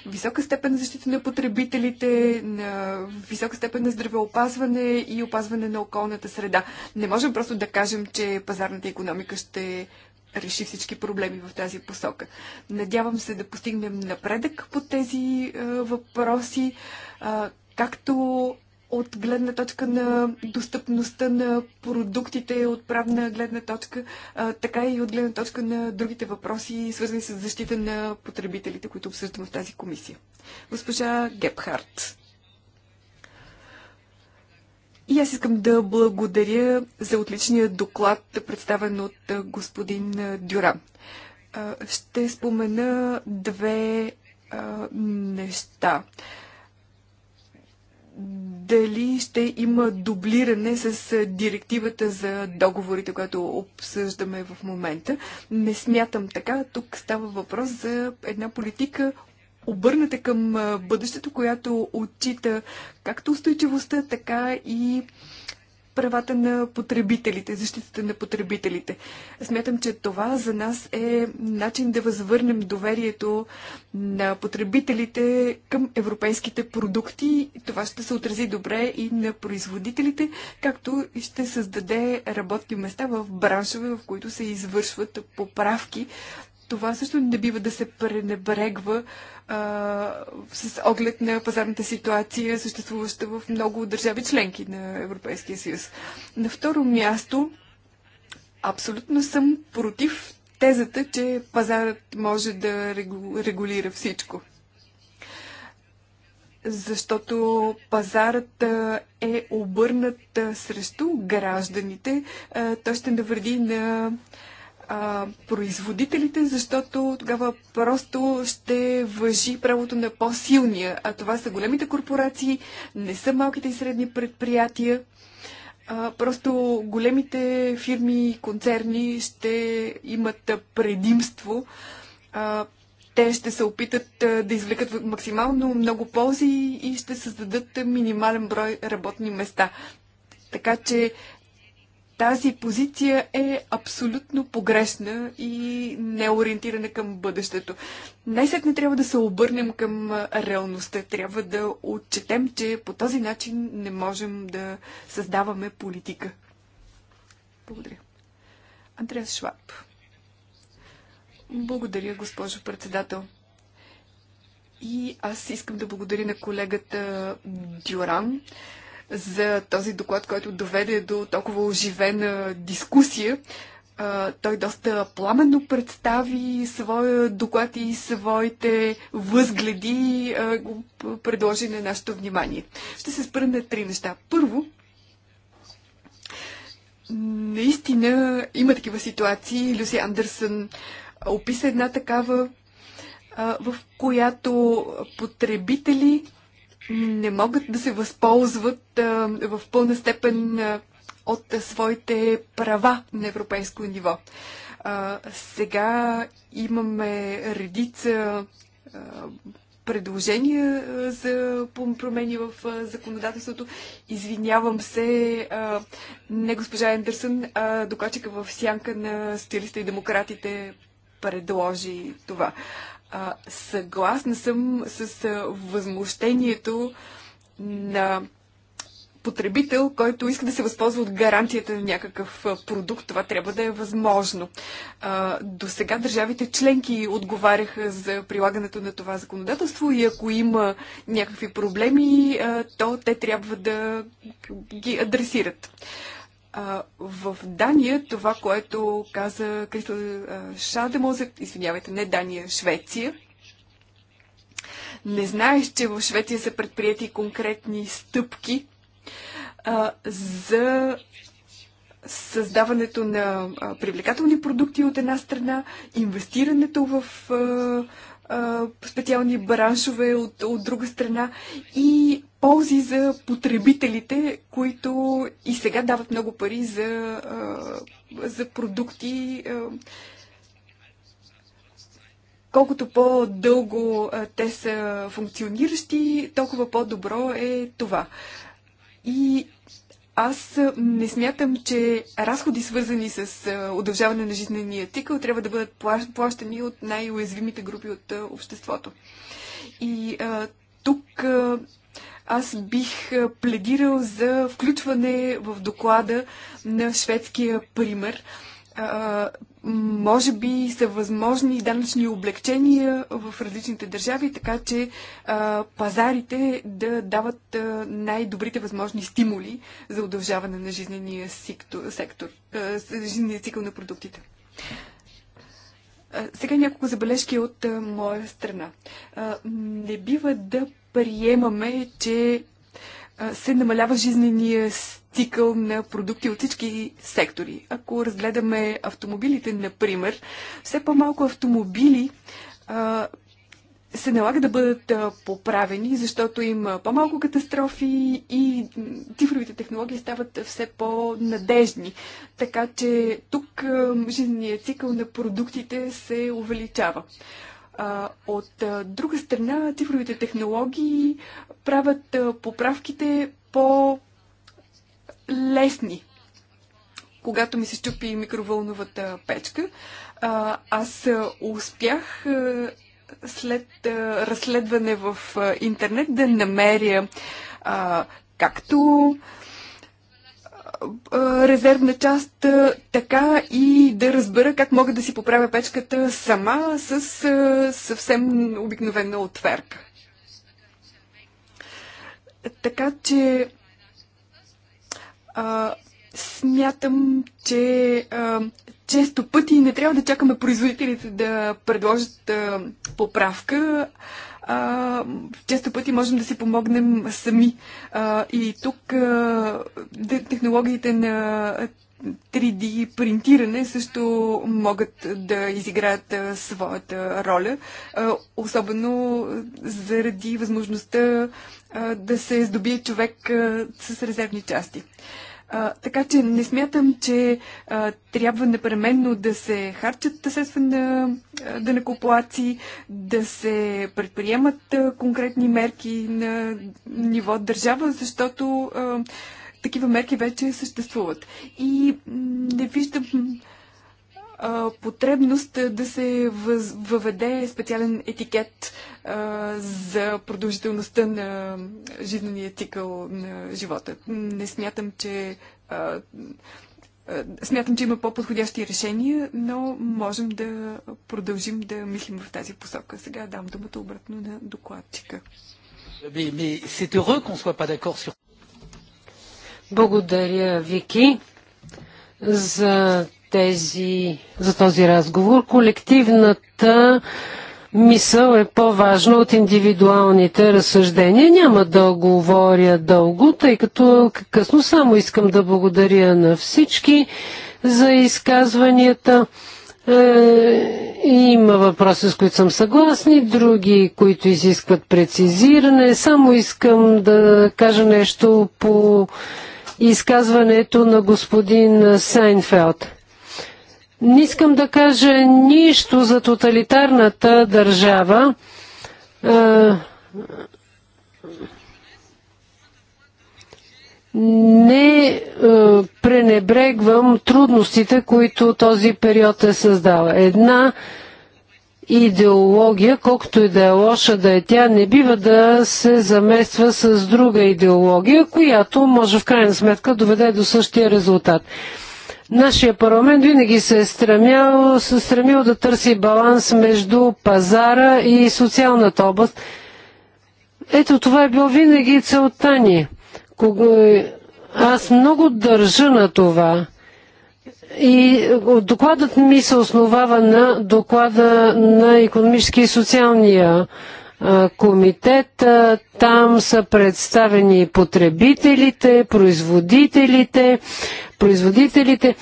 висока степен на защита на потребителите, на висока степен на здравеопазване и опазване на околната среда. Не можем просто да кажем, че пазарната економика ще реши всички проблеми в тази посока. Надявам се да постигнем напредък по тези въпроси, както от гледна точка на достъпността на продуктите, от правна гледна точка, а, така и от гледна точка на другите въпроси, свързани с защита на потребителите, които обсъждаме в тази комисия. Госпожа Гепхарт. И аз искам да благодаря за отличния доклад, представен от господин Дюра. Ще спомена две неща дали ще има дублиране с директивата за договорите, която обсъждаме в момента. Не смятам така. Тук става въпрос за една политика обърната към бъдещето, която отчита както устойчивостта, така и правата на потребителите, защитата на потребителите. Смятам, че това за нас е начин да възвърнем доверието на потребителите към европейските продукти. Това ще се отрази добре и на производителите, както и ще създаде работни места в браншове, в които се извършват поправки това също не бива да се пренебрегва а, с оглед на пазарната ситуация, съществуваща в много държави членки на Европейския съюз. На второ място, абсолютно съм против тезата, че пазарът може да регулира всичко. Защото пазарът е обърнат срещу гражданите. Той ще навреди на а, производителите, защото тогава просто ще въжи правото на по-силния. А това са големите корпорации, не са малките и средни предприятия. А, просто големите фирми и концерни ще имат предимство. А, те ще се опитат да извлекат максимално много ползи и ще създадат минимален брой работни места. Така че тази позиция е абсолютно погрешна и неориентирана към бъдещето. Най-сетне трябва да се обърнем към реалността. Трябва да отчетем, че по този начин не можем да създаваме политика. Благодаря. Андреас Шваб. Благодаря, госпожо председател. И аз искам да благодаря на колегата Дюран за този доклад, който доведе до толкова оживена дискусия. Той доста пламенно представи своя доклад и своите възгледи, го предложи на нашето внимание. Ще се спра на три неща. Първо, наистина има такива ситуации. Люси Андерсън описа една такава, в която потребители не могат да се възползват а, в пълна степен а, от своите права на европейско ниво. А, сега имаме редица предложения за промени в законодателството. Извинявам се, не госпожа Ендерсън, а докладчика в сянка на стилиста и демократите предложи това. А, съгласна съм с а, възмущението на потребител, който иска да се възползва от гаранцията на някакъв продукт. Това трябва да е възможно. До сега държавите членки отговаряха за прилагането на това законодателство и ако има някакви проблеми, а, то те трябва да ги адресират. А, в Дания това, което каза Кристо Шадемозък, извинявайте, не Дания, Швеция, не знаеш, че в Швеция са предприяти конкретни стъпки а, за създаването на а, привлекателни продукти от една страна, инвестирането в а, а, специални браншове от, от друга страна и ползи за потребителите, които и сега дават много пари за, за продукти. Колкото по-дълго те са функциониращи, толкова по-добро е това. И аз не смятам, че разходи свързани с удължаване на жизнения цикъл трябва да бъдат плащани от най-уязвимите групи от обществото. И а, тук а, аз бих пледирал за включване в доклада на шведския пример. може би са възможни данъчни облегчения в различните държави, така че пазарите да дават най-добрите възможни стимули за удължаване на жизнения сектор, жизнения цикъл на продуктите. Сега няколко забележки от моя страна. Не бива да приемаме, че се намалява жизнения цикъл на продукти от всички сектори. Ако разгледаме автомобилите, например, все по-малко автомобили се налага да бъдат поправени, защото има по-малко катастрофи и цифровите технологии стават все по-надежни. Така че тук жизненият цикъл на продуктите се увеличава. От друга страна, цифровите технологии правят поправките по-лесни. Когато ми се щупи микровълновата печка, аз успях след разследване в интернет да намеря както резервна част, така и да разбера как мога да си поправя печката сама с съвсем обикновена отверка. Така че Смятам, че а, често пъти не трябва да чакаме производителите да предложат а, поправка. А, често пъти можем да си помогнем сами. А, и тук а, технологиите на 3D принтиране също могат да изиграят а, своята роля, а, особено заради възможността а, да се здобие човек с резервни части. А, така че не смятам, че а, трябва непременно да се харчат средства на коплаци, да се предприемат а, конкретни мерки на ниво държава, защото а, такива мерки вече съществуват. И не виждам потребност да се въведе специален етикет за продължителността на жизнения цикъл на живота. Не смятам, че смятам, че има по-подходящи решения, но можем да продължим да мислим в тази посока. Сега дам думата обратно на докладчика. Благодаря, Вики, за тези, за този разговор. Колективната мисъл е по-важна от индивидуалните разсъждения. Няма да говоря дълго, тъй като късно само искам да благодаря на всички за изказванията. Е, има въпроси, с които съм съгласни, други, които изискват прецизиране. Само искам да кажа нещо по изказването на господин Сайнфелд. Не искам да кажа нищо за тоталитарната държава. Не пренебрегвам трудностите, които този период е създал. Една идеология, колкото и да е лоша да е тя, не бива да се замества с друга идеология, която може в крайна сметка доведе до същия резултат. Нашия парламент винаги се е стремял, се е стремил да търси баланс между пазара и социалната област. Ето това е било винаги целта ни. Кога... Аз много държа на това. И докладът ми се основава на доклада на економически и социалния Комитета Там са представени потребителите, производителите, производителите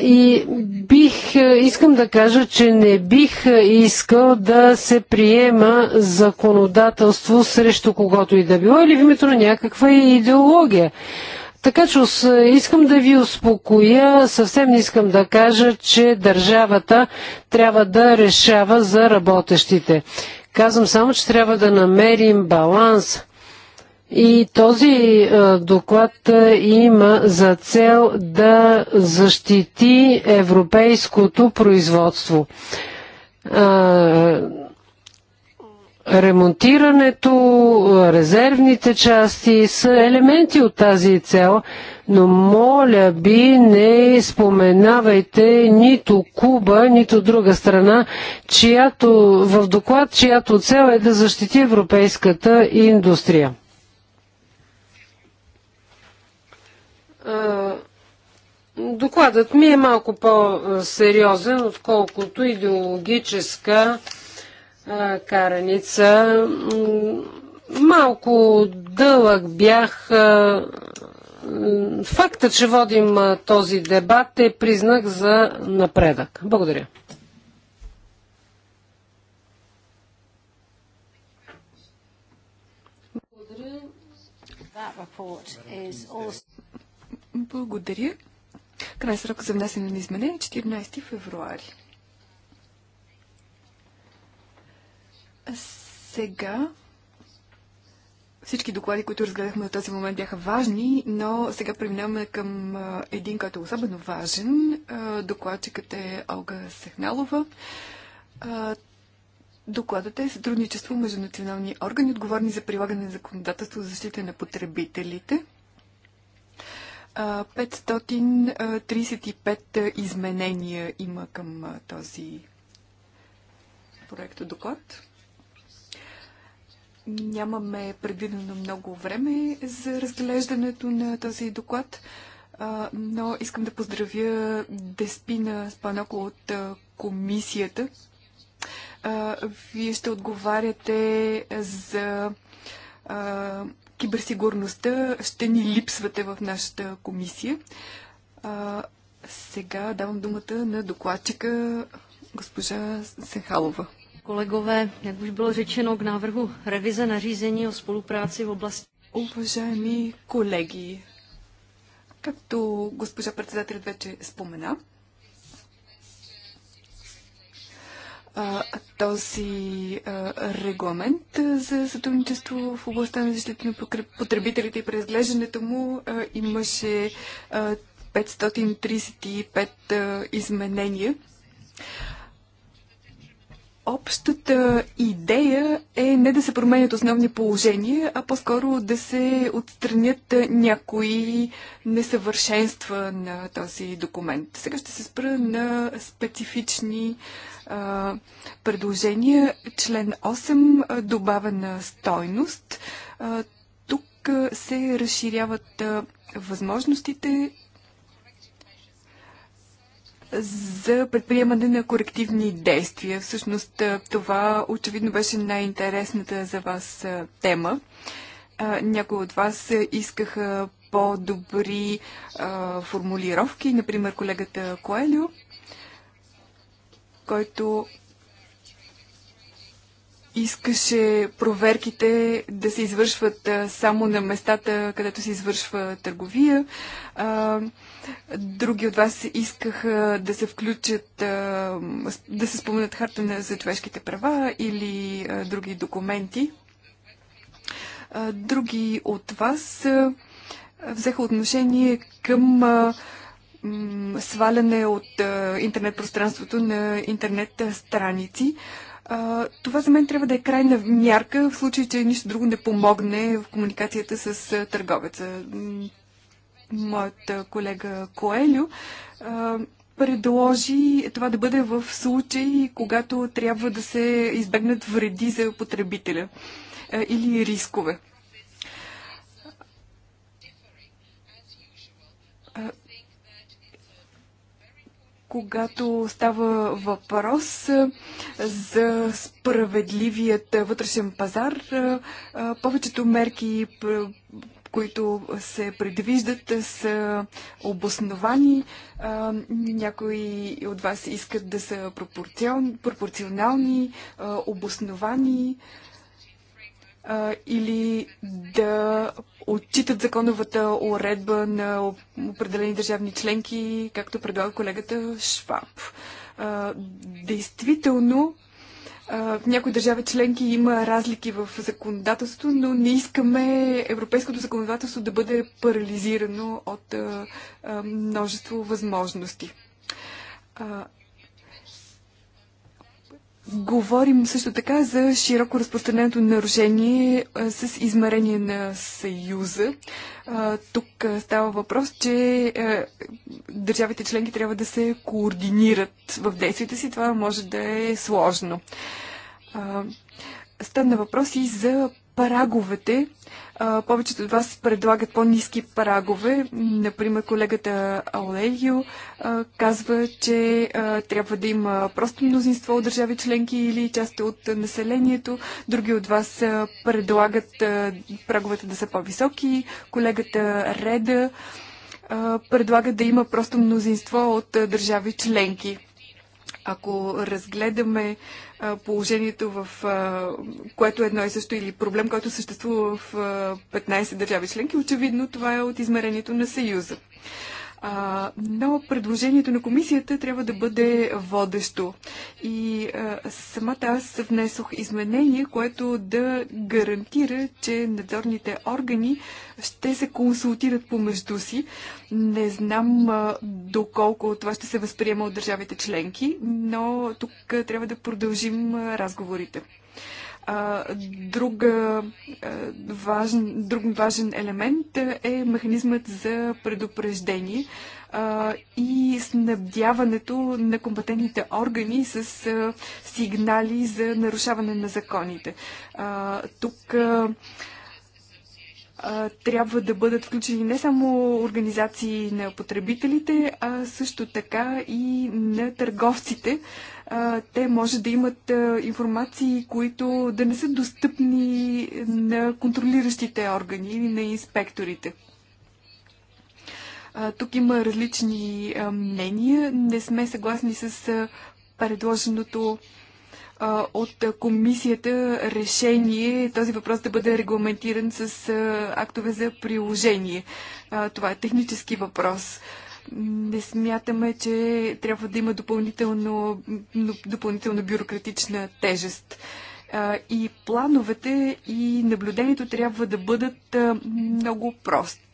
и бих, искам да кажа, че не бих искал да се приема законодателство срещу когото и да било или в името на някаква идеология. Така че искам да ви успокоя, съвсем не искам да кажа, че държавата трябва да решава за работещите. Казвам само, че трябва да намерим баланс. И този доклад има за цел да защити европейското производство ремонтирането, резервните части са елементи от тази цел, но моля би не споменавайте нито Куба, нито друга страна, чиято, в доклад, чиято цел е да защити европейската индустрия. Докладът ми е малко по-сериозен, отколкото идеологическа караница. Малко дълъг бях. Факта, че водим този дебат е признак за напредък. Благодаря. Благодаря. Край срок за внасяне на изменение 14 февруари. Сега всички доклади, които разгледахме до този момент, бяха важни, но сега преминаваме към един, който е особено важен. Докладчикът е Олга Сехналова. Докладът е сътрудничество между национални органи, отговорни за прилагане на законодателство за защита на потребителите. 535 изменения има към този проект доклад. Нямаме предвидено много време за разглеждането на този доклад, но искам да поздравя Деспина спаноко от комисията. Вие ще отговаряте за киберсигурността. Ще ни липсвате в нашата комисия. Сега давам думата на докладчика госпожа Сехалова kolegové, jak už bylo řečeno k návrhu revize nařízení o Уважаеми колеги, както госпожа председател вече спомена, този регламент за сътрудничество в областта на защита на потребителите и преразглеждането му имаше 535 изменения общата идея е не да се променят основни положения, а по-скоро да се отстранят някои несъвършенства на този документ. Сега ще се спра на специфични а, предложения. Член 8 добавена стойност. А, тук се разширяват възможностите за предприемане на корективни действия. Всъщност това очевидно беше най-интересната за вас тема. Някои от вас искаха по-добри формулировки, например колегата Коелю, който искаше проверките да се извършват само на местата, където се извършва търговия. Други от вас искаха да се включат, да се споменат харта за човешките права или други документи. Други от вас взеха отношение към сваляне от интернет пространството на интернет страници. А, това за мен трябва да е крайна мярка в случай, че нищо друго не помогне в комуникацията с търговеца. Моят колега Коелю а, предложи това да бъде в случай, когато трябва да се избегнат вреди за потребителя а, или рискове. когато става въпрос за справедливият вътрешен пазар, повечето мерки, които се предвиждат, са обосновани. Някои от вас искат да са пропорционални, обосновани а, или да отчитат законовата уредба на определени държавни членки, както предлага колегата Шваб. А, действително, в някои държави членки има разлики в законодателството, но не искаме европейското законодателство да бъде парализирано от а, а, множество възможности. А, Говорим също така за широко разпространеното нарушение с измерение на Съюза. Тук става въпрос, че държавите членки трябва да се координират в действията си. Това може да е сложно. Стана въпрос и за праговете, повечето от вас предлагат по-низки прагове. Например, колегата Олегио казва, че трябва да има просто мнозинство от държави членки или част от населението. Други от вас предлагат праговете да са по-високи. Колегата Реда предлага да има просто мнозинство от държави членки. Ако разгледаме положението, в което е едно и също или проблем, който съществува в 15 държави членки, очевидно това е от измерението на Съюза. А, но предложението на комисията трябва да бъде водещо. И а, самата аз внесох изменение, което да гарантира, че надзорните органи ще се консултират помежду си. Не знам а, доколко това ще се възприема от държавите членки, но тук а, трябва да продължим а, разговорите друга, важен, друг важен елемент е механизмът за предупреждение и снабдяването на компетентните органи с сигнали за нарушаване на законите. Тук трябва да бъдат включени не само организации на потребителите, а също така и на търговците, те може да имат информации, които да не са достъпни на контролиращите органи или на инспекторите. Тук има различни мнения. Не сме съгласни с предложеното от комисията решение този въпрос да бъде регламентиран с актове за приложение. Това е технически въпрос. Не смятаме, че трябва да има допълнително, допълнително бюрократична тежест. И плановете и наблюдението трябва да бъдат много прости.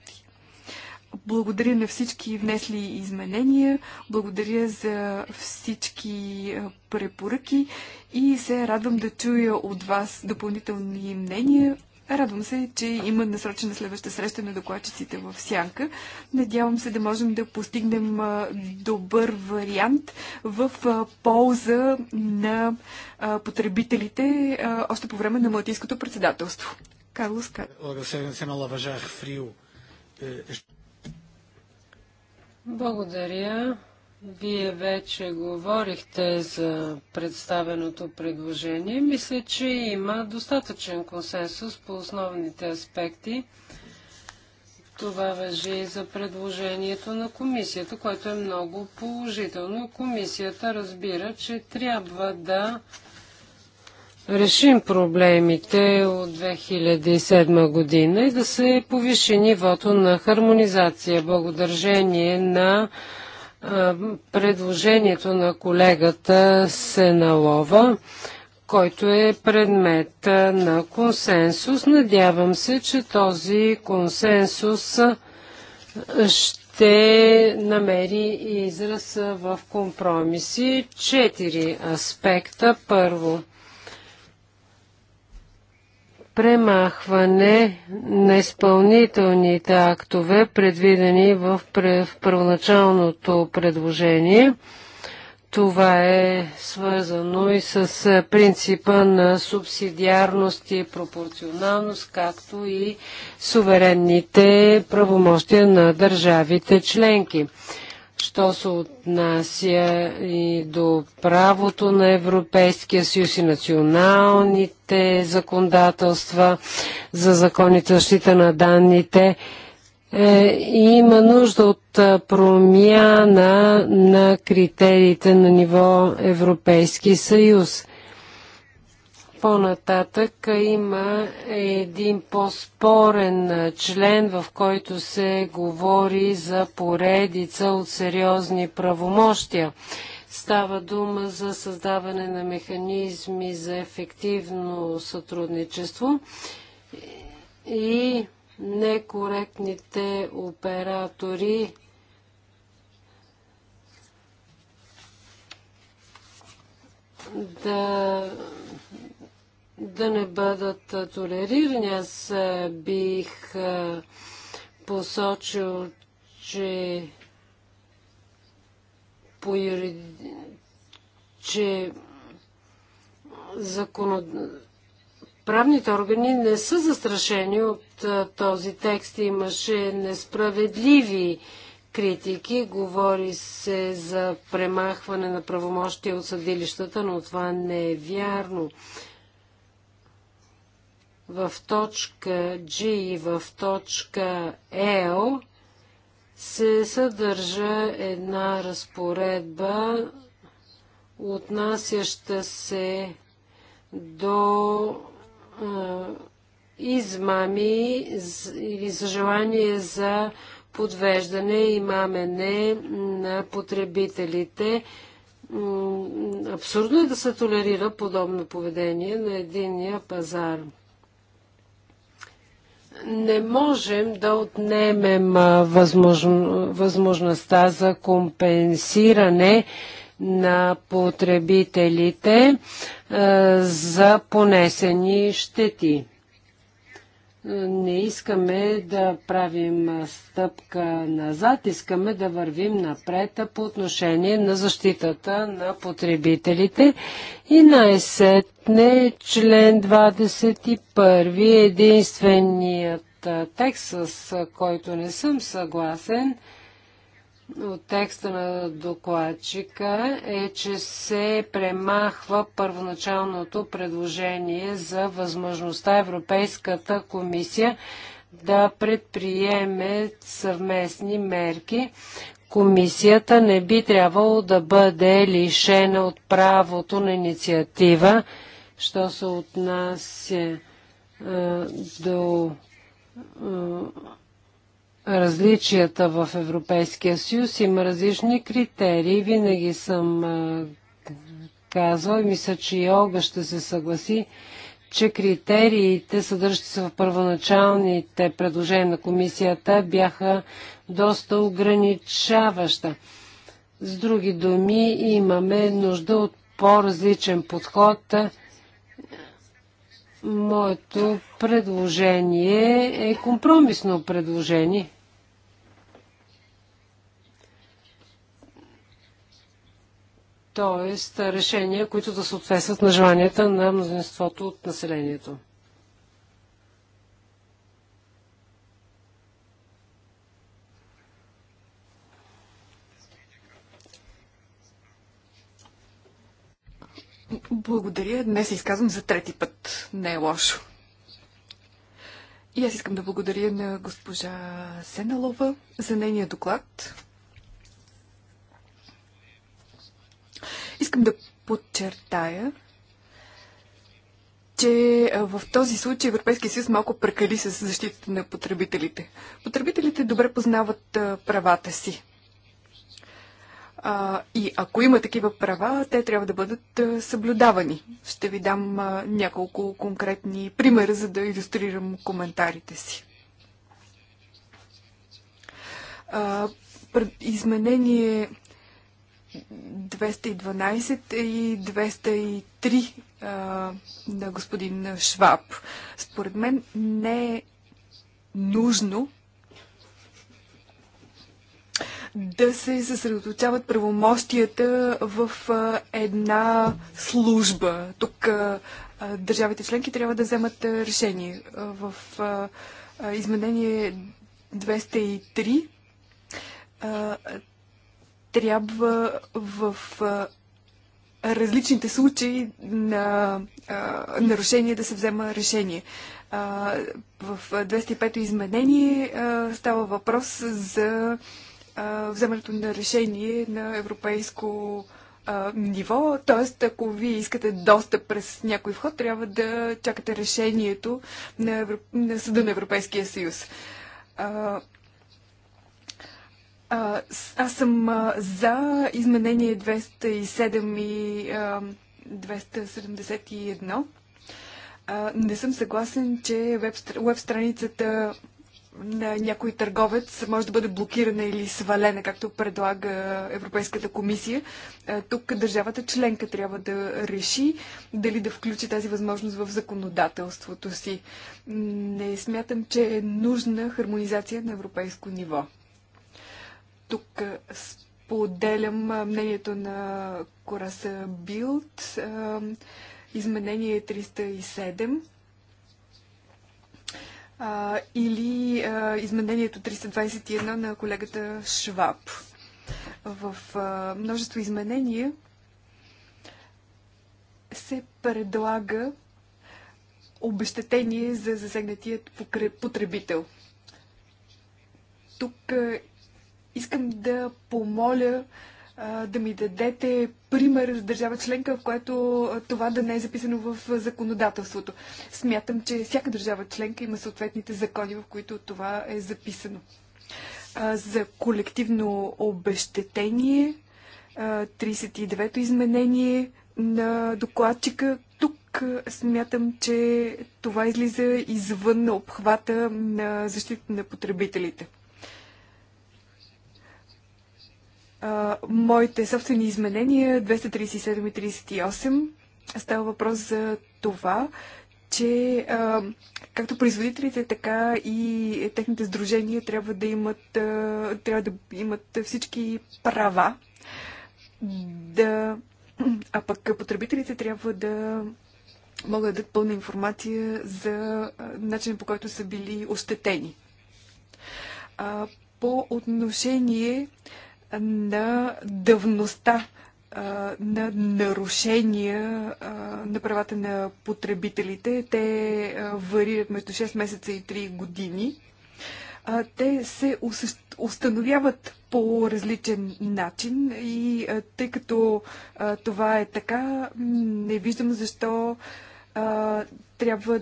Благодаря на всички внесли изменения, благодаря за всички препоръки и се радвам да чуя от вас допълнителни мнения, Радвам се, че има насрочена следваща среща на докладчиците в Сянка. Надявам се да можем да постигнем добър вариант в полза на потребителите още по време на Малтийското председателство. Карлос е, е, Благодаря. Вие вече говорихте за представеното предложение. Мисля, че има достатъчен консенсус по основните аспекти. Това въжи и за предложението на комисията, което е много положително. Комисията разбира, че трябва да решим проблемите от 2007 година и да се повиши нивото на хармонизация. благодържение на е, предложението на колегата Сеналова, който е предмет на консенсус. Надявам се, че този консенсус ще намери израз в компромиси. Четири аспекта. Първо – премахване на изпълнителните актове, предвидени в първоначалното предложение. Това е свързано и с принципа на субсидиарност и пропорционалност, както и суверенните правомощия на държавите членки що се отнася и до правото на Европейския съюз и националните законодателства за законите защита на данните, е, има нужда от промяна на критериите на ниво Европейски съюз. По-нататък има един по-спорен член, в който се говори за поредица от сериозни правомощия. Става дума за създаване на механизми за ефективно сътрудничество и некоректните оператори да да не бъдат толерирани. Аз бих посочил, че по че законод... правните органи не са застрашени от този текст. Имаше несправедливи критики. Говори се за премахване на правомощия от съдилищата, но това не е вярно в точка G и в точка L се съдържа една разпоредба, отнасяща се до е, измами или за желание за подвеждане и мамене на потребителите. Абсурдно е да се толерира подобно поведение на единния пазар не можем да отнемем възможно, възможността за компенсиране на потребителите за понесени щети не искаме да правим стъпка назад, искаме да вървим напред по отношение на защитата на потребителите. И най-сетне член 21, единственият текст, с който не съм съгласен, от текста на докладчика е, че се премахва първоначалното предложение за възможността Европейската комисия да предприеме съвместни мерки. Комисията не би трябвало да бъде лишена от правото на инициатива, що се отнася е, до е, различията в Европейския съюз. Има различни критерии. Винаги съм казвал и мисля, че и Олга ще се съгласи, че критериите, съдържащи се в първоначалните предложения на комисията, бяха доста ограничаваща. С други думи, имаме нужда от по-различен подход. Моето предложение е компромисно предложение. Тоест решения, които да съответстват на желанията на мнозинството от населението. Благодаря. Днес се изказвам за трети път. Не е лошо. И аз искам да благодаря на госпожа Сеналова за нейния доклад. Искам да подчертая, че в този случай Европейския съюз малко прекали с защитата на потребителите. Потребителите добре познават правата си. и ако има такива права, те трябва да бъдат съблюдавани. Ще ви дам няколко конкретни примера, за да иллюстрирам коментарите си. изменение 212 и 203 а, на господин Шваб. Според мен не е нужно да се съсредоточават правомощията в една служба. Тук държавите членки трябва да вземат решение. В изменение 203 трябва в различните случаи на а, нарушение да се взема решение. А, в 205-то изменение а, става въпрос за а, вземането на решение на европейско ниво. т.е. ако вие искате достъп през някой вход, трябва да чакате решението на, Евро... на Съда на Европейския съюз. А, а, аз съм а, за изменение 207 и а, 271. А, не съм съгласен, че веб, веб страницата на някой търговец може да бъде блокирана или свалена, както предлага Европейската комисия. Тук държавата членка трябва да реши дали да включи тази възможност в законодателството си. Не смятам, че е нужна хармонизация на европейско ниво. Тук споделям мнението на Кораса Билд, изменение 307 или изменението 321 на колегата Шваб. В множество изменения се предлага обещетение за засегнатият потребител. Тук Искам да помоля да ми дадете пример за държава членка, в която това да не е записано в законодателството. Смятам, че всяка държава членка има съответните закони, в които това е записано. за колективно обещетение, 39-то изменение на докладчика, тук смятам, че това излиза извън обхвата на защита на потребителите. моите собствени изменения 237 и 38. Става въпрос за това, че а, както производителите, така и техните сдружения трябва да имат, а, трябва да имат всички права. Да, а пък потребителите трябва да могат да дадат пълна информация за начинът по който са били ощетени. А, по отношение на давността на нарушения на правата на потребителите. Те варират между 6 месеца и 3 години. Те се установяват по различен начин и тъй като това е така, не виждам защо трябва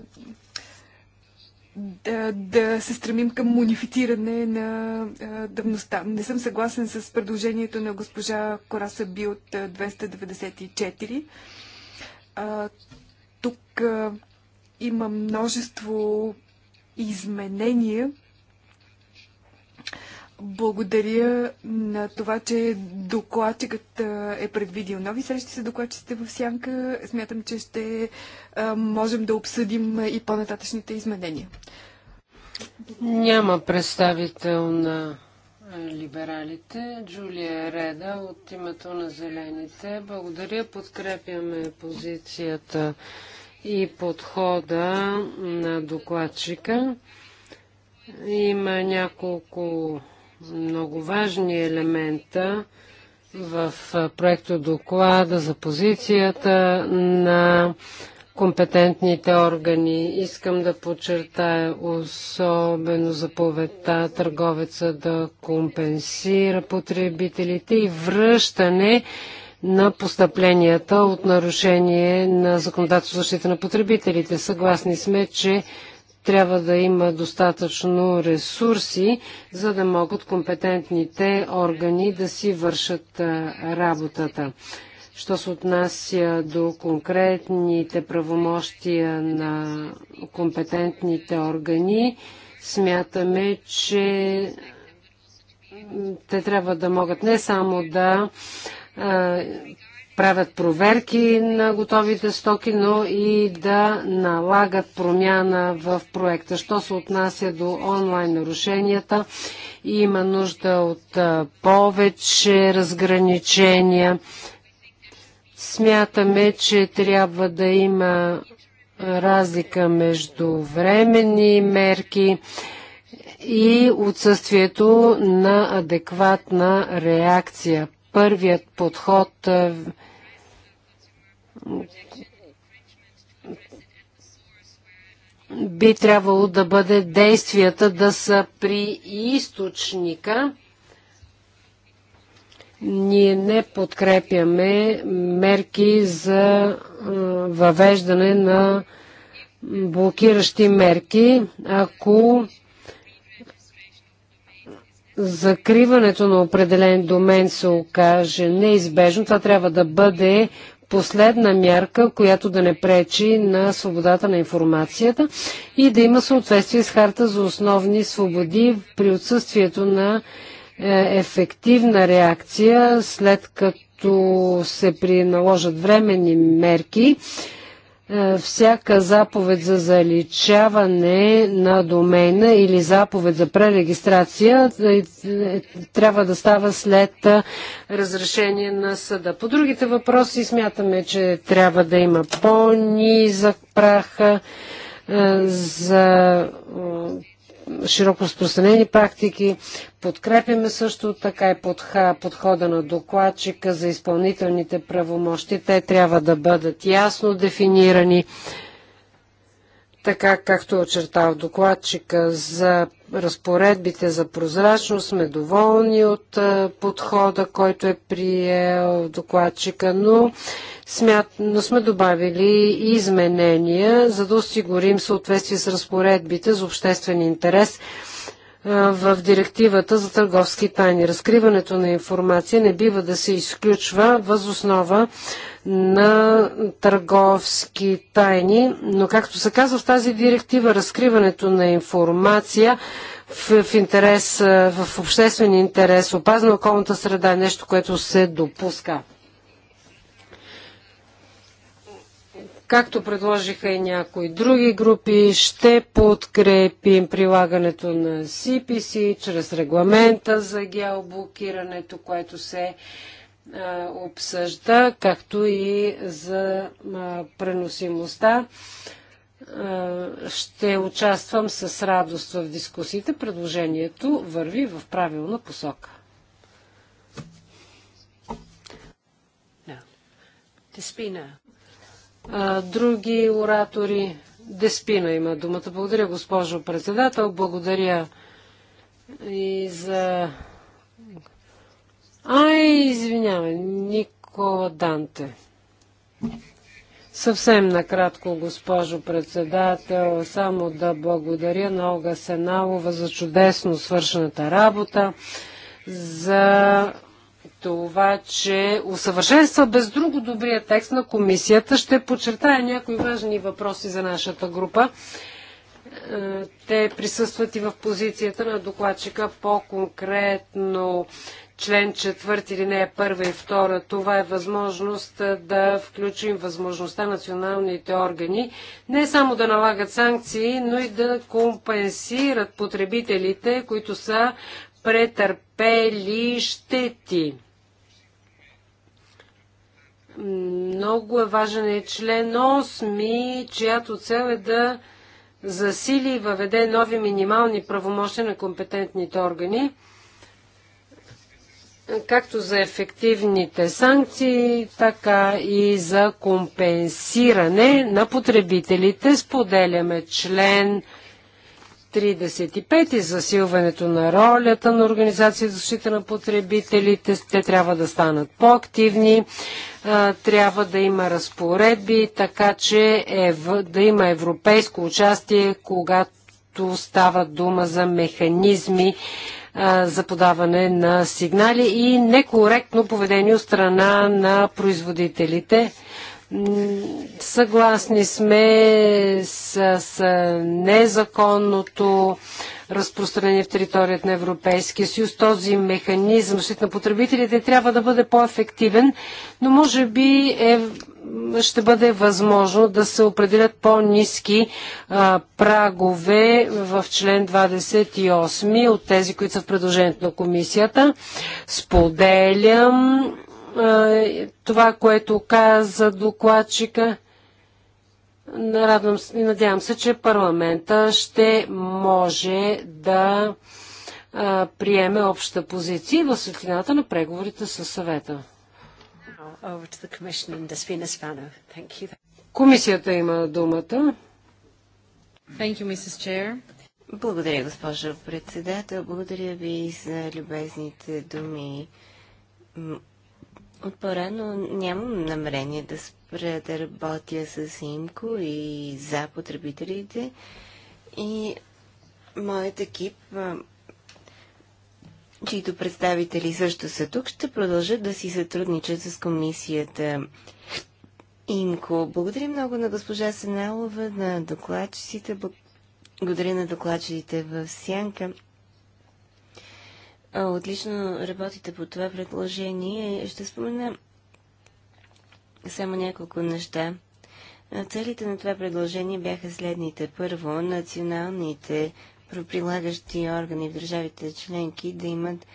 да, да се стремим към монифициране на а, давността. Не съм съгласен с предложението на госпожа Кораса Би от 294. А, тук а, има множество изменения, благодаря на това, че докладчикът е предвидил нови срещи с докладчиците в Сянка. Смятам, че ще можем да обсъдим и по-нататъчните изменения. Няма представител на либералите. Джулия Реда от името на Зелените. Благодаря. Подкрепяме позицията и подхода на докладчика. Има няколко много важни елемента в проекто доклада за позицията на компетентните органи. Искам да подчертая особено заповедта търговеца да компенсира потребителите и връщане на постъпленията от нарушение на законодателството защита на потребителите. Съгласни сме, че трябва да има достатъчно ресурси, за да могат компетентните органи да си вършат работата. Що се отнася до конкретните правомощия на компетентните органи, смятаме, че те трябва да могат не само да правят проверки на готовите стоки, но и да налагат промяна в проекта. Що се отнася до онлайн нарушенията, има нужда от повече разграничения. Смятаме, че трябва да има разлика между временни мерки и отсъствието на адекватна реакция първият подход би трябвало да бъде действията да са при източника. Ние не подкрепяме мерки за въвеждане на блокиращи мерки, ако закриването на определен домен се окаже неизбежно, това трябва да бъде последна мярка, която да не пречи на свободата на информацията и да има съответствие с харта за основни свободи при отсъствието на е, ефективна реакция, след като се приналожат временни мерки, е, всяка заповед за заличаване на домена или заповед за пререгистрация е, е, трябва да става след разрешение на съда. По другите въпроси смятаме, че трябва да има по-низък прах за широко разпространени практики. Подкрепяме също така и подхода на докладчика за изпълнителните правомощи. Те трябва да бъдат ясно дефинирани, така както е очертава докладчика за разпоредбите за прозрачност, сме доволни от подхода, който е приел докладчика, но, смят, но сме добавили изменения, за да осигурим съответствие с разпоредбите за обществен интерес в директивата за търговски тайни. Разкриването на информация не бива да се изключва възоснова основа на търговски тайни, но както се казва в тази директива, разкриването на информация в, в интерес, в обществен интерес, опазна околната среда е нещо, което се допуска. Както предложиха и някои други групи, ще подкрепим прилагането на CPC чрез регламента за геоблокирането, което се е, обсъжда, както и за е, преносимостта. Е, ще участвам с радост в дискусиите. Предложението върви в правилна посока. Други оратори. Деспина има думата. Благодаря, госпожо председател. Благодаря и за Ай, извинявай, Никола Данте. Съвсем накратко, госпожо председател, само да благодаря на Олга Сеналова за чудесно свършената работа, за това, че усъвършенства без друго добрия текст на комисията. Ще подчертая някои важни въпроси за нашата група. Е, те присъстват и в позицията на докладчика по-конкретно член 4 или не е първа и втора, това е възможност да включим възможността националните органи не само да налагат санкции, но и да компенсират потребителите, които са претърпели щети. Много е важен е член 8, чиято цел е да засили и въведе нови минимални правомощи на компетентните органи както за ефективните санкции, така и за компенсиране на потребителите. Споделяме член 35 и засилването на ролята на Организация за защита на потребителите. Те трябва да станат по-активни, трябва да има разпоредби, така че ев... да има европейско участие, когато става дума за механизми за подаване на сигнали и некоректно поведение от страна на производителите. Съгласни сме с, с незаконното разпространение в територията на Европейския съюз. Този механизъм защита на потребителите трябва да бъде по-ефективен, но може би е ще бъде възможно да се определят по-низки прагове в член 28 от тези, които са в предложението на комисията. Споделям а, това, което каза докладчика. надявам се, че парламента ще може да а, приеме обща позиция в светлината на преговорите със съвета. Комисията има думата. Thank you, Mrs. Chair. Благодаря, госпожо председател. Благодаря ви за любезните думи. От порано нямам намерение да спре да работя с Имко и за потребителите. И моят екип чието представители също са тук, ще продължат да си сътрудничат с комисията Инко. Благодаря много на госпожа Сенелова, на докладчиците, благодаря на докладчиците в Сянка. Отлично работите по това предложение. Ще спомена само няколко неща. Целите на това предложение бяха следните. Първо, националните правоприлагащи органи в държавите членки да имат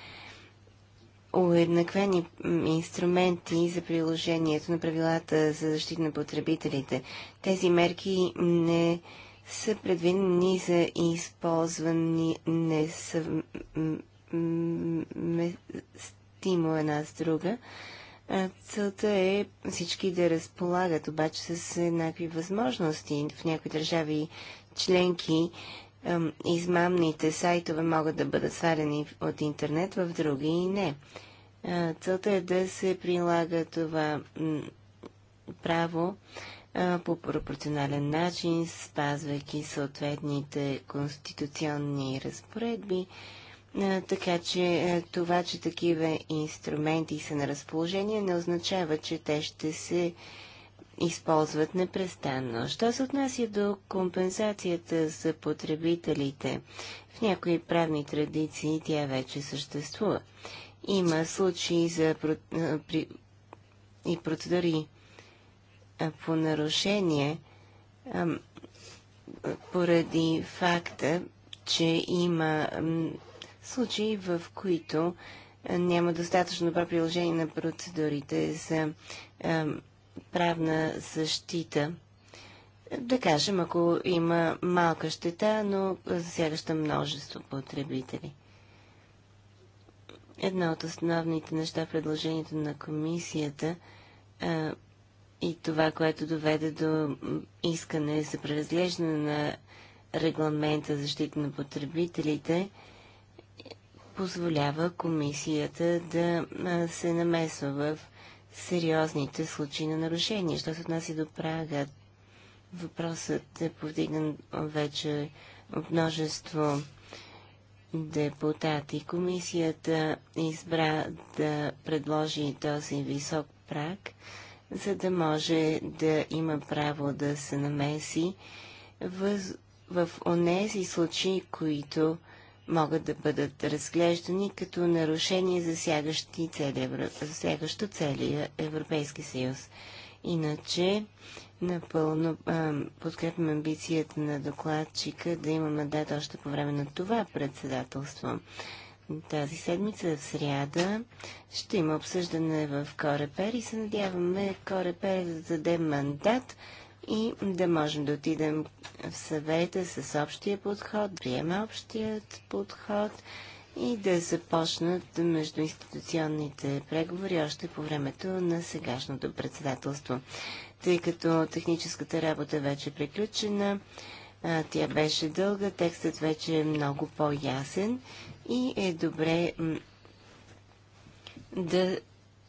уеднаквени инструменти за приложението на правилата за защита на потребителите. Тези мерки не са предвидени за използвани не несъвместимо една с друга. Целта е всички да разполагат обаче с еднакви възможности. В някои държави членки измамните сайтове могат да бъдат сварени от интернет, в други и не. Целта е да се прилага това право по пропорционален начин, спазвайки съответните конституционни разпоредби, така че това, че такива инструменти са на разположение, не означава, че те ще се използват непрестанно. Що се отнася до компенсацията за потребителите, в някои правни традиции тя вече съществува. Има случаи за при, и процедури по нарушение поради факта, че има случаи, в които няма достатъчно добро приложение на процедурите за ам, правна защита. Да кажем, ако има малка щета, но засягаща множество потребители. Една от основните неща в предложението на комисията а, и това, което доведе до искане за преразглеждане на регламента за защита на потребителите, позволява комисията да се намесва в сериозните случаи на нарушения. Що се отнася до прага, въпросът е повдигнан вече от множество депутати. Комисията избра да предложи този висок праг, за да може да има право да се намеси в, в онези случаи, които могат да бъдат разглеждани като нарушения, засягащи цели, засягащо целия Европейски съюз. Иначе, напълно а, подкрепям амбицията на докладчика да има мандат още по време на това председателство. Тази седмица в сряда ще има обсъждане в Корепер и се надяваме Корепер да даде мандат и да можем да отидем в съвета с общия подход, да приеме общият подход и да започнат междуинституционните преговори още по времето на сегашното председателство. Тъй като техническата работа вече е приключена, тя беше дълга, текстът вече е много по-ясен и е добре да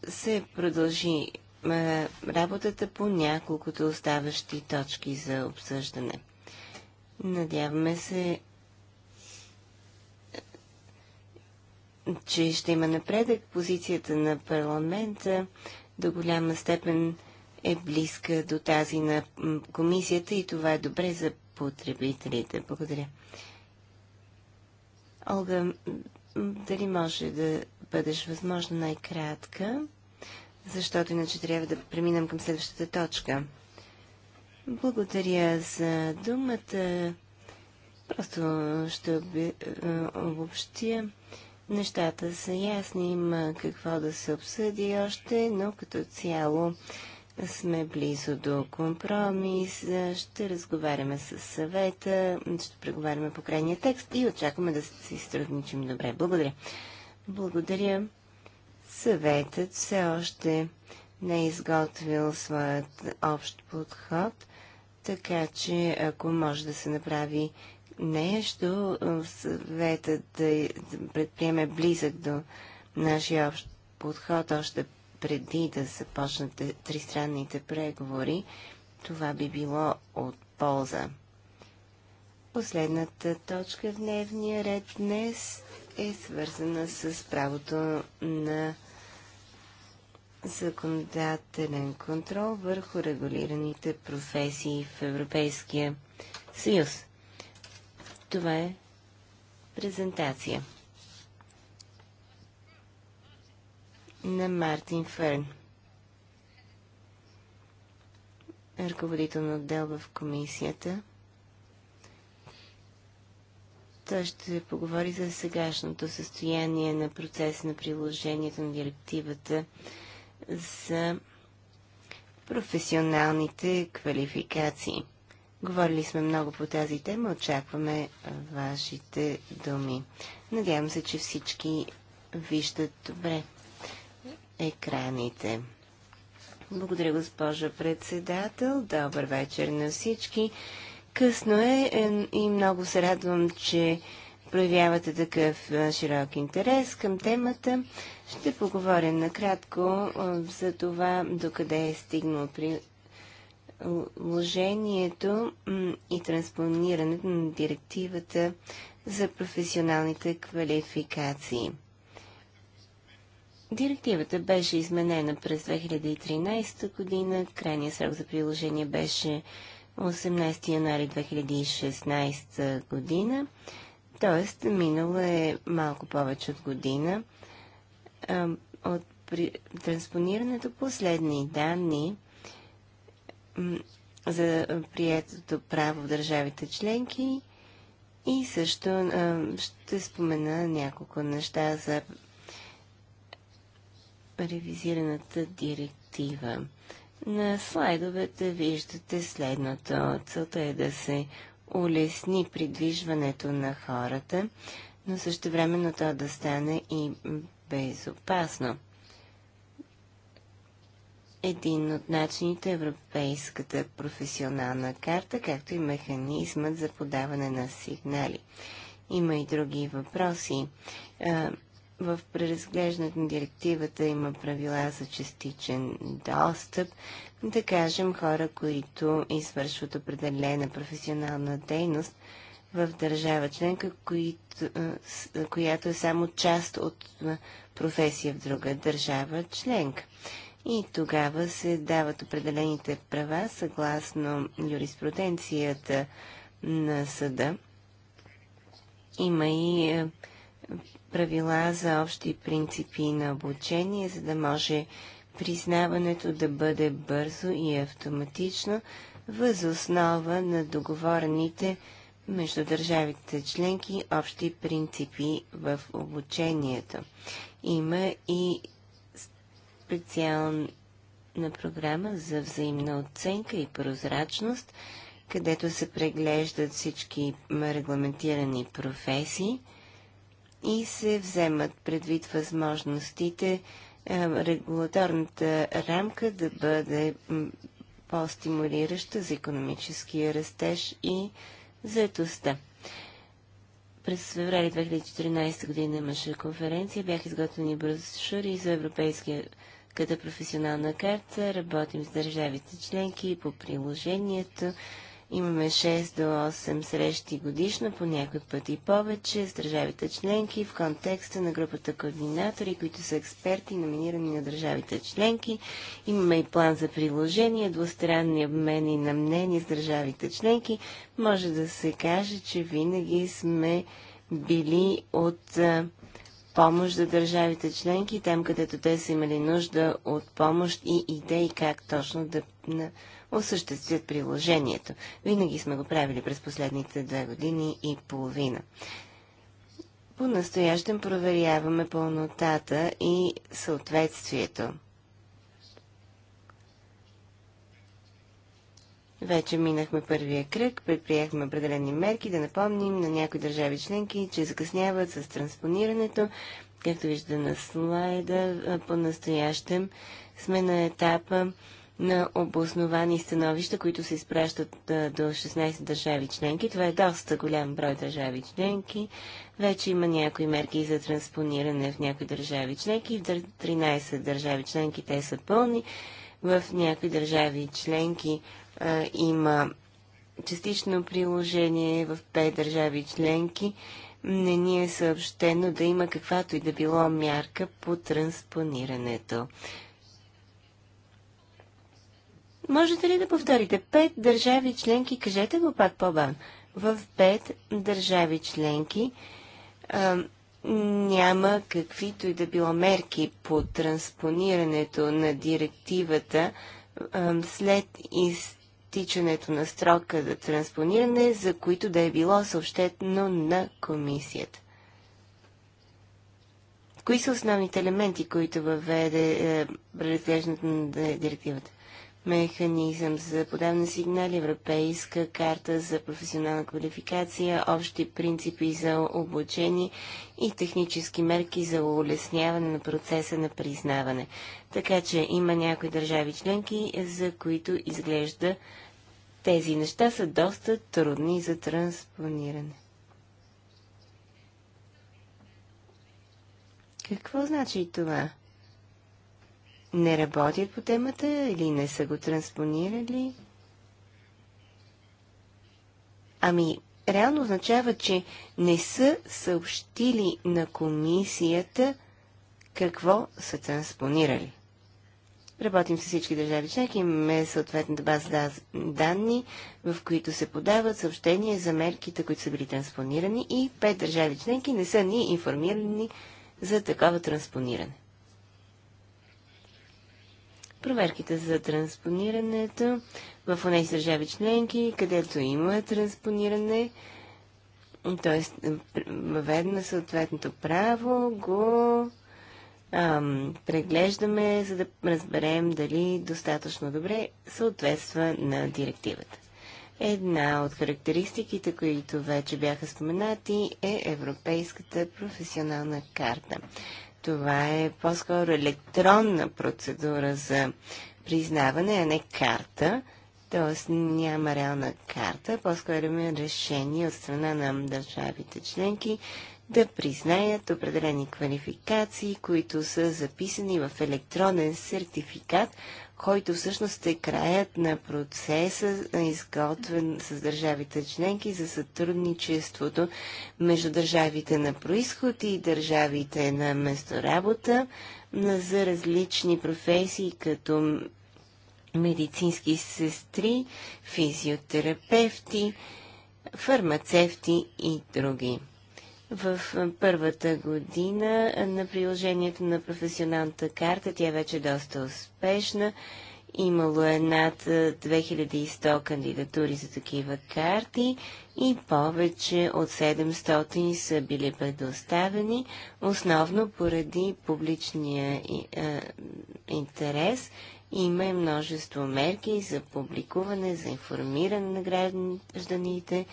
се продължи работата по няколкото оставащи точки за обсъждане. Надяваме се, че ще има напредък. Позицията на парламента до голяма степен е близка до тази на комисията и това е добре за потребителите. Благодаря. Олга, дали може да бъдеш възможно най-кратка? защото иначе трябва да преминем към следващата точка. Благодаря за думата. Просто ще е, обобщя. Нещата са ясни, има какво да се обсъди още, но като цяло сме близо до компромис. Ще разговаряме с съвета, ще преговаряме по крайния текст и очакваме да се изтрудничим добре. Благодаря. Благодаря. Съветът все още не е изготвил своят общ подход, така че ако може да се направи нещо, съветът да предприеме близък до нашия общ подход още преди да започнат тристранните преговори, това би било от полза. Последната точка в дневния ред днес е свързана с правото на законодателен контрол върху регулираните професии в Европейския съюз. Това е презентация на Мартин Ферн, ръководител на отдел в комисията. Той ще поговори за сегашното състояние на процес на приложението на директивата за професионалните квалификации. Говорили сме много по тази тема, очакваме вашите думи. Надявам се, че всички виждат добре екраните. Благодаря, госпожа председател. Добър вечер на всички. Късно е, е и много се радвам, че проявявате такъв е, широк интерес към темата. Ще поговорим накратко за това докъде е стигнало при вложението и транспонирането на директивата за професионалните квалификации. Директивата беше изменена през 2013 година. Крайният срок за приложение беше 18 януари 2016 година. Тоест, минало е малко повече от година от при транспонирането последни данни за приетото право в държавите членки и също ще спомена няколко неща за ревизираната директива. На слайдовете виждате следното. Целта е да се улесни придвижването на хората, но също времено то да стане и безопасно. Един от начините е Европейската професионална карта, както и механизмът за подаване на сигнали. Има и други въпроси. В преразглеждането на директивата има правила за частичен достъп. Да кажем, хора, които извършват определена професионална дейност в държава членка, която е само част от професия в друга държава членка. И тогава се дават определените права съгласно юриспруденцията на съда. Има и е, правила за общи принципи на обучение, за да може признаването да бъде бързо и автоматично въз основа на договорените между държавите членки общи принципи в обучението има и специална програма за взаимна оценка и прозрачност, където се преглеждат всички регламентирани професии и се вземат предвид възможностите е, регулаторната рамка да бъде по-стимулираща за економическия растеж и заетостта. През феврали 2014 година имаше конференция, бях изготвени брошури за европейския като професионална карта, работим с държавите членки по приложението, Имаме 6 до 8 срещи годишно, по някой път и повече, с държавите членки в контекста на групата координатори, които са експерти, номинирани на държавите членки. Имаме и план за приложение, двустранни обмени на мнения с държавите членки. Може да се каже, че винаги сме били от помощ за държавите членки, там където те са имали нужда от помощ и идеи как точно да осъществят приложението. Винаги сме го правили през последните две години и половина. По-настоящем проверяваме пълнотата и съответствието. Вече минахме първия кръг, предприехме определени мерки да напомним на някои държави членки, че закъсняват с транспонирането. Както виждате на слайда, по-настоящем сме на етапа на обосновани становища, които се изпращат до 16 държави членки. Това е доста голям брой държави членки. Вече има някои мерки за транспониране в някои държави членки. В 13 държави членки те са пълни. В някои държави членки а, има частично приложение в 5 държави членки. Не ни е съобщено да има каквато и да било мярка по транспонирането. Можете ли да повторите? Пет държави членки, кажете го пак по-бавно. В пет държави членки а, няма каквито и да било мерки по транспонирането на директивата а, след изтичането на строка за транспониране, за които да е било съобщено на комисията. Кои са основните елементи, които въведе разглеждането на директивата? механизъм за подаване сигнали, европейска карта за професионална квалификация, общи принципи за обучение и технически мерки за улесняване на процеса на признаване. Така че има някои държави членки, за които изглежда тези неща са доста трудни за транспониране. Какво значи това? не работят по темата или не са го транспонирали? Ами, реално означава, че не са съобщили на комисията какво са транспонирали. Работим с всички държави членки, имаме съответната база данни, в които се подават съобщения за мерките, които са били транспонирани и пет държави членки не са ни информирани за такова транспониране проверките за транспонирането в тези държави членки, където има транспониране, т.е. въведено съответното право, го ам, преглеждаме, за да разберем дали достатъчно добре съответства на директивата. Една от характеристиките, които вече бяха споменати, е Европейската професионална карта. Това е по-скоро електронна процедура за признаване, а не карта. Т.е. няма реална карта, по-скоро има решение от страна на държавите членки да признаят определени квалификации, които са записани в електронен сертификат, който всъщност е краят на процеса, изготвен с държавите членки за сътрудничеството между държавите на происход и държавите на месторабота за различни професии, като медицински сестри, физиотерапевти, фармацевти и други в първата година на приложението на професионалната карта. Тя е вече е доста успешна. Имало е над 2100 кандидатури за такива карти и повече от 700 са били предоставени, основно поради публичния интерес. Има и множество мерки за публикуване, за информиране на гражданите,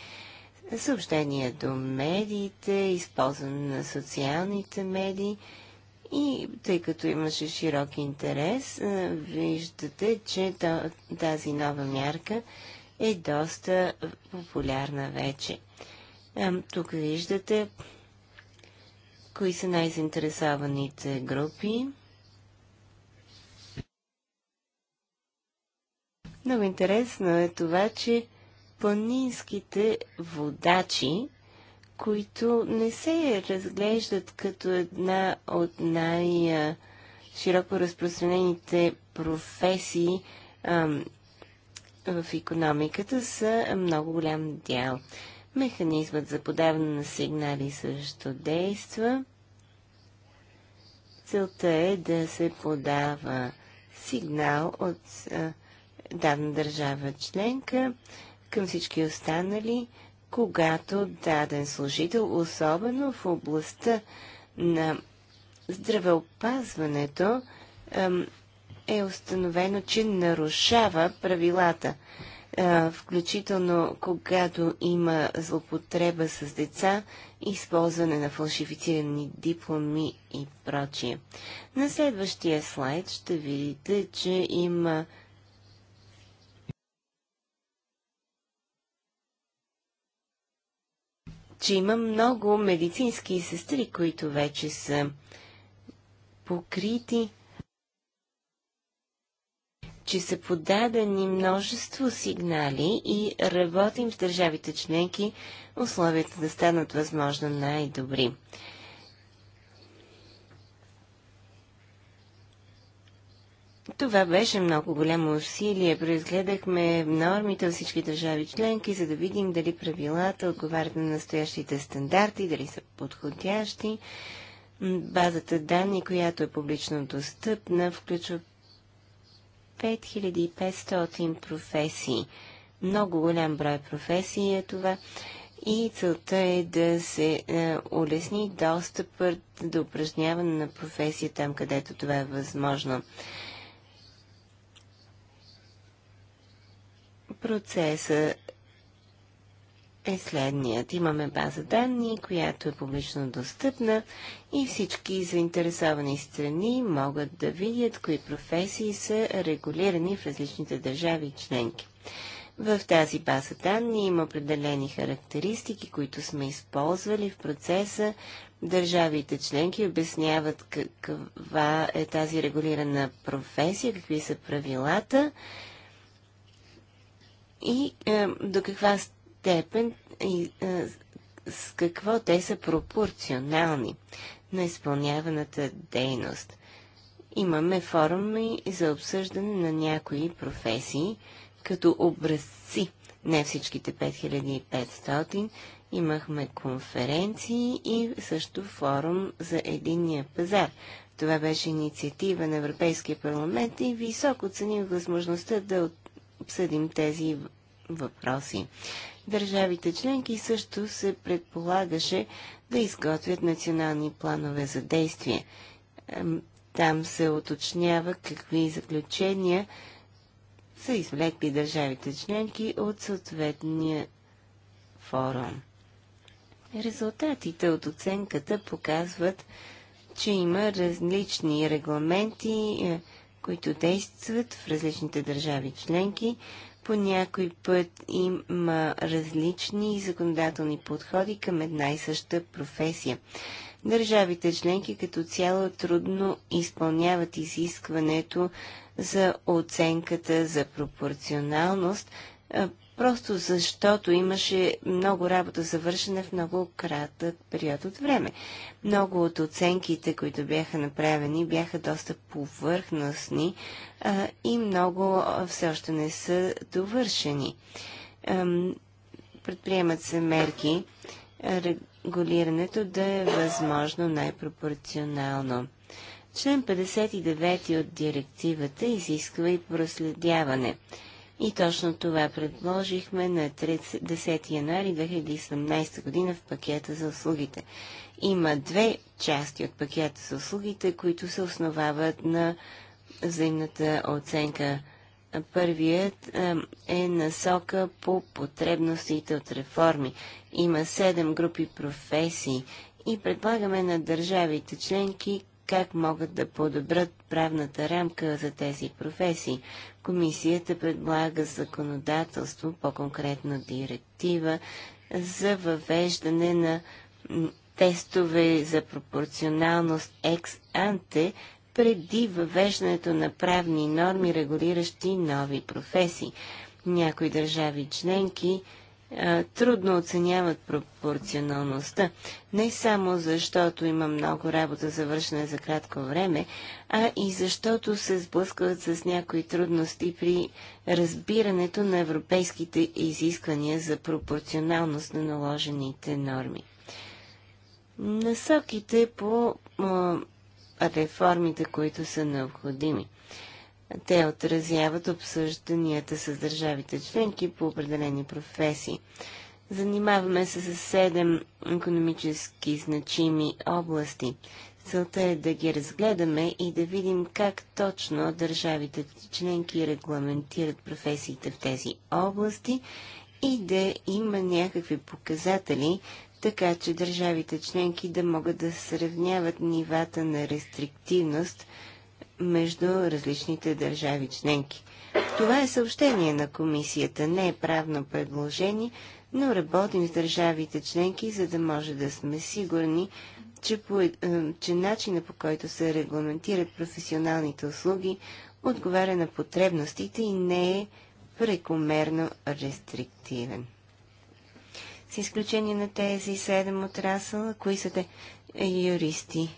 съобщения до медиите, използване на социалните медии. И тъй като имаше широк интерес, виждате, че тази нова мярка е доста популярна вече. Тук виждате кои са най-заинтересованите групи. Много интересно е това, че планинските водачи, които не се разглеждат като една от най-широко разпространените професии в економиката, са много голям дял. Механизмът за подаване на сигнали също действа. Целта е да се подава сигнал от а, дадена държава членка към всички останали, когато даден служител, особено в областта на здравеопазването, е установено, че нарушава правилата, включително когато има злопотреба с деца, използване на фалшифицирани дипломи и прочие. На следващия слайд ще видите, че има че има много медицински сестри, които вече са покрити, че са подадени множество сигнали и работим с държавите членки условията да станат възможно най-добри. Това беше много голямо усилие. Произгледахме нормите от всички държави членки, за да видим дали правилата отговарят на настоящите стандарти, дали са подходящи. Базата данни, която е публично достъпна, включва 5500 професии. Много голям брой професии е това. И целта е да се е, улесни достъпът до упражняване на професия там, където това е възможно. Процеса е следният. Имаме база данни, която е публично достъпна и всички заинтересовани страни могат да видят кои професии са регулирани в различните държави и членки. В тази база данни има определени характеристики, които сме използвали в процеса. Държавите членки обясняват каква е тази регулирана професия, какви са правилата и е, до каква степен и е, с какво те са пропорционални на изпълняваната дейност. Имаме форуми за обсъждане на някои професии като образци. Не всичките 5500 имахме конференции и също форум за единния пазар. Това беше инициатива на Европейския парламент и високо ценим възможността да обсъдим тези въпроси. Държавите членки също се предполагаше да изготвят национални планове за действие. Там се уточнява какви заключения са извлекли държавите членки от съответния форум. Резултатите от оценката показват, че има различни регламенти, е, които действат в различните държави членки. По някой път има различни законодателни подходи към една и съща професия. Държавите членки като цяло трудно изпълняват изискването за оценката за пропорционалност просто защото имаше много работа завършена в много кратък период от време. Много от оценките, които бяха направени, бяха доста повърхностни а, и много все още не са довършени. Ам, предприемат се мерки регулирането да е възможно най-пропорционално. Член 59 от директивата изисква и проследяване – и точно това предложихме на 10 януари 2017 година в пакета за услугите. Има две части от пакета за услугите, които се основават на взаимната оценка. Първият е, е насока по потребностите от реформи. Има седем групи професии и предлагаме на държавите членки как могат да подобрят правната рамка за тези професии. Комисията предлага законодателство, по-конкретно директива, за въвеждане на тестове за пропорционалност екс-анте преди въвеждането на правни норми, регулиращи нови професии. Някои държави членки трудно оценяват пропорционалността. Не само защото има много работа за вършене за кратко време, а и защото се сблъскват с някои трудности при разбирането на европейските изисквания за пропорционалност на наложените норми. Насоките по реформите, които са необходими. Те отразяват обсъжданията с държавите членки по определени професии. Занимаваме се с седем економически значими области. Целта е да ги разгледаме и да видим как точно държавите членки регламентират професиите в тези области и да има някакви показатели, така че държавите членки да могат да сравняват нивата на рестриктивност между различните държави членки. Това е съобщение на комисията, не е правно предложение, но работим с държавите членки, за да може да сме сигурни, че, по, е, е, че начина по който се регламентират професионалните услуги отговаря на потребностите и не е прекомерно рестриктивен. С изключение на тези седем отрасъла, кои са те юристи,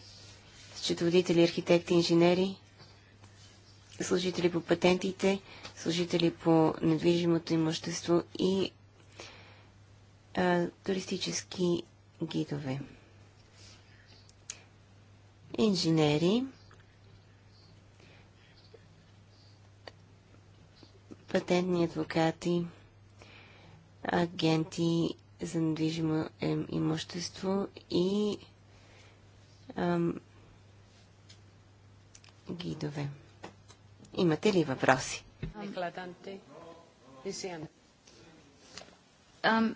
счетоводители, архитекти, инженери, служители по патентите, служители по недвижимото имущество и а, туристически гидове. Инженери, патентни адвокати, агенти за недвижимо имущество и ам, гидове. Имате ли въпроси? Um,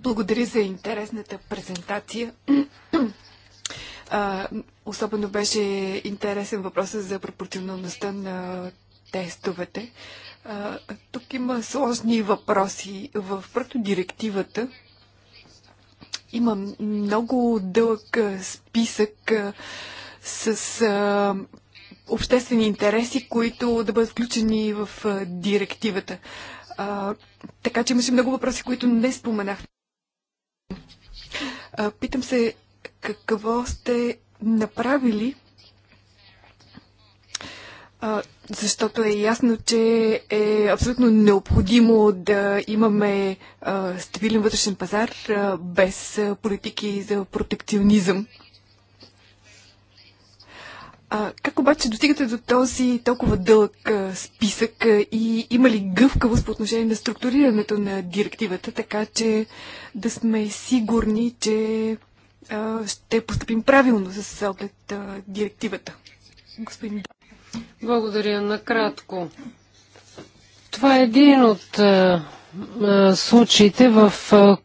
Благодаря за интересната презентация. особено беше интересен въпросът за пропорционалността на тестовете. тук има сложни въпроси. В прото директивата има много дълъг списък с а, обществени интереси, които да бъдат включени в а, директивата. А, така че имаше много въпроси, които не споменах. А, питам се какво сте направили, а, защото е ясно, че е абсолютно необходимо да имаме а, стабилен вътрешен пазар а, без политики за протекционизъм. А, как обаче достигате до този толкова дълъг а, списък а, и има ли гъвкавост по отношение на структурирането на директивата, така че да сме сигурни, че а, ще поступим правилно с оглед а, директивата? Господин Благодаря. Накратко. Това е един от случаите, в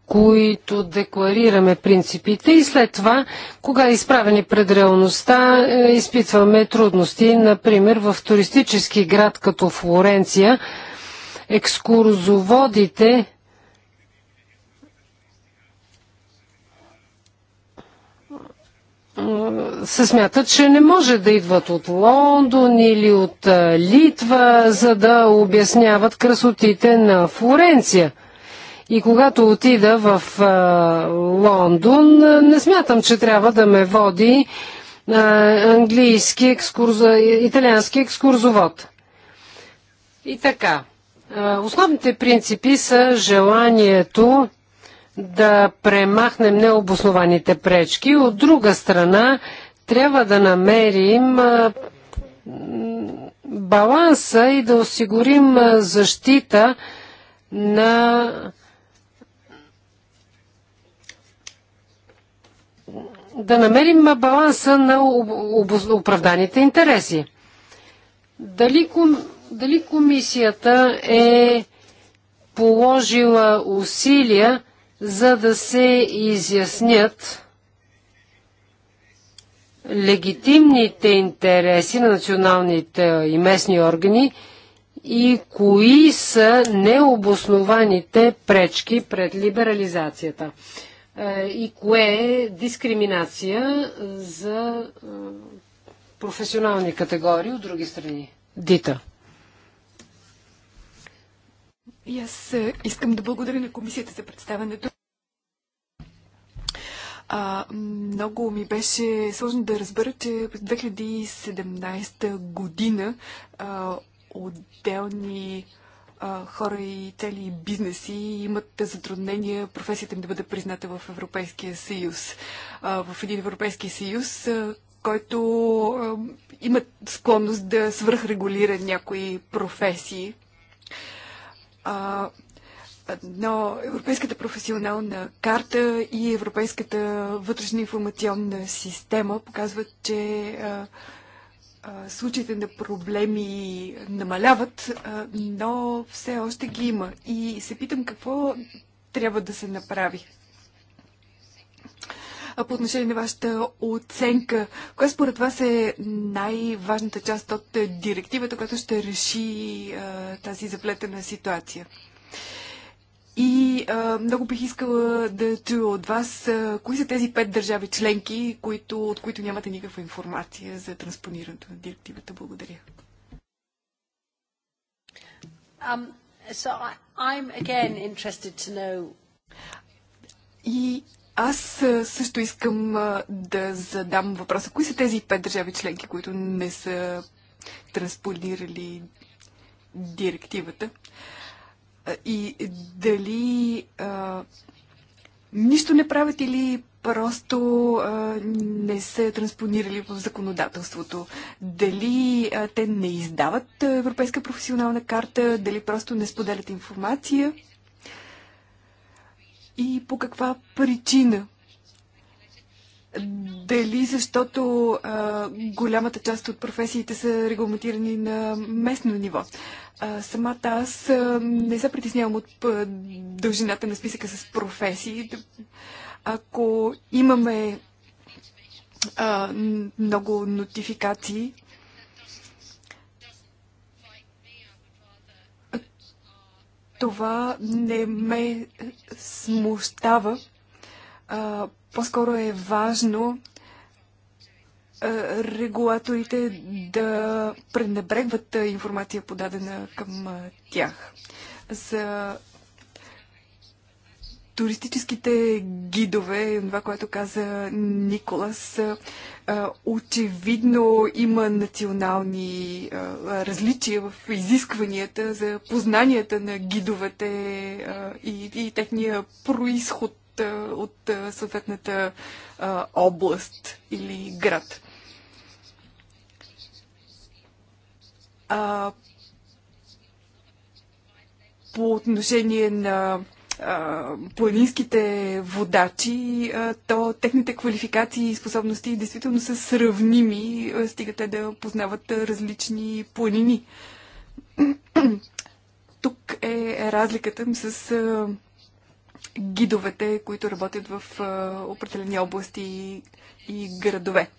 които декларираме принципите и след това, кога е изправени пред реалността, е, изпитваме трудности. Например, в туристически град като Флоренция, екскурзоводите се смята, че не може да идват от Лондон или от Литва, за да обясняват красотите на Флоренция. И когато отида в Лондон, не смятам, че трябва да ме води английски екскурзо... италиански екскурзовод. И така. Основните принципи са желанието да премахнем необоснованите пречки. От друга страна, трябва да намерим баланса и да осигурим защита на да намерим баланса на оправданите интереси. Дали, ком... дали комисията е положила усилия за да се изяснят легитимните интереси на националните и местни органи и кои са необоснованите пречки пред либерализацията е, и кое е дискриминация за е, професионални категории от други страни. Дита. И аз искам да благодаря на комисията за представенето. А, много ми беше сложно да разбера, че през 2017 година а, отделни а, хора и цели бизнеси имат затруднения професията им да бъде призната в Европейския съюз. А, в един Европейски съюз, а, който а, има склонност да свръхрегулира някои професии а, но Европейската професионална карта и Европейската вътрешна информационна система показват, че а, а, случаите на проблеми намаляват, а, но все още ги има. И се питам какво трябва да се направи по отношение на вашата оценка. Коя според вас е най-важната част от директивата, която ще реши а, тази заплетена ситуация? И а, много бих искала да чуя от вас, а, кои са тези пет държави членки, които, от които нямате никаква информация за транспонирането на директивата. Благодаря. Um, so I, I'm again interested to know... И аз също искам да задам въпроса. Кои са тези пет държави членки, които не са транспонирали директивата? И дали а, нищо не правят или просто а, не са транспонирали в законодателството. Дали а, те не издават европейска професионална карта, дали просто не споделят информация и по каква причина. Дали защото а, голямата част от професиите са регламентирани на местно ниво. А, самата аз а, не се притеснявам от а, дължината на списъка с професии. Ако имаме а, много нотификации, това не ме смущава. по-скоро е важно регулаторите да пренебрегват информация подадена към тях. За туристическите гидове, това, което каза Николас, Очевидно има национални различия в изискванията за познанията на гидовете и, и техния происход от съответната област или град. по отношение на планинските водачи, то техните квалификации и способности действително са сравними, стига те да познават различни планини. Тук е разликата с гидовете, които работят в определени области и градове.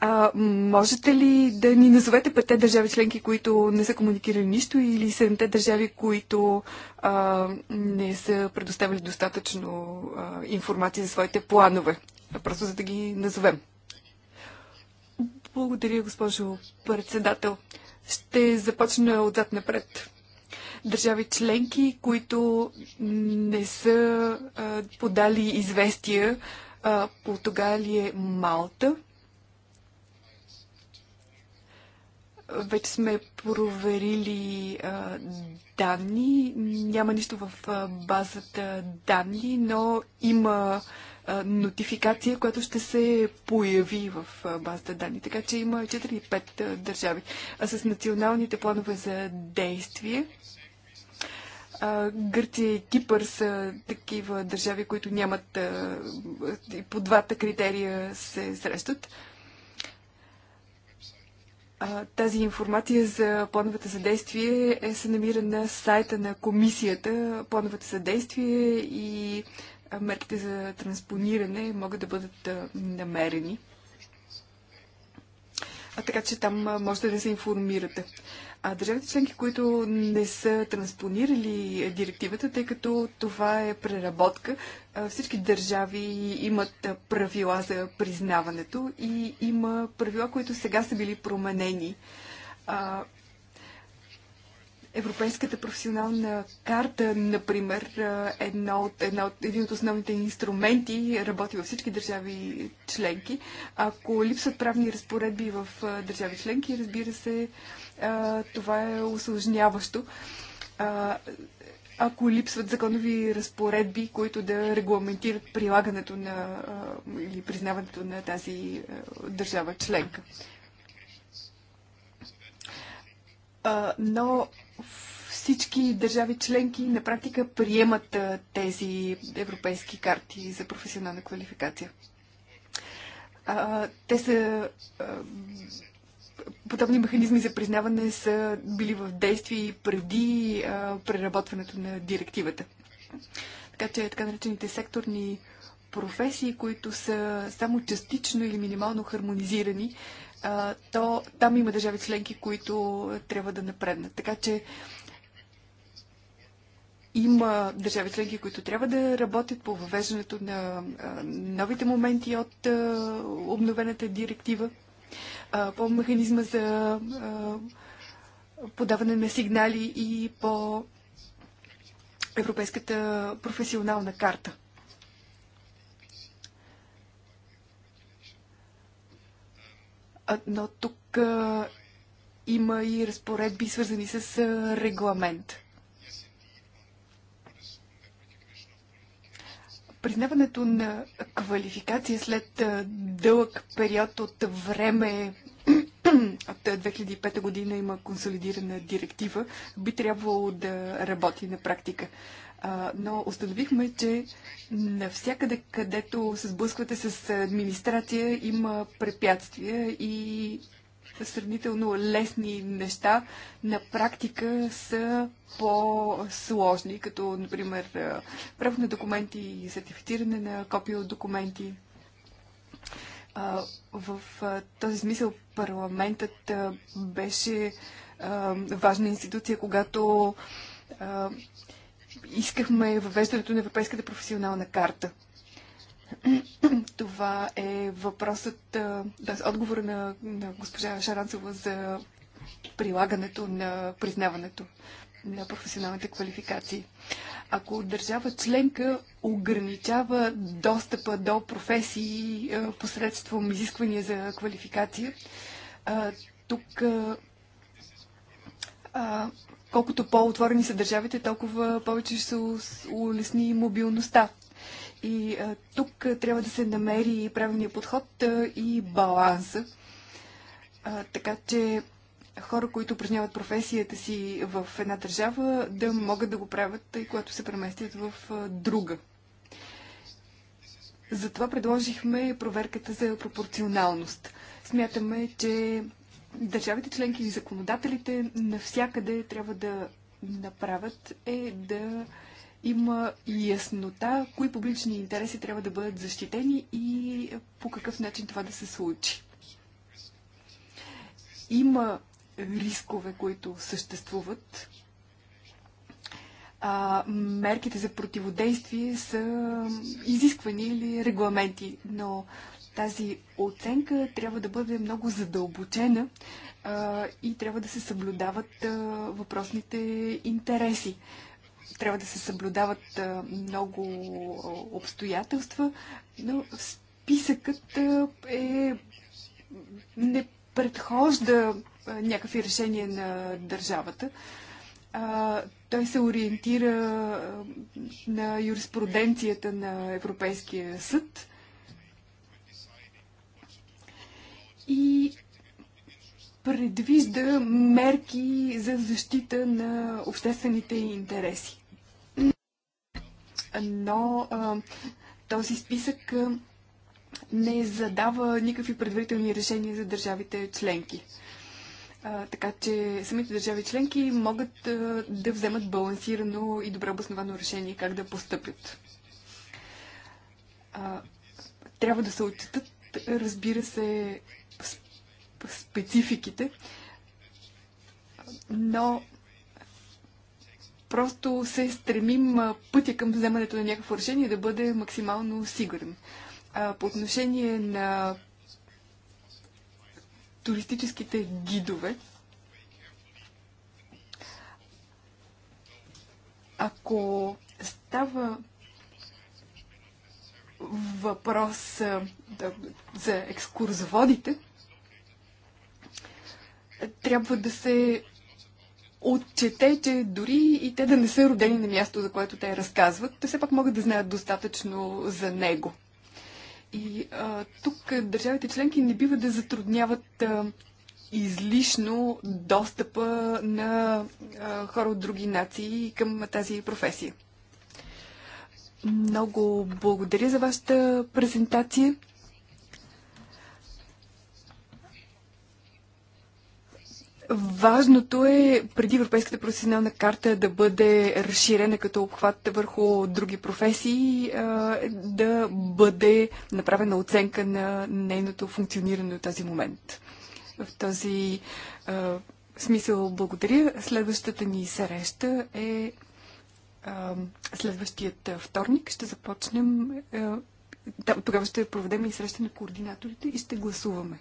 А, можете ли да ни назовете петте държави членки, които не са комуникирали нищо или седемте държави, които а, не са предоставили достатъчно а, информация за своите планове? Просто за да ги назовем. Благодаря, госпожо председател. Ще започна отзад напред. Държави членки, които не са а, подали известия а, Португалия, Малта – Вече сме проверили а, данни. Няма нищо в а, базата данни, но има а, нотификация, която ще се появи в а, базата данни. Така че има 4-5 държави. А с националните планове за действие. Гърция и Кипър са такива държави, които нямат и по двата критерия се срещат тази информация за плановете за действие е, се намира на сайта на комисията. Плановете за действие и мерките за транспониране могат да бъдат намерени. А така че там можете да се информирате. А държавите членки, които не са транспонирали директивата, тъй като това е преработка, всички държави имат правила за признаването и има правила, които сега са били променени. Европейската професионална карта, например, едно от, едно от, един от основните инструменти работи във всички държави членки. Ако липсват правни разпоредби в държави членки, разбира се, това е осложняващо. Ако липсват законови разпоредби, които да регламентират прилагането на или признаването на тази държава членка но всички държави членки на практика приемат тези европейски карти за професионална квалификация. Те са подобни механизми за признаване са били в действие преди преработването на директивата. Така че така наречените секторни професии, които са само частично или минимално хармонизирани, то там има държави членки, които трябва да напреднат. Така че има държави членки, които трябва да работят по въвеждането на новите моменти от обновената директива, по механизма за подаване на сигнали и по Европейската професионална карта. но тук а, има и разпоредби, свързани с а, регламент. Признаването на квалификация след а, дълъг период от време от 2005 година има консолидирана директива, би трябвало да работи на практика но установихме, че навсякъде, където се сблъсквате с администрация, има препятствия и сравнително лесни неща на практика са по-сложни, като, например, право на документи, и сертифициране на копия от документи. В този смисъл парламентът беше важна институция, когато искахме въвеждането на Европейската професионална карта. Това е въпросът, т.е. отговор на, на госпожа Шаранцева за прилагането на признаването на професионалните квалификации. Ако държава членка ограничава достъпа до професии посредством изисквания за квалификация, тук колкото по-отворени са държавите, толкова повече ще се улесни мобилността. И а, тук а, трябва да се намери правилния подход а, и баланса. А, така че хора, които упражняват професията си в една държава, да могат да го правят и когато се преместят в а, друга. Затова предложихме проверката за пропорционалност. Смятаме, че държавите членки и законодателите навсякъде трябва да направят е да има яснота, кои публични интереси трябва да бъдат защитени и по какъв начин това да се случи. Има рискове, които съществуват. А, мерките за противодействие са изисквани или регламенти, но тази оценка трябва да бъде много задълбочена а, и трябва да се съблюдават а, въпросните интереси. Трябва да се съблюдават а, много обстоятелства, но списъкът а, е не предхожда някакви решения на държавата. А, той се ориентира на юриспруденцията на Европейския съд и предвижда мерки за защита на обществените интереси. Но а, този списък а, не задава никакви предварителни решения за държавите членки. А, така че самите държави членки могат а, да вземат балансирано и добре обосновано решение как да постъпят. А, трябва да се отчитат, разбира се, спецификите, но просто се стремим пътя към вземането на някакво решение да бъде максимално сигурен. По отношение на туристическите гидове, ако става въпрос за екскурзоводите, трябва да се отчете, че дори и те да не са родени на място, за което те разказват, те все пак могат да знаят достатъчно за него. И а, тук държавите членки не бива да затрудняват а, излишно достъпа на а, хора от други нации към тази професия. Много благодаря за вашата презентация. Важното е преди Европейската професионална карта да бъде разширена като обхват върху други професии, да бъде направена оценка на нейното функциониране до този момент. В този смисъл благодаря. Следващата ни среща е следващият вторник. Ще започнем. Тогава ще проведем и среща на координаторите и ще гласуваме.